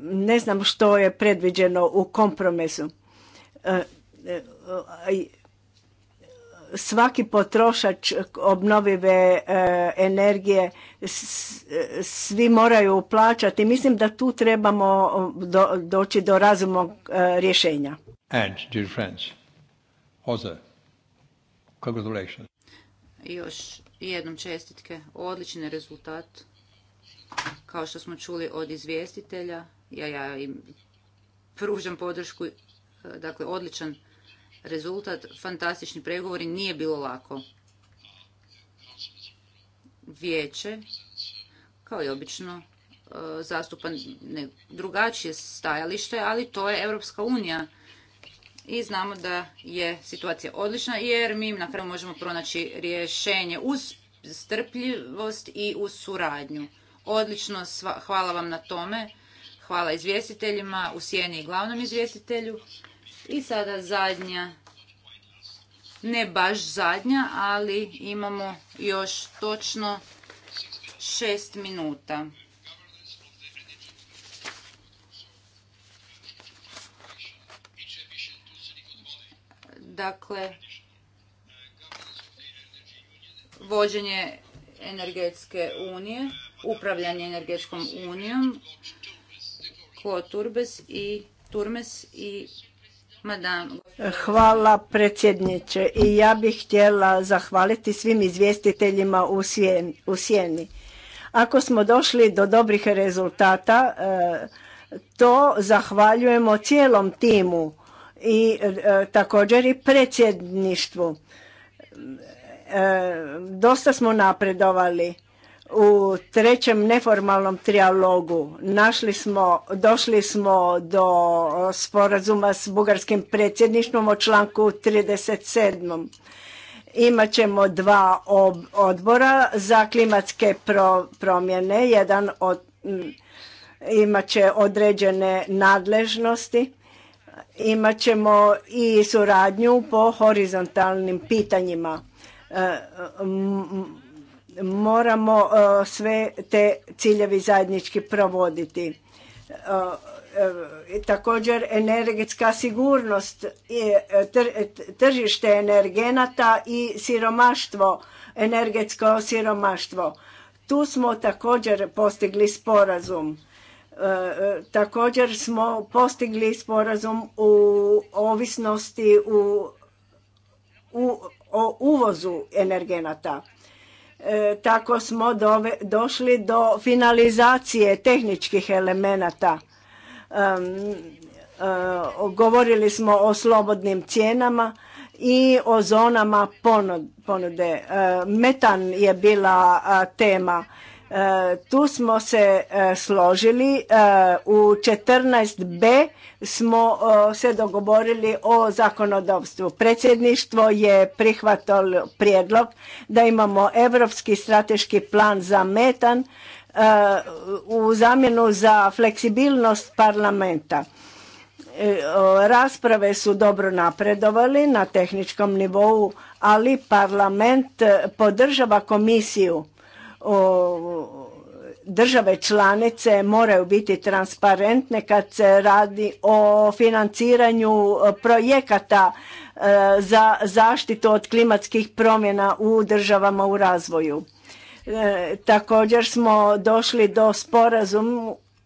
Ne znam što je predviđeno u kompromisu e, svaki potrošač obnovive e, energije svi moraju plaćati. Mislim da tu trebamo doći do razumnog e, rješenja. And, dear friends, Još jednom čestitke. Odlični rezultat. Kao što smo čuli od izvjestitelja, ja, ja im pružam podršku, e, dakle odličan rezultat fantastični pregovori nije bilo lako. Vijeće, kao i obično, e, zastupan drugačije stajalište, ali to je Europska unija. I znamo da je situacija odlična jer mi na kraju možemo pronaći rješenje uz strpljivost i uz suradnju. Odlično, hvala vam na tome. Hvala izvjestiteljima, u sjeni i glavnom izvjestitelju. I sada zadnja, ne baš zadnja, ali imamo još točno šest minuta. Dakle, vođenje energetske unije, upravljanje energetskom unijom, Ko i Turmes i Hvala predsjedniče i ja bih htjela zahvaliti svim izvjestiteljima u sjeni. Ako smo došli do dobrih rezultata, e, to zahvaljujemo cijelom timu i e, također i predsjedništvu. E, dosta smo napredovali u trećem neformalnom trijalogu našli smo, došli smo do sporazuma s bugarskim predsjedništvom o članku 37. Imat ćemo dva odbora za klimatske promjene, jedan od, mm, imat će određene nadležnosti, imat ćemo i suradnju po horizontalnim pitanjima. E, moramo e, sve te ciljevi zajednički provoditi. E, e, također energetska sigurnost, tržište energenata i siromaštvo, energetsko siromaštvo. Tu smo također postigli sporazum. Također smo postigli sporazum u ovisnosti u, u, o uvozu energenata E, tako smo došli do finalizacije tehničkih elemenata. E, govorili smo o slobodnim cijenama i o zonama ponude. E, metan je bila tema E, tu smo se e, složili, e, u 14b smo se dogovorili o zakonodavstvu. Predsjedništvo je prihvatilo prijedlog da imamo Europski strateški plan za metan u zamjenu za fleksibilnost parlamenta. Rasprave su dobro napredovali na tehničkom nivou, ali parlament podržava komisiju o, države članice moraju biti transparentne kad se radi o financiranju e, projekata e, za zaštitu od klimatskih promjena u državama u razvoju. E, također smo došli do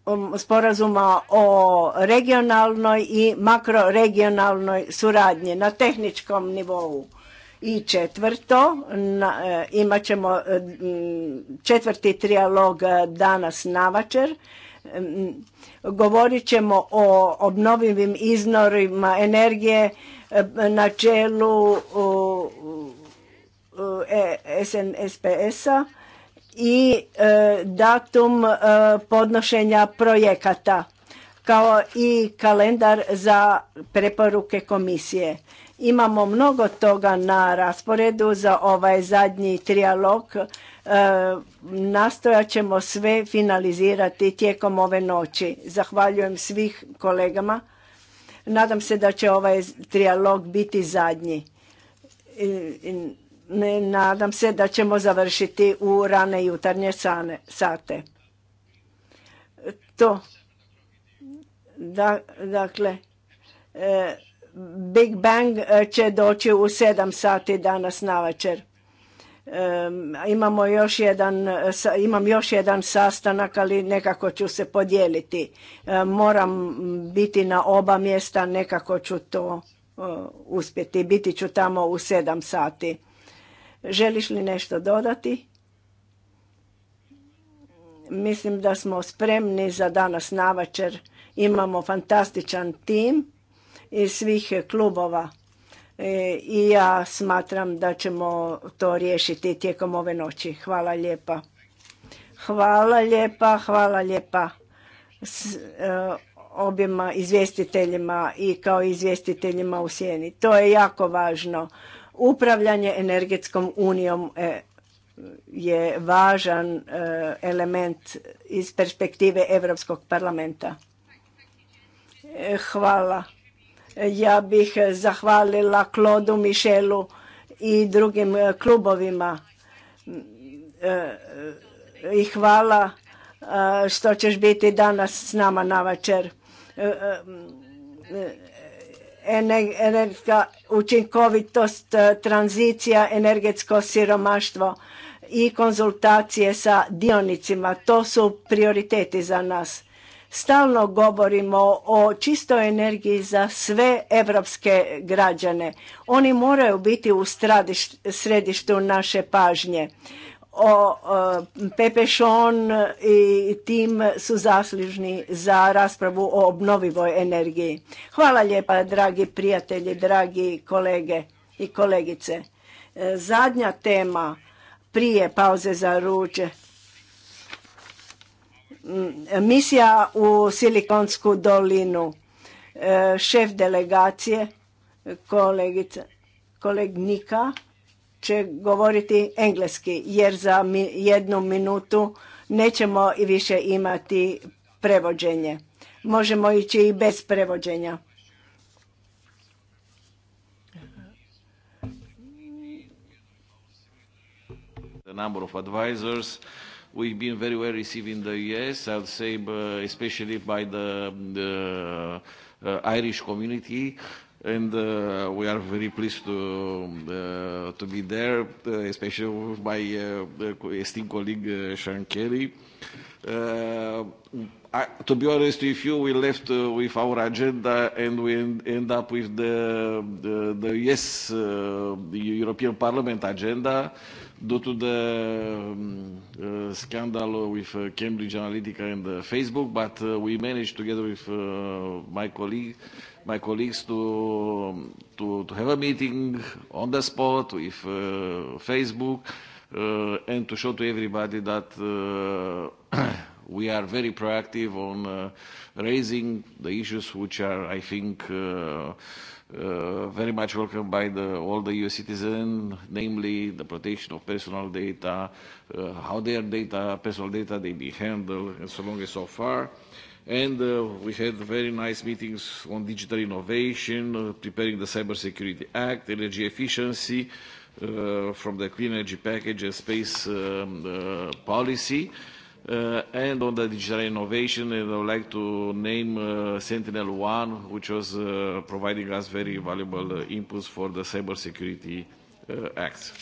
um, sporazuma o regionalnoj i makroregionalnoj suradnji na tehničkom nivou i četvrto, e, imat ćemo e, četvrti trijalog e, danas navačer. Govorit ćemo o obnovivim iznorima energije na čelu SNSPS-a i datum podnošenja projekata kao i kalendar za preporuke komisije. Imamo mnogo toga na rasporedu za ovaj zadnji trijalog. Nastoja e, nastojat ćemo sve finalizirati tijekom ove noći. Zahvaljujem svih kolegama. Nadam se da će ovaj trijalog biti zadnji. I, nadam se da ćemo završiti u rane jutarnje sate. To, dakle, e, Big Bang e, će doći u 7 sati danas navečer. imamo još jedan, e, imam još jedan sastanak, ali nekako ću se podijeliti. E, moram biti na oba mjesta, nekako ću to uspjeti. Biti ću tamo u 7 sati. Želiš li nešto dodati? Mislim da smo spremni za danas večer. Imamo fantastičan tim iz svih klubova. E, I ja smatram da ćemo to riješiti tijekom ove noći. Hvala lijepa. Hvala lijepa, hvala lijepa s e, objema izvjestiteljima i kao izvjestiteljima u sjeni. To je jako važno. Upravljanje energetskom unijom e, je važan e, element iz perspektive Europskog parlamenta. Hvala. Ja bih zahvalila Klodu, Mišelu i drugim e, klubovima. E, e, I hvala što ćeš biti danas s nama na večer. Energetska učinkovitost, tranzicija, energetsko siromaštvo i konzultacije sa dionicima. To su prioriteti za nas. Stalno govorimo o čistoj energiji za sve evropske građane. Oni moraju biti u središtu naše pažnje. O, Pepe Šon i tim su zaslužni za raspravu o obnovivoj energiji. Hvala lijepa, dragi prijatelji, dragi kolege i kolegice. E, zadnja tema prije pauze za ruđe misija u Silikonsku dolinu. E, šef delegacije, kolegica, kolegnika, će govoriti engleski, jer za jednu minutu nećemo i više imati prevođenje. Možemo ići i bez prevođenja. The number of advisors, We've been very well received in the US, I'll say, uh, especially by the, the uh, Irish community and uh, we are very pleased to uh, to be there, uh, especially with my uh, esteemed colleague uh, Sean Kelly. Uh, I, to be honest with you, we left uh, with our agenda and we end up with the the, the yes uh, the European Parliament agenda due to the uh, scandal with uh, Cambridge Analytica and uh, Facebook, but uh, we managed together with uh, my colleague, my colleagues to, um, to to have a meeting on the spot with uh, Facebook uh, and to show to everybody that uh, we are very proactive on uh, raising the issues which are, I think. Uh, uh, very much welcomed by the, all the US citizens, namely the protection of personal data, uh, how their data, personal data, they be handled, and so long and so far. And uh, we had very nice meetings on digital innovation, uh, preparing the Cybersecurity Act, energy efficiency, uh, from the clean energy package and space um, uh, policy. Uh, and on the digital innovation, and I would like to name uh, sentinel One which was uh, providing us very valuable uh, inputs for the Cybersecurity uh, Acts.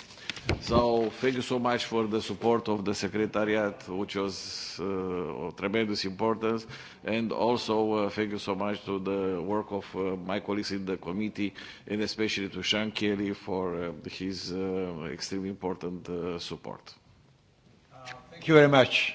So thank you so much for the support of the Secretariat, which was of tremendous importance, and also thank you so much to the work of my colleagues in the committee, and especially to Sean Kelly for his extremely important support. Thank you very much.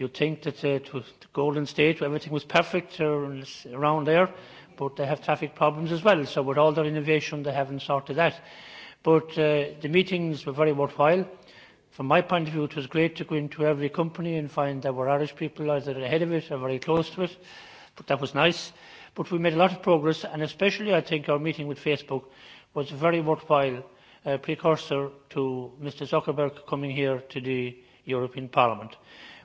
You think that uh, it was the Golden State, where everything was perfect around there, but they have traffic problems as well. So with all their innovation, they haven't sorted that. But uh, the meetings were very worthwhile. From my point of view, it was great to go into every company and find there were Irish people either ahead of it or very close to it. But that was nice. But we made a lot of progress, and especially I think our meeting with Facebook was a very worthwhile uh, precursor to Mr. Zuckerberg coming here to the European Parliament.